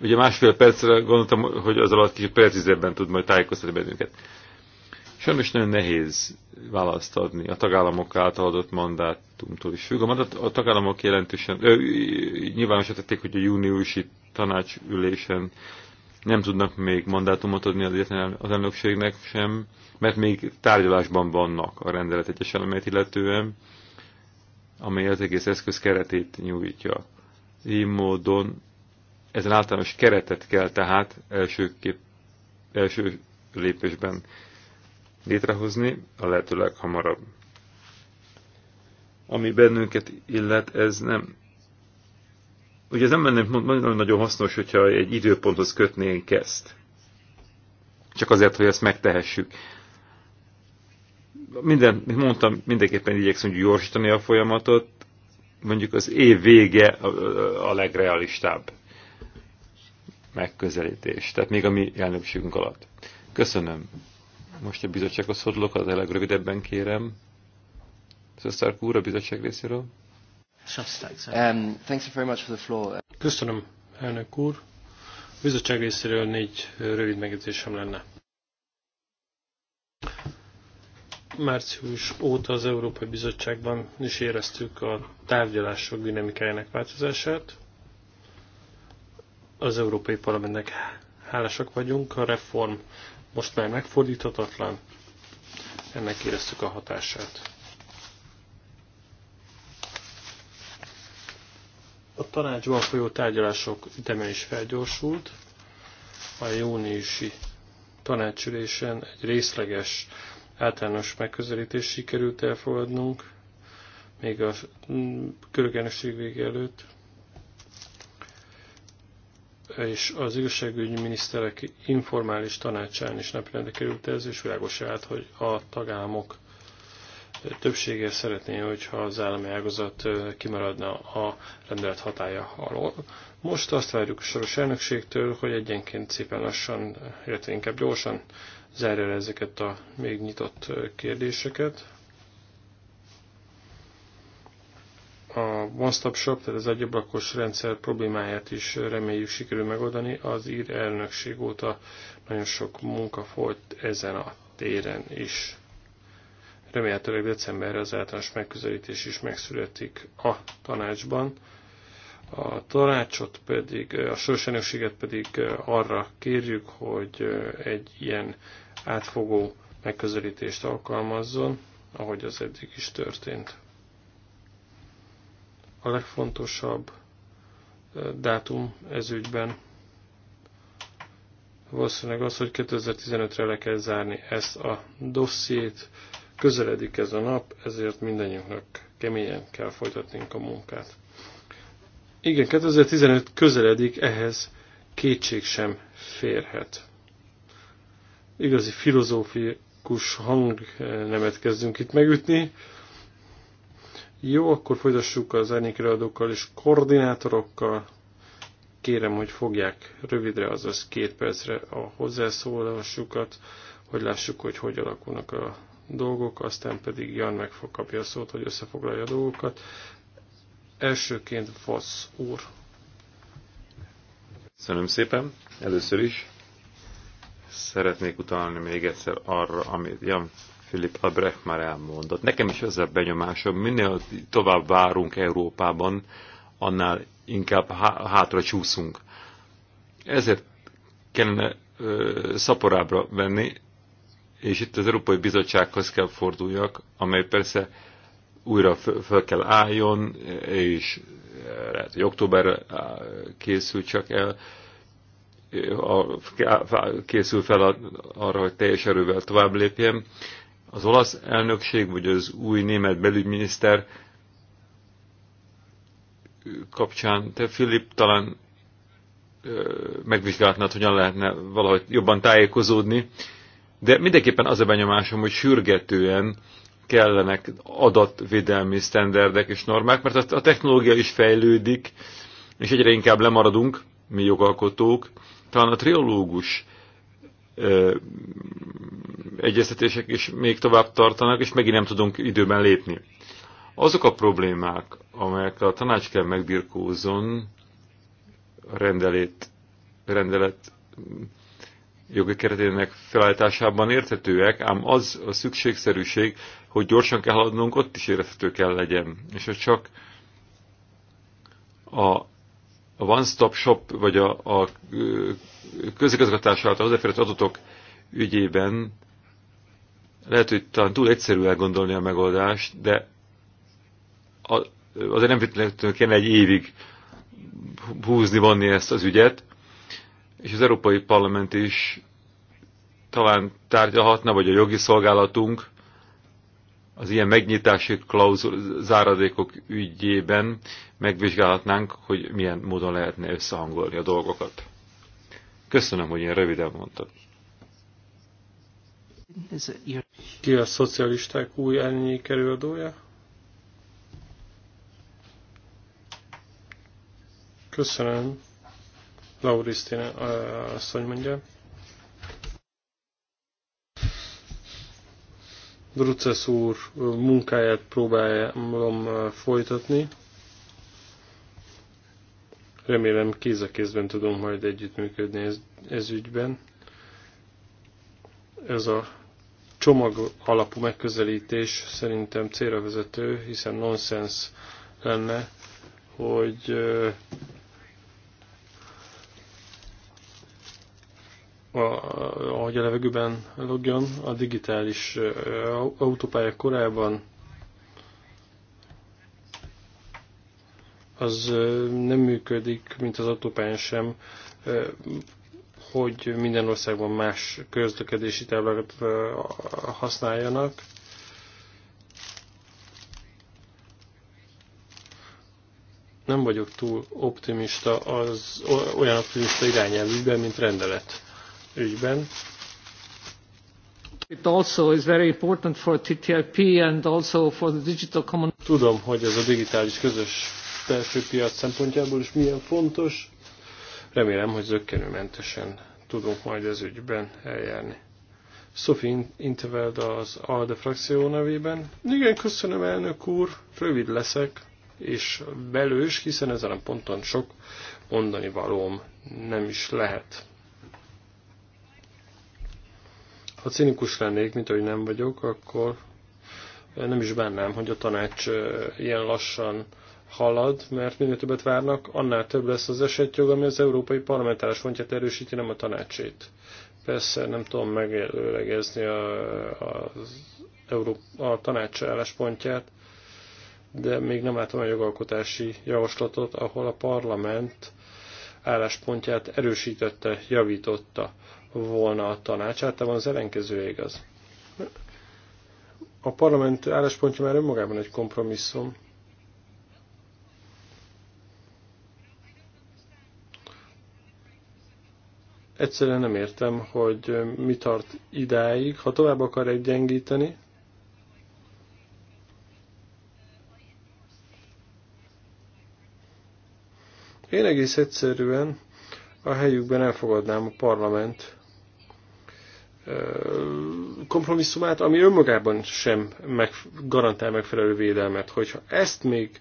S3: Ugye másfél percre gondoltam, hogy az alatt kicsit precízebben tud majd tájékoztatni bennünket. Sajnos nagyon nehéz választ adni a tagállamok által adott mandátumtól is függ. A, a tagállamok jelentősen nyilvánosan tették, hogy a júniusi tanácsülésen nem tudnak még mandátumot adni az, egyetlen az elnökségnek sem, mert még tárgyalásban vannak a rendelet egyes elemeit illetően, amely az egész eszköz keretét nyújtja. Így módon ezen általános keretet kell tehát elsőképp, első lépésben létrehozni, a lehető leghamarabb. Ami bennünket illet, ez nem Ugye ez nem lenne nagyon hasznos, hogyha egy időponthoz kötnénk ezt. Csak azért, hogy ezt megtehessük. Minden, mint mondtam, mindenképpen igyekszünk gyorsítani a folyamatot, mondjuk az év vége a legrealistább megközelítés, tehát még a mi elnökségünk alatt. Köszönöm. Most a bizottsághoz fordulok, az a legrövidebben kérem. Szösztárk úr a bizottság részéről. Eh? Um, Köszönöm,
S4: elnök úr. A bizottság részéről négy rövid megjegyzésem lenne. Március óta az Európai Bizottságban is éreztük a tárgyalások dinamikájának változását. Az Európai Parlamentnek hálásak vagyunk, a reform most már megfordíthatatlan, ennek éreztük a hatását. tanácsban folyó tárgyalások üteme is felgyorsult. A júniusi tanácsülésen egy részleges általános megközelítés sikerült elfogadnunk, még a mm, körögenesség vége előtt, és az igazságügyi miniszterek informális tanácsán is napirendre került ez, és világos állt, hogy a tagállamok többsége szeretné, hogyha az állami ágazat kimaradna a rendelet hatája alól. Most azt várjuk a soros elnökségtől, hogy egyenként szépen lassan, illetve inkább gyorsan zárja le ezeket a még nyitott kérdéseket. A One Stop Shop, tehát az egyablakos rendszer problémáját is reméljük sikerül megoldani. Az ír elnökség óta nagyon sok munka folyt ezen a téren is. Remélhetőleg decemberre az általános megközelítés is megszületik a tanácsban. A tanácsot pedig, a sorsenőséget pedig arra kérjük, hogy egy ilyen átfogó megközelítést alkalmazzon, ahogy az eddig is történt. A legfontosabb dátum ezügyben valószínűleg az, hogy 2015-re le kell zárni ezt a dossziét, Közeledik ez a nap, ezért mindannyiunknak keményen kell folytatnunk a munkát. Igen, 2015 közeledik, ehhez kétség sem férhet. Igazi filozófikus hang eh, nemet kezdünk itt megütni. Jó, akkor folytassuk az elnékiradókkal és koordinátorokkal. Kérem, hogy fogják rövidre, azaz két percre a hozzászólásukat, hogy lássuk, hogy hogy alakulnak a dolgok, aztán pedig Jan meg fog kapja a szót, hogy összefoglalja a dolgokat. Elsőként Vasz úr.
S3: Köszönöm szépen. Először is szeretnék utalni még egyszer arra, amit Jan Philip Albrecht már elmondott. Nekem is ez a benyomásom, minél tovább várunk Európában, annál inkább hátra csúszunk. Ezért kellene ö, szaporábra venni és itt az Európai Bizottsághoz kell forduljak, amely persze újra fel kell álljon, és eh, lehet, hogy október készül csak el, a, készül fel a, arra, hogy teljes erővel tovább lépjen. Az olasz elnökség, vagy az új német belügyminiszter kapcsán, te Filip talán megvizsgálhatnád, hogyan lehetne valahogy jobban tájékozódni de mindenképpen az a benyomásom, hogy sürgetően kellenek adatvédelmi sztenderdek és normák, mert a technológia is fejlődik, és egyre inkább lemaradunk, mi jogalkotók. Talán a triológus ö, egyeztetések is még tovább tartanak, és megint nem tudunk időben lépni. Azok a problémák, amelyekkel a tanács kell megbirkózon, a rendelét, rendelet jogi keretének felállításában érthetőek, ám az a szükségszerűség, hogy gyorsan kell haladnunk, ott is érthető kell legyen. És hogy csak a one-stop shop, vagy a, a közigazgatás által hozzáférhető adatok ügyében lehet, hogy talán túl egyszerű elgondolni a megoldást, de azért nem véletlenül kéne egy évig húzni, vonni ezt az ügyet, és az Európai Parlament is talán tárgyalhatna, vagy a jogi szolgálatunk az ilyen megnyitási klauzul záradékok ügyében megvizsgálhatnánk, hogy milyen módon lehetne összehangolni a dolgokat. Köszönöm, hogy ilyen röviden mondtad.
S4: Ki a szocialisták új elnyi kerüldója? Köszönöm. Laurisztina asszony mondja. Drucesz úr munkáját próbálom folytatni. Remélem kéz a kézben tudunk majd együttműködni ez, ez ügyben. Ez a csomag alapú megközelítés szerintem célra vezető, hiszen nonsens lenne, hogy a, ahogy a levegőben logjon, a digitális autópályák korában az nem működik, mint az autópályán sem, hogy minden országban más közlekedési táblákat használjanak. Nem vagyok túl optimista az olyan optimista irányelvűben, mint rendelet ügyben. It also is very important for TTIP and also for the digital common... Tudom, hogy ez a digitális közös belső piac szempontjából is milyen fontos. Remélem, hogy zöggenőmentesen tudunk majd ez ügyben eljárni. Sophie Interveld az ALDE frakció nevében. Igen, köszönöm elnök úr, rövid leszek és belős, hiszen ezen a ponton sok mondani valóm nem is lehet. Ha cinikus lennék, mint hogy nem vagyok, akkor nem is bennem, hogy a tanács ilyen lassan halad, mert minél többet várnak, annál több lesz az esetjog, ami az európai parlamentárás fontját erősíti, nem a tanácsét. Persze nem tudom megelőlegezni a, a, a tanács álláspontját, de még nem látom a jogalkotási javaslatot, ahol a parlament álláspontját erősítette, javította volna a tanács, általában az ellenkezője igaz. A parlament álláspontja már önmagában egy kompromisszum. Egyszerűen nem értem, hogy mi tart idáig, ha tovább egy gyengíteni, Én egész egyszerűen a helyükben elfogadnám a parlament kompromisszumát, ami önmagában sem meg, garantál megfelelő védelmet. Hogyha ezt még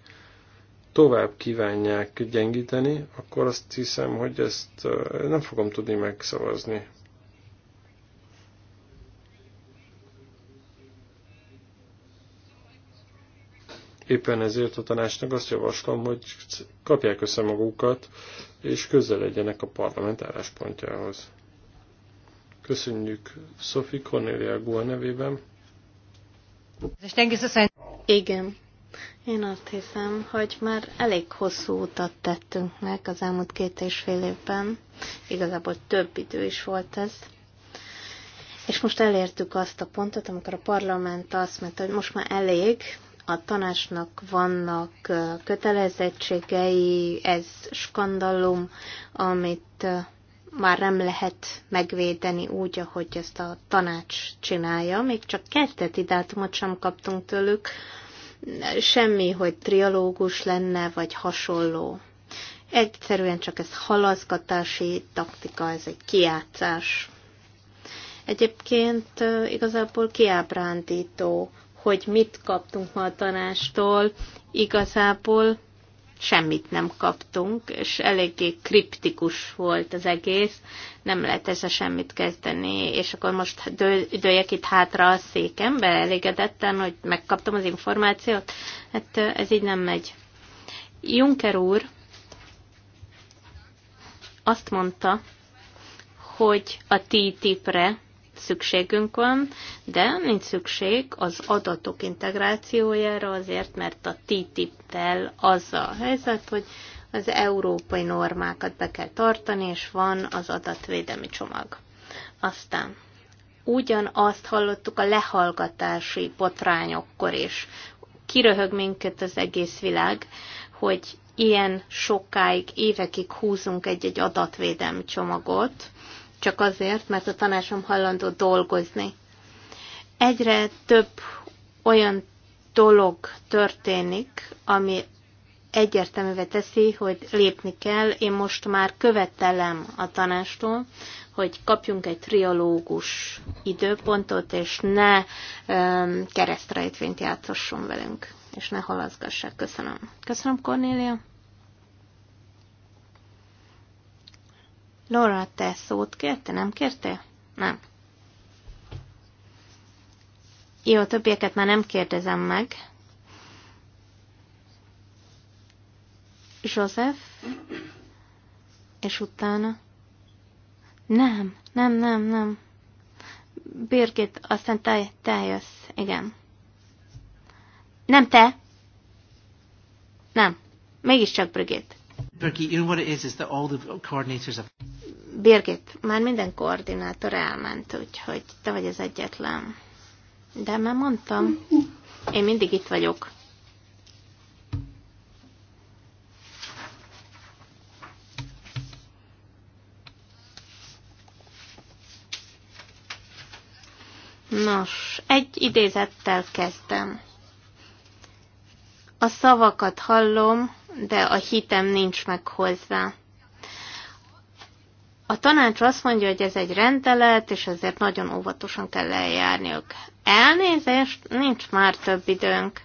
S4: tovább kívánják gyengíteni, akkor azt hiszem, hogy ezt nem fogom tudni megszavazni. Éppen ezért a tanácsnak azt javaslom, hogy kapják össze magukat, és közel legyenek a parlament álláspontjához. Köszönjük Sophie Cornelia Gua nevében.
S2: Igen. Én azt hiszem, hogy már elég hosszú utat tettünk meg az elmúlt két és fél évben. Igazából több idő is volt ez. És most elértük azt a pontot, amikor a parlament azt mondta, hogy most már elég, a tanácsnak vannak kötelezettségei, ez skandalum, amit már nem lehet megvédeni úgy, ahogy ezt a tanács csinálja. Még csak kezdeti dátumot sem kaptunk tőlük, semmi, hogy trialógus lenne, vagy hasonló. Egyszerűen csak ez halaszgatási taktika, ez egy kiátszás. Egyébként igazából kiábrándító, hogy mit kaptunk ma a tanástól, igazából semmit nem kaptunk, és eléggé kriptikus volt az egész, nem lehet ezzel semmit kezdeni, és akkor most dő, dőljek itt hátra a székembe elégedetten, hogy megkaptam az információt, hát ez így nem megy. Juncker úr azt mondta, hogy a TTIP-re szükségünk van, de nincs szükség az adatok integrációjára azért, mert a TTIP-tel az a helyzet, hogy az európai normákat be kell tartani, és van az adatvédelmi csomag. Aztán ugyanazt hallottuk a lehallgatási botrányokkor is. Kiröhög minket az egész világ, hogy ilyen sokáig, évekig húzunk egy-egy adatvédelmi csomagot, csak azért, mert a tanácsom hajlandó dolgozni. Egyre több olyan dolog történik, ami egyértelművé teszi, hogy lépni kell. Én most már követelem a tanástól, hogy kapjunk egy triológus időpontot, és ne um, keresztrejtvényt játszasson velünk, és ne halaszgassák. Köszönöm. Köszönöm, Cornélia. Nora, te szót kérte, nem kérte? Nem. Jó, a többieket már nem kérdezem meg. Joseph? és utána... Nem, nem, nem, nem. Birgit, aztán te, te jössz, igen. Nem te. Nem. Mégiscsak Birgit.
S1: Birgit, you know what it is, is that all the coordinators have...
S2: Birgit, már minden koordinátor elment, úgyhogy te vagy az egyetlen. De már mondtam, én mindig itt vagyok. Nos, egy idézettel kezdem. A szavakat hallom, de a hitem nincs meg hozzá. A tanács azt mondja, hogy ez egy rendelet, és ezért nagyon óvatosan kell eljárniuk. Elnézést, nincs már több időnk.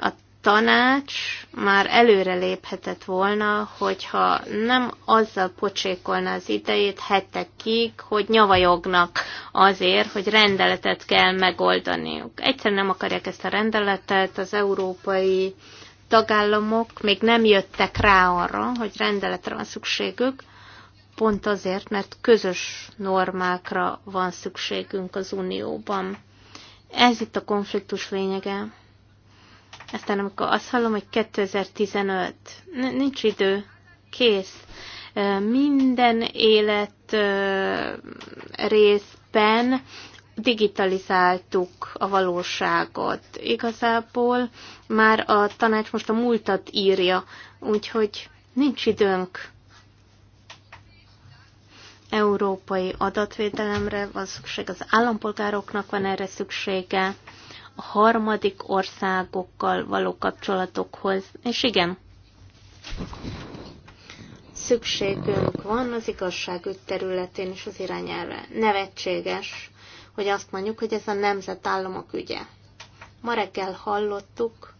S2: A tanács már előre léphetett volna, hogyha nem azzal pocsékolna az idejét hetekig, hogy nyavajognak azért, hogy rendeletet kell megoldaniuk. Egyszerűen nem akarják ezt a rendeletet, az európai tagállamok még nem jöttek rá arra, hogy rendeletre van szükségük, pont azért, mert közös normákra van szükségünk az Unióban. Ez itt a konfliktus lényege. Aztán amikor azt hallom, hogy 2015, nincs idő, kész. Minden élet részben digitalizáltuk a valóságot. Igazából már a tanács most a múltat írja, úgyhogy nincs időnk európai adatvédelemre van szükség, az állampolgároknak van erre szüksége, a harmadik országokkal való kapcsolatokhoz, és igen, szükségünk van az igazságügy területén és az irányelve. Nevetséges, hogy azt mondjuk, hogy ez a nemzetállamok ügye. Ma reggel hallottuk,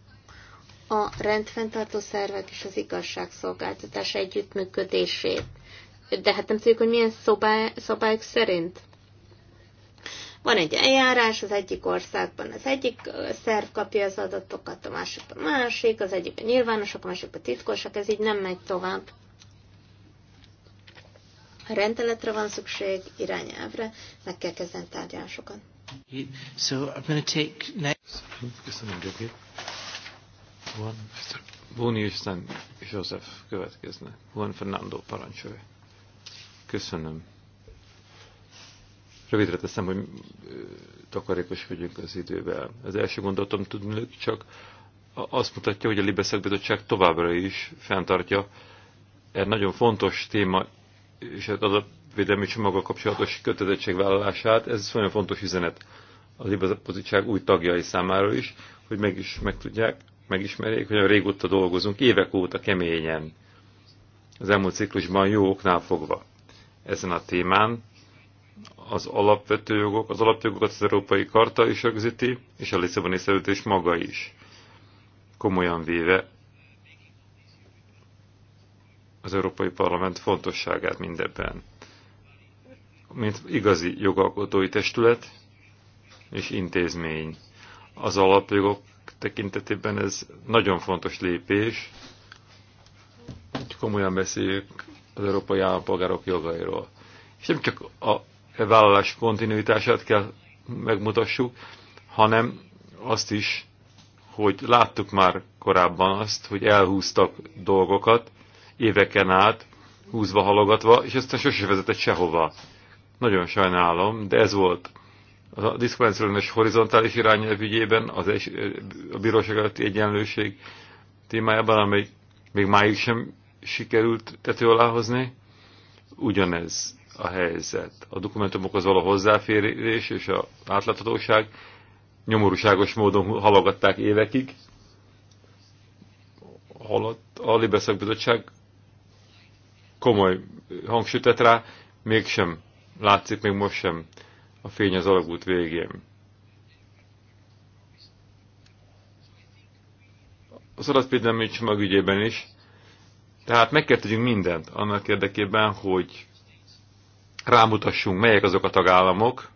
S2: a rendfenntartó szervek és az igazságszolgáltatás együttműködését de hát nem tudjuk, hogy milyen szobá, szobák szerint. Van egy eljárás, az egyik országban az egyik szerv kapja az adatokat, a másik a másik, az egyikben nyilvánosak, a másikban titkosak, ez így nem megy tovább. Ha rendeletre van szükség, irányelvre, meg kell kezdeni tárgyalásokat.
S3: So I'm going to take next. Köszönöm, Juan Bóni és Joseph következne. Juan Fernando parancsolja. Köszönöm. Rövidre teszem, hogy takarékos vagyunk az idővel. Az első gondolatom tudni csak azt mutatja, hogy a Libeszek Bizottság továbbra is fenntartja egy nagyon fontos téma, és az a védelmi csomaga kapcsolatos kötelezettségvállalását. Ez nagyon fontos üzenet a Libeszek új tagjai számára is, hogy meg is meg tudják, megismerjék, hogy a régóta dolgozunk, évek óta keményen, az elmúlt ciklusban jó oknál fogva ezen a témán. Az alapvető jogok, az alapjogokat az Európai Karta is rögzíti, és a Lisszaboni szerződés maga is. Komolyan véve az Európai Parlament fontosságát mindebben. Mint igazi jogalkotói testület és intézmény. Az alapjogok tekintetében ez nagyon fontos lépés, hogy komolyan beszéljük az európai állampolgárok jogairól. És nem csak a vállalás kontinuitását kell megmutassuk, hanem azt is, hogy láttuk már korábban azt, hogy elhúztak dolgokat éveken át, húzva, halogatva, és aztán sose vezetett sehova. Nagyon sajnálom, de ez volt a diszkriminációs horizontális irányelv ügyében, az es, a bíróság egyenlőség témájában, amely még máig sem sikerült tető alá hozni. Ugyanez a helyzet. A dokumentumokhoz való hozzáférés és a átláthatóság nyomorúságos módon halogatták évekig. Halott a Libeszakbizottság komoly hangsütet rá, mégsem látszik még most sem a fény az alagút végén. Az adatvédelmi csomag ügyében is tehát meg kell tegyünk mindent annak érdekében, hogy rámutassunk, melyek azok a tagállamok,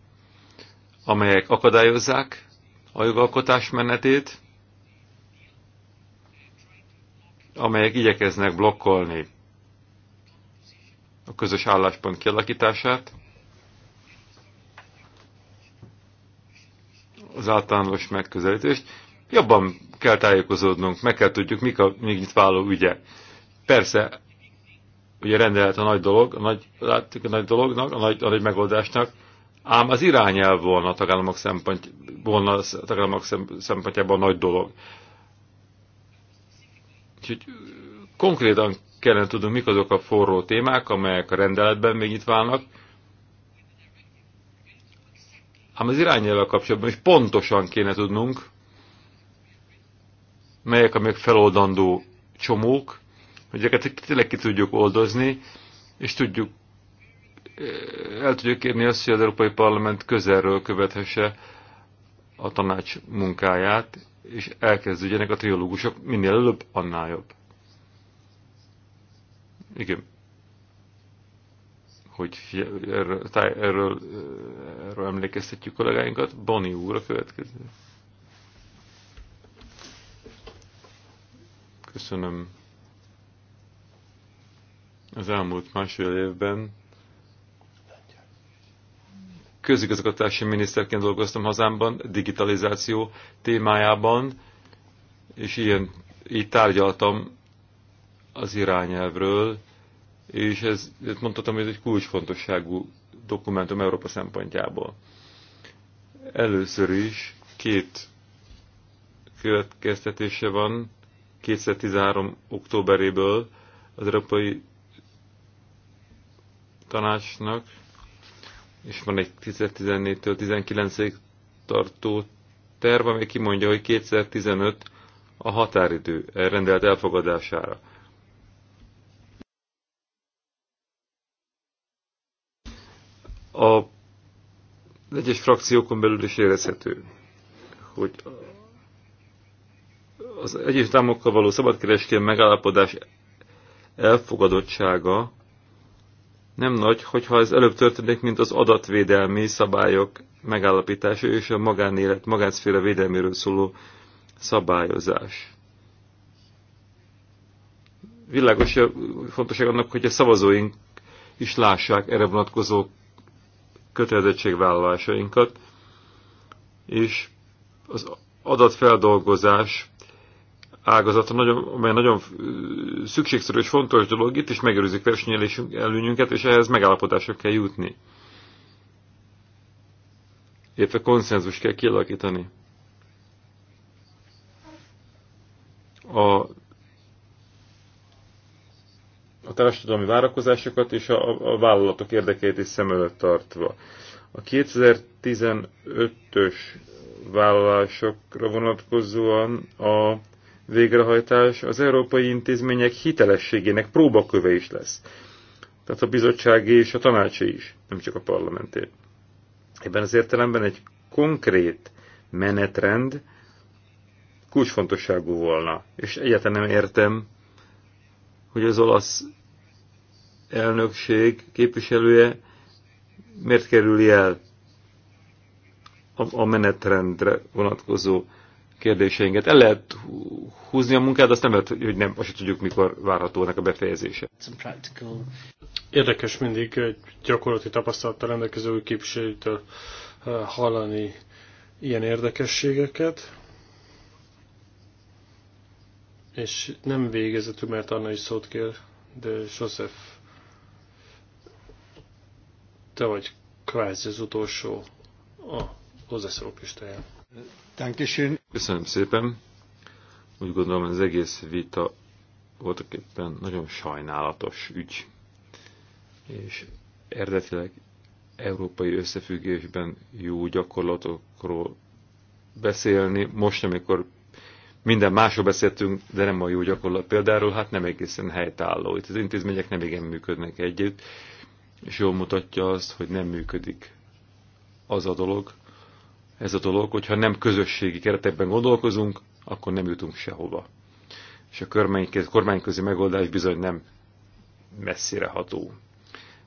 S3: amelyek akadályozzák a jogalkotás menetét, amelyek igyekeznek blokkolni a közös álláspont kialakítását, az általános megközelítést. Jobban kell tájékozódnunk, meg kell tudjuk, mik a még váló ügyek Persze, ugye rendelet a nagy dolog, a nagy, látjuk a nagy dolognak, a nagy, a nagy megoldásnak, ám az irányelv volna a tagállamok, szempont, volna a tagállamok szempontjában a nagy dolog. Úgyhogy konkrétan kellene tudnunk, mik azok a forró témák, amelyek a rendeletben még itt válnak, ám az irányelvvel kapcsolatban is pontosan kéne tudnunk, melyek a még feloldandó csomók, hogy ezeket tényleg ki tudjuk oldozni, és tudjuk, eh, el tudjuk érni azt, hogy az Európai Parlament közelről követhesse a tanács munkáját, és elkezdődjenek a triológusok minél előbb, annál jobb. Igen. Hogy erről, táj, erről, eh, erről emlékeztetjük kollégáinkat. Boni úr a következő. Köszönöm az elmúlt másfél évben közigazgatási miniszterként dolgoztam hazámban, digitalizáció témájában, és ilyen, így tárgyaltam az irányelvről, és ez, mondhatom, hogy ez egy kulcsfontosságú dokumentum Európa szempontjából. Először is két következtetése van 2013. októberéből az Európai tanácsnak, és van egy 2014-től 19-ig tartó terv, amely kimondja, hogy 2015 a határidő rendelt elfogadására. A egyes frakciókon belül is érezhető, hogy az egyes támokkal való szabadkereskedelmi megállapodás elfogadottsága nem nagy, hogyha ez előbb történik, mint az adatvédelmi szabályok megállapítása és a magánélet, magánszféra védelméről szóló szabályozás. Világos a fontosság annak, hogy a szavazóink is lássák erre vonatkozó kötelezettségvállalásainkat, és az adatfeldolgozás ágazata, nagyon, amely nagyon szükségszerű és fontos dolog itt, és megőrizik versenyelésünk előnyünket, és ehhez megállapodásra kell jutni. értve konszenzus kell kialakítani. A, a társadalmi várakozásokat és a, a vállalatok érdekeit is szem előtt tartva. A 2015-ös vállalásokra vonatkozóan a végrehajtás az európai intézmények hitelességének próbaköve is lesz. Tehát a bizottsági és a tanácsi is, nem csak a parlamenté. Ebben az értelemben egy konkrét menetrend kulcsfontosságú volna. És egyáltalán nem értem, hogy az olasz elnökség képviselője miért kerüli el a menetrendre vonatkozó kérdéseinket. El lehet húzni a munkát, azt nem lehet, hogy nem, azt tudjuk, mikor várható ennek a befejezése.
S4: Érdekes mindig egy gyakorlati tapasztalattal rendelkező új képviselőtől hallani ilyen érdekességeket. És nem végezetű, mert Anna is szót kér, de Joseph, te vagy kvázi az utolsó a hozzászólók listáján.
S3: Köszönöm szépen. Úgy gondolom, az egész vita voltak éppen nagyon sajnálatos ügy. És eredetileg európai összefüggésben jó gyakorlatokról beszélni. Most, amikor minden másról beszéltünk, de nem a jó gyakorlat példáról, hát nem egészen helytálló. Itt az intézmények nem igen működnek együtt, és jól mutatja azt, hogy nem működik az a dolog, ez a dolog, hogyha nem közösségi keretekben gondolkozunk, akkor nem jutunk sehova. És a kormányközi megoldás bizony nem messzire ható.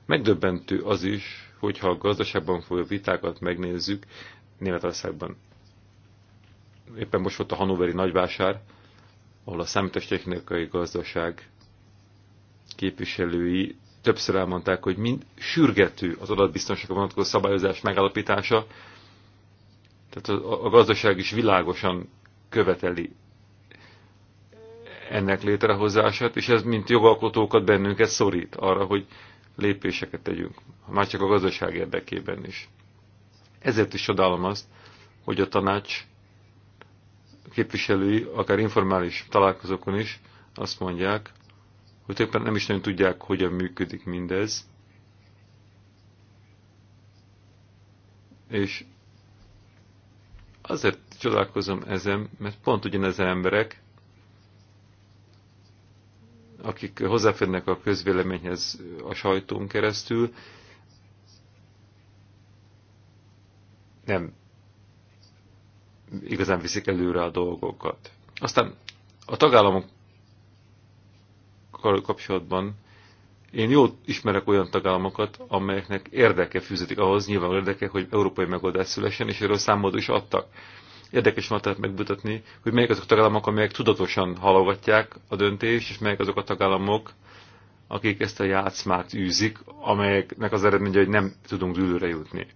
S3: Megdöbbentő az is, hogyha a gazdaságban folyó vitákat megnézzük, Németországban éppen most volt a hanoveri nagyvásár, ahol a számítástechnikai gazdaság képviselői többször elmondták, hogy mind sürgető az adatbiztonságra vonatkozó szabályozás megállapítása, tehát a, a gazdaság is világosan követeli ennek létrehozását, és ez mint jogalkotókat bennünket szorít arra, hogy lépéseket tegyünk, már csak a gazdaság érdekében is. Ezért is csodálom azt, hogy a tanács képviselői, akár informális találkozókon is azt mondják, hogy éppen nem is nagyon tudják, hogyan működik mindez, és Azért csodálkozom ezen, mert pont ugyanezen emberek, akik hozzáférnek a közvéleményhez a sajtón keresztül, nem igazán viszik előre a dolgokat. Aztán a tagállamok kapcsolatban én jól ismerek olyan tagállamokat, amelyeknek érdeke fűződik ahhoz, nyilván érdeke, hogy európai megoldás szülessen, és erről számot is adtak. Érdekes volt tehát megmutatni, hogy melyek azok a tagállamok, amelyek tudatosan halogatják a döntést, és melyek azok a tagállamok, akik ezt a játszmát űzik, amelyeknek az eredménye, hogy nem tudunk dűlőre jutni.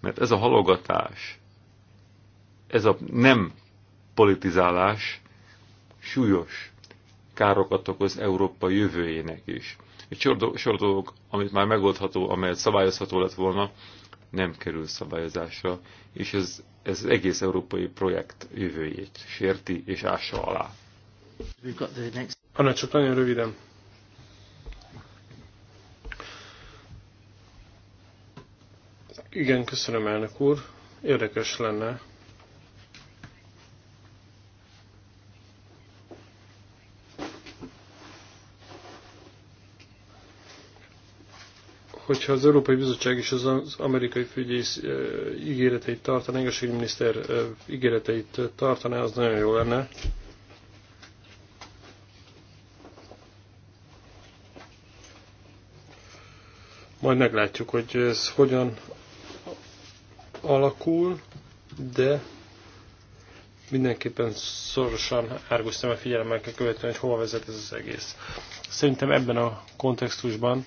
S3: Mert ez a halogatás, ez a nem politizálás súlyos károkat okoz Európa jövőjének is. Egy sor, dolog, amit már megoldható, amelyet szabályozható lett volna, nem kerül szabályozásra, és ez, ez egész európai projekt jövőjét sérti és ássa alá.
S4: Anna, csak nagyon röviden. Igen, köszönöm elnök úr. Érdekes lenne hogyha az Európai Bizottság és az amerikai fügyész ígéreteit tartaná, igazságügyminiszter ígéreteit tartaná, az nagyon jó lenne. Majd meglátjuk, hogy ez hogyan alakul, de mindenképpen szorosan árgus a figyelemmel kell követni, hogy hova vezet ez az egész. Szerintem ebben a kontextusban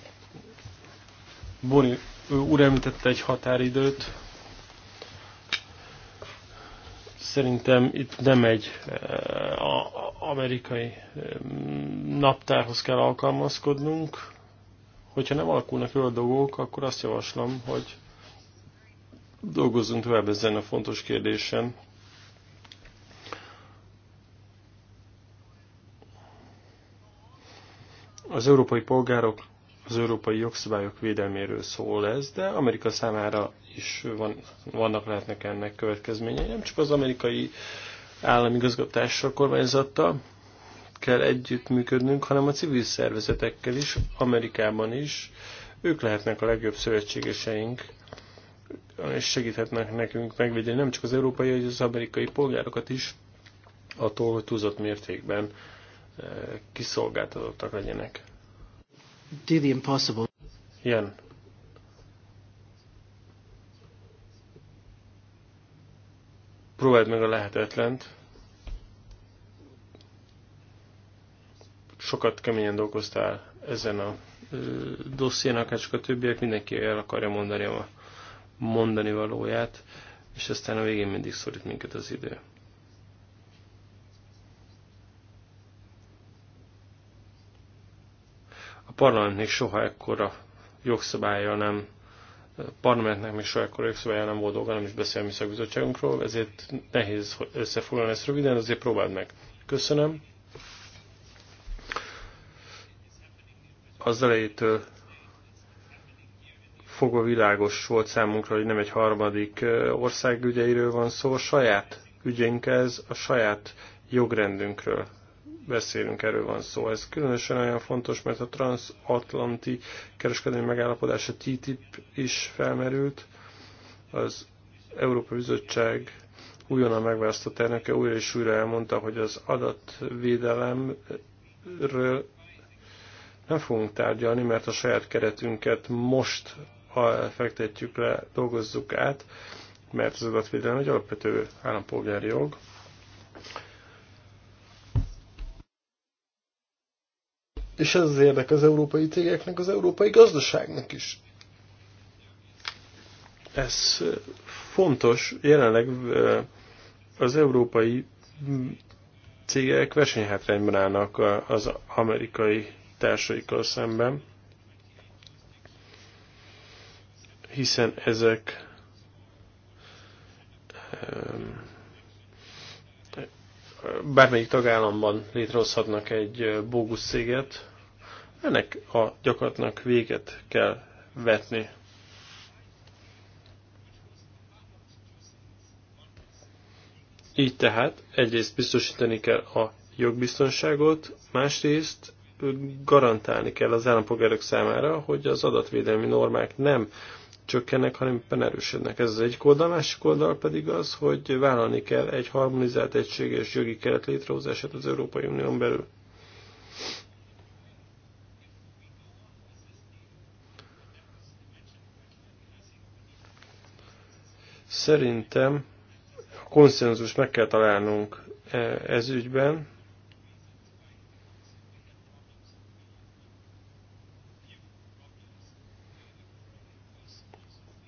S4: Boni úr említette egy határidőt. Szerintem itt nem egy eh, a, amerikai eh, naptárhoz kell alkalmazkodnunk. Hogyha nem alakulnak jól a dolgok, akkor azt javaslom, hogy dolgozzunk tovább ezen a fontos kérdésen. Az európai polgárok az európai jogszabályok védelméről szól ez, de Amerika számára is van, vannak lehetnek ennek következményei. Nem csak az amerikai államigazgatással, kormányzattal kell együttműködnünk, hanem a civil szervezetekkel is, Amerikában is. Ők lehetnek a legjobb szövetségeseink, és segíthetnek nekünk megvédeni nem csak az európai, hanem az amerikai polgárokat is attól, hogy túlzott mértékben eh, kiszolgáltatottak legyenek
S1: do the impossible.
S4: Igen. Próbáld meg a lehetetlent. Sokat keményen dolgoztál ezen a dossziénak, csak a többiek, mindenki el akarja mondani a mondani valóját, és aztán a végén mindig szorít minket az idő. parlament még soha ekkora jogszabálya nem, a parlamentnek még soha ekkora jogszabálya nem volt dolga, nem is a szakbizottságunkról, ezért nehéz összefoglalni ezt röviden, azért próbáld meg. Köszönöm. Az elejétől fogva világos volt számunkra, hogy nem egy harmadik ország ügyeiről van szó, a saját ügyénk ez, a saját jogrendünkről beszélünk, erről van szó. Ez különösen olyan fontos, mert a transatlanti kereskedelmi megállapodás, a TTIP is felmerült. Az Európai Bizottság újonnan megválasztott elnöke újra és újra elmondta, hogy az adatvédelemről nem fogunk tárgyalni, mert a saját keretünket most fektetjük le, dolgozzuk át, mert az adatvédelem egy alapvető állampolgári jog. És ez az érdek az európai cégeknek, az európai gazdaságnak is. Ez fontos, jelenleg az európai cégek versenyhátrányban állnak az amerikai társaikkal szemben, hiszen ezek bármelyik tagállamban létrehozhatnak egy bógus céget, ennek a gyakorlatnak véget kell vetni. Így tehát egyrészt biztosítani kell a jogbiztonságot, másrészt garantálni kell az állampolgárok számára, hogy az adatvédelmi normák nem csökkennek, hanem éppen erősödnek. Ez az egyik oldal, másik oldal pedig az, hogy vállalni kell egy harmonizált egységes jogi keret létrehozását az Európai Unión belül. Szerintem a konszenzus meg kell találnunk e- ez ügyben,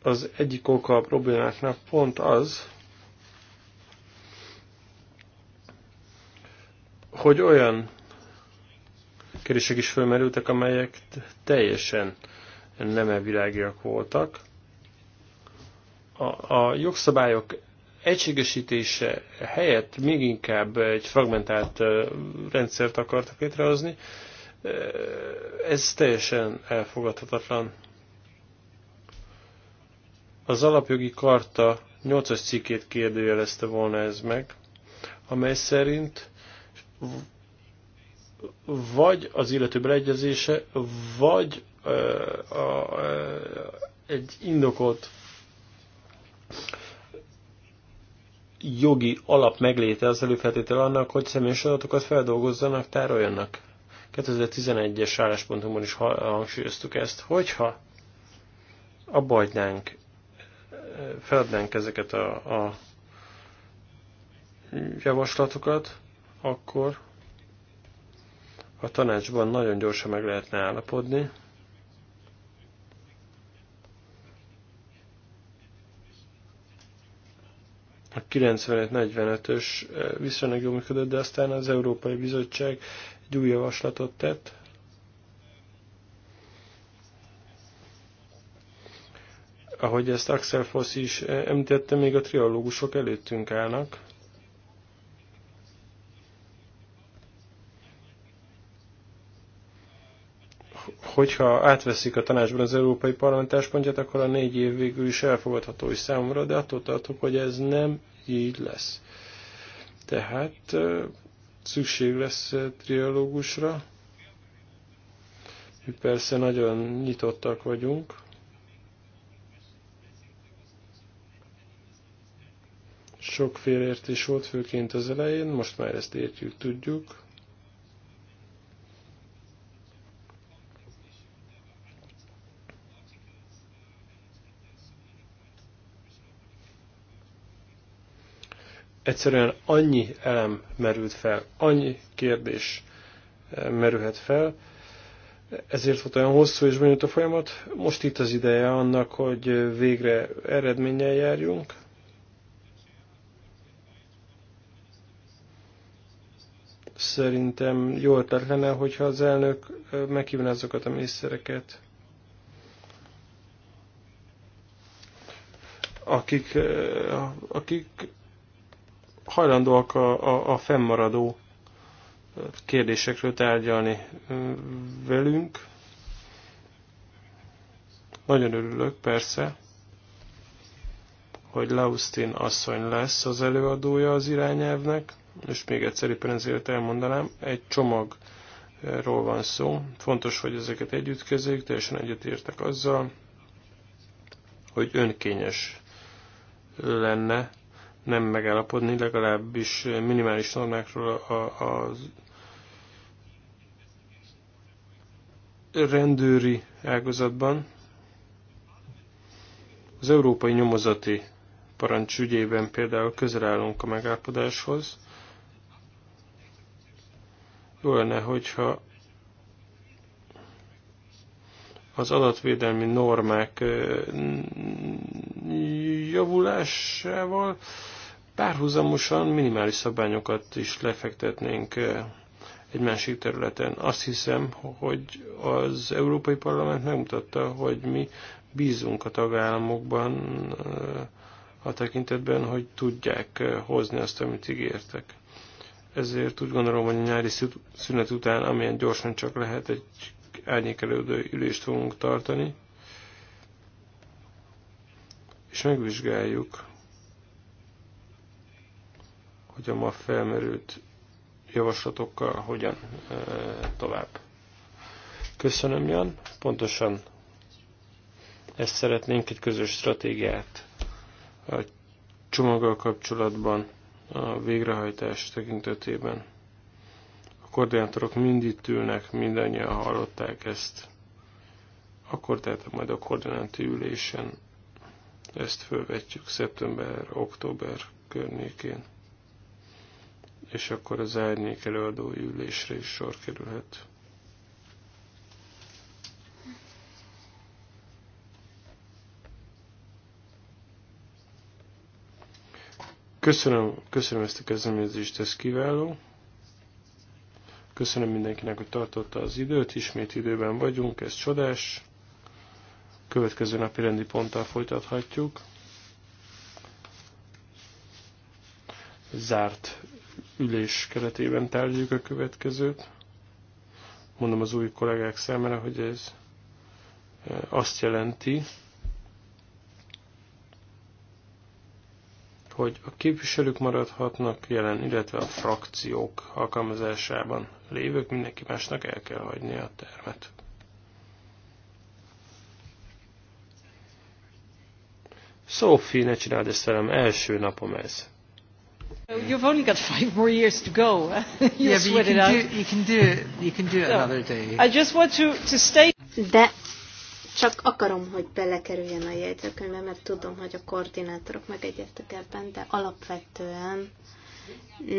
S4: az egyik oka a problémáknak pont az, hogy olyan kérdések is felmerültek, amelyek teljesen nem világiak voltak. A, a jogszabályok egységesítése helyett még inkább egy fragmentált rendszert akartak létrehozni. Ez teljesen elfogadhatatlan az alapjogi karta 8-as cikkét kérdőjelezte volna ez meg, amely szerint vagy az illető beleegyezése, vagy a, a, a, egy indokolt jogi alap megléte az előfeltétel annak, hogy személyes adatokat feldolgozzanak, tároljanak. 2011-es álláspontunkban is hangsúlyoztuk ezt, hogyha a hagynánk feladnánk ezeket a, a javaslatokat, akkor a tanácsban nagyon gyorsan meg lehetne állapodni. A 95-45-ös viszonylag jól működött, de aztán az Európai Bizottság egy új javaslatot tett, ahogy ezt Axel Foss is eh, említette, még a triológusok előttünk állnak. Hogyha átveszik a tanácsban az Európai Parlament pontját, akkor a négy év végül is elfogadható is számomra, de attól tartok, hogy ez nem így lesz. Tehát eh, szükség lesz eh, triológusra. Mi persze nagyon nyitottak vagyunk. Sok félértés volt, főként az elején, most már ezt értjük, tudjuk. Egyszerűen annyi elem merült fel, annyi kérdés eh, merülhet fel, ezért volt olyan hosszú és bonyolult a folyamat. Most itt az ideje annak, hogy végre eredménnyel járjunk. Szerintem jó ötlet lenne, hogyha az elnök meghívna azokat a mészereket, akik, akik hajlandóak a, a, a fennmaradó kérdésekről tárgyalni velünk. Nagyon örülök, persze, hogy Laustin asszony lesz az előadója az irányelvnek és még egyszer éppen ezért elmondanám, egy csomagról van szó. Fontos, hogy ezeket együtt kezeljük, teljesen egyetértek azzal, hogy önkényes lenne nem megállapodni, legalábbis minimális normákról a, az rendőri ágazatban. Az európai nyomozati parancs ügyében például közel állunk a megállapodáshoz jó lenne, hogyha az adatvédelmi normák javulásával párhuzamosan minimális szabályokat is lefektetnénk egy másik területen. Azt hiszem, hogy az Európai Parlament megmutatta, hogy mi bízunk a tagállamokban a tekintetben, hogy tudják hozni azt, amit ígértek ezért úgy gondolom, hogy a nyári szünet után, amilyen gyorsan csak lehet, egy árnyékelődő ülést fogunk tartani, és megvizsgáljuk, hogy a ma felmerült javaslatokkal hogyan e, tovább. Köszönöm, Jan. Pontosan ezt szeretnénk, egy közös stratégiát a csomaggal kapcsolatban a végrehajtás tekintetében. A koordinátorok mind itt ülnek, mindannyian hallották ezt. Akkor tehát majd a koordináti ülésen ezt fölvetjük szeptember-október környékén. És akkor az árnyék előadói ülésre is sor kerülhet. Köszönöm, köszönöm ezt a kezdeményezést, ez kiváló. Köszönöm mindenkinek, hogy tartotta az időt, ismét időben vagyunk, ez csodás. Következő napi rendi ponttal folytathatjuk. Zárt ülés keretében tárgyaljuk a következőt. Mondom az új kollégák számára, hogy ez eh, azt jelenti, hogy a képviselők maradhatnak jelen, illetve a frakciók alkalmazásában lévők, mindenki másnak el kell hagyni a termet. Sophie, ne csináld ezt velem, első napom ez.
S1: You've only got five more years to go. You You'll yeah, sweat you it out. Do, you can do it. You can do it so, another day. I just want
S2: to, to stay. De csak akarom, hogy belekerüljen a jegyzőkönyvbe, mert tudom, hogy a koordinátorok megegyeztek ebben, de alapvetően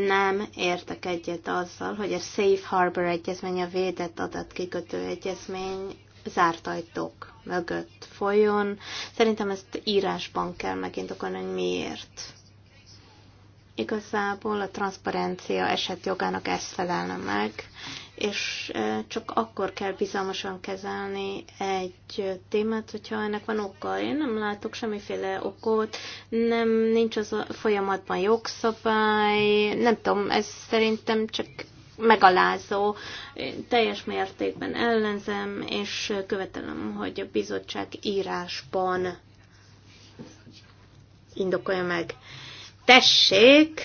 S2: nem értek egyet azzal, hogy a Safe Harbor egyezmény, a védett adatkikötő egyezmény zárt ajtók mögött folyjon. Szerintem ezt írásban kell megint okolni, hogy miért. Igazából a transzparencia esetjogának ezt felelne meg, és csak akkor kell bizalmasan kezelni egy témát, hogyha ennek van oka. Én nem látok semmiféle okot, nem nincs az a folyamatban jogszabály, nem tudom, ez szerintem csak megalázó, Én teljes mértékben ellenzem, és követelem, hogy a bizottság írásban indokolja meg. Tessék,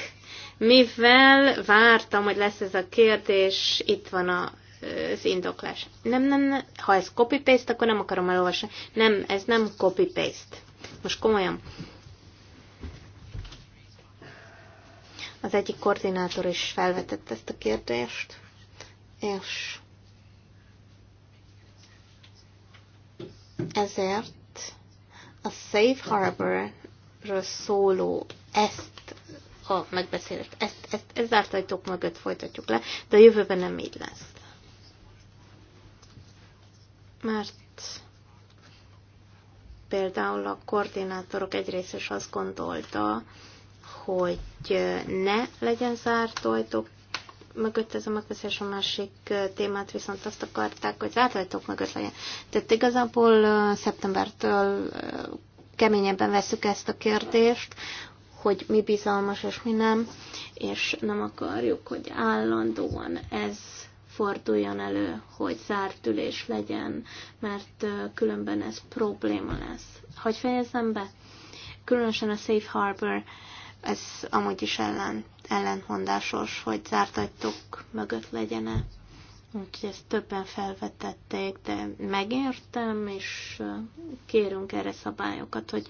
S2: mivel vártam, hogy lesz ez a kérdés, itt van a, az indoklás. Nem, nem, nem. ha ez copy-paste, akkor nem akarom elolvasni. Nem, ez nem copy-paste. Most komolyan. Az egyik koordinátor is felvetett ezt a kérdést, és ezért a Safe Harbor-ről szóló ezt a megbeszélés. Ezt, ezt, ezt zárt ajtók mögött folytatjuk le, de a jövőben nem így lesz. Mert például a koordinátorok egyrészt is azt gondolta, hogy ne legyen zárt ajtók mögött ez a megbeszélés, a másik témát viszont azt akarták, hogy zárt ajtók mögött legyen. Tehát igazából szeptembertől keményebben veszük ezt a kérdést, hogy mi bizalmas és mi nem, és nem akarjuk, hogy állandóan ez forduljon elő, hogy zárt ülés legyen, mert különben ez probléma lesz. Hogy fejezem be? Különösen a Safe Harbor, ez amúgy is ellen, ellentmondásos, hogy zárt ajtók mögött legyene. Úgyhogy ezt többen felvetették, de megértem, és kérünk erre szabályokat, hogy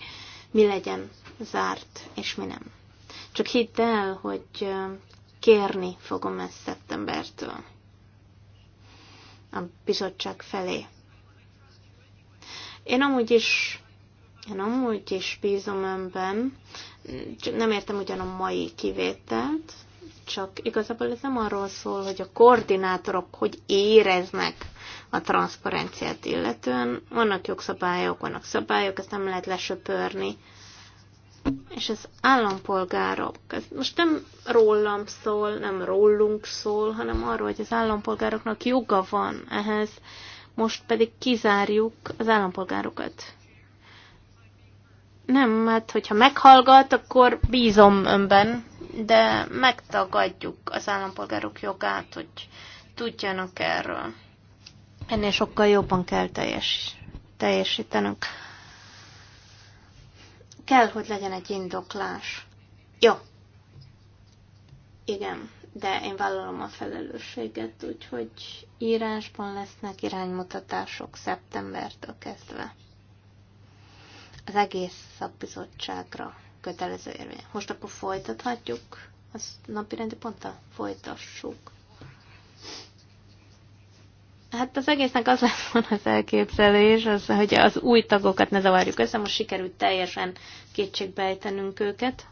S2: mi legyen zárt, és mi nem. Csak hidd el, hogy kérni fogom ezt szeptembertől a bizottság felé. Én amúgy is, én amúgy is bízom önben, csak nem értem ugyan a mai kivételt, csak igazából ez nem arról szól, hogy a koordinátorok hogy éreznek a transzparenciát illetően. Vannak jogszabályok, vannak szabályok, ezt nem lehet lesöpörni. És az állampolgárok, ez most nem rólam szól, nem rólunk szól, hanem arról, hogy az állampolgároknak joga van ehhez, most pedig kizárjuk az állampolgárokat. Nem, mert hát, hogyha meghallgat, akkor bízom önben, de megtagadjuk az állampolgárok jogát, hogy tudjanak erről. Ennél sokkal jobban kell teljes, teljesítenünk. Kell, hogy legyen egy indoklás. Jó. Igen, de én vállalom a felelősséget, úgyhogy írásban lesznek iránymutatások szeptembertől kezdve. Az egész szakbizottságra kötelező érvény. Most akkor folytathatjuk, az napi rendi ponttal folytassuk. Hát az egésznek az lett volna az elképzelés, az, hogy az új tagokat ne zavarjuk össze, most sikerült teljesen kétségbejtenünk őket.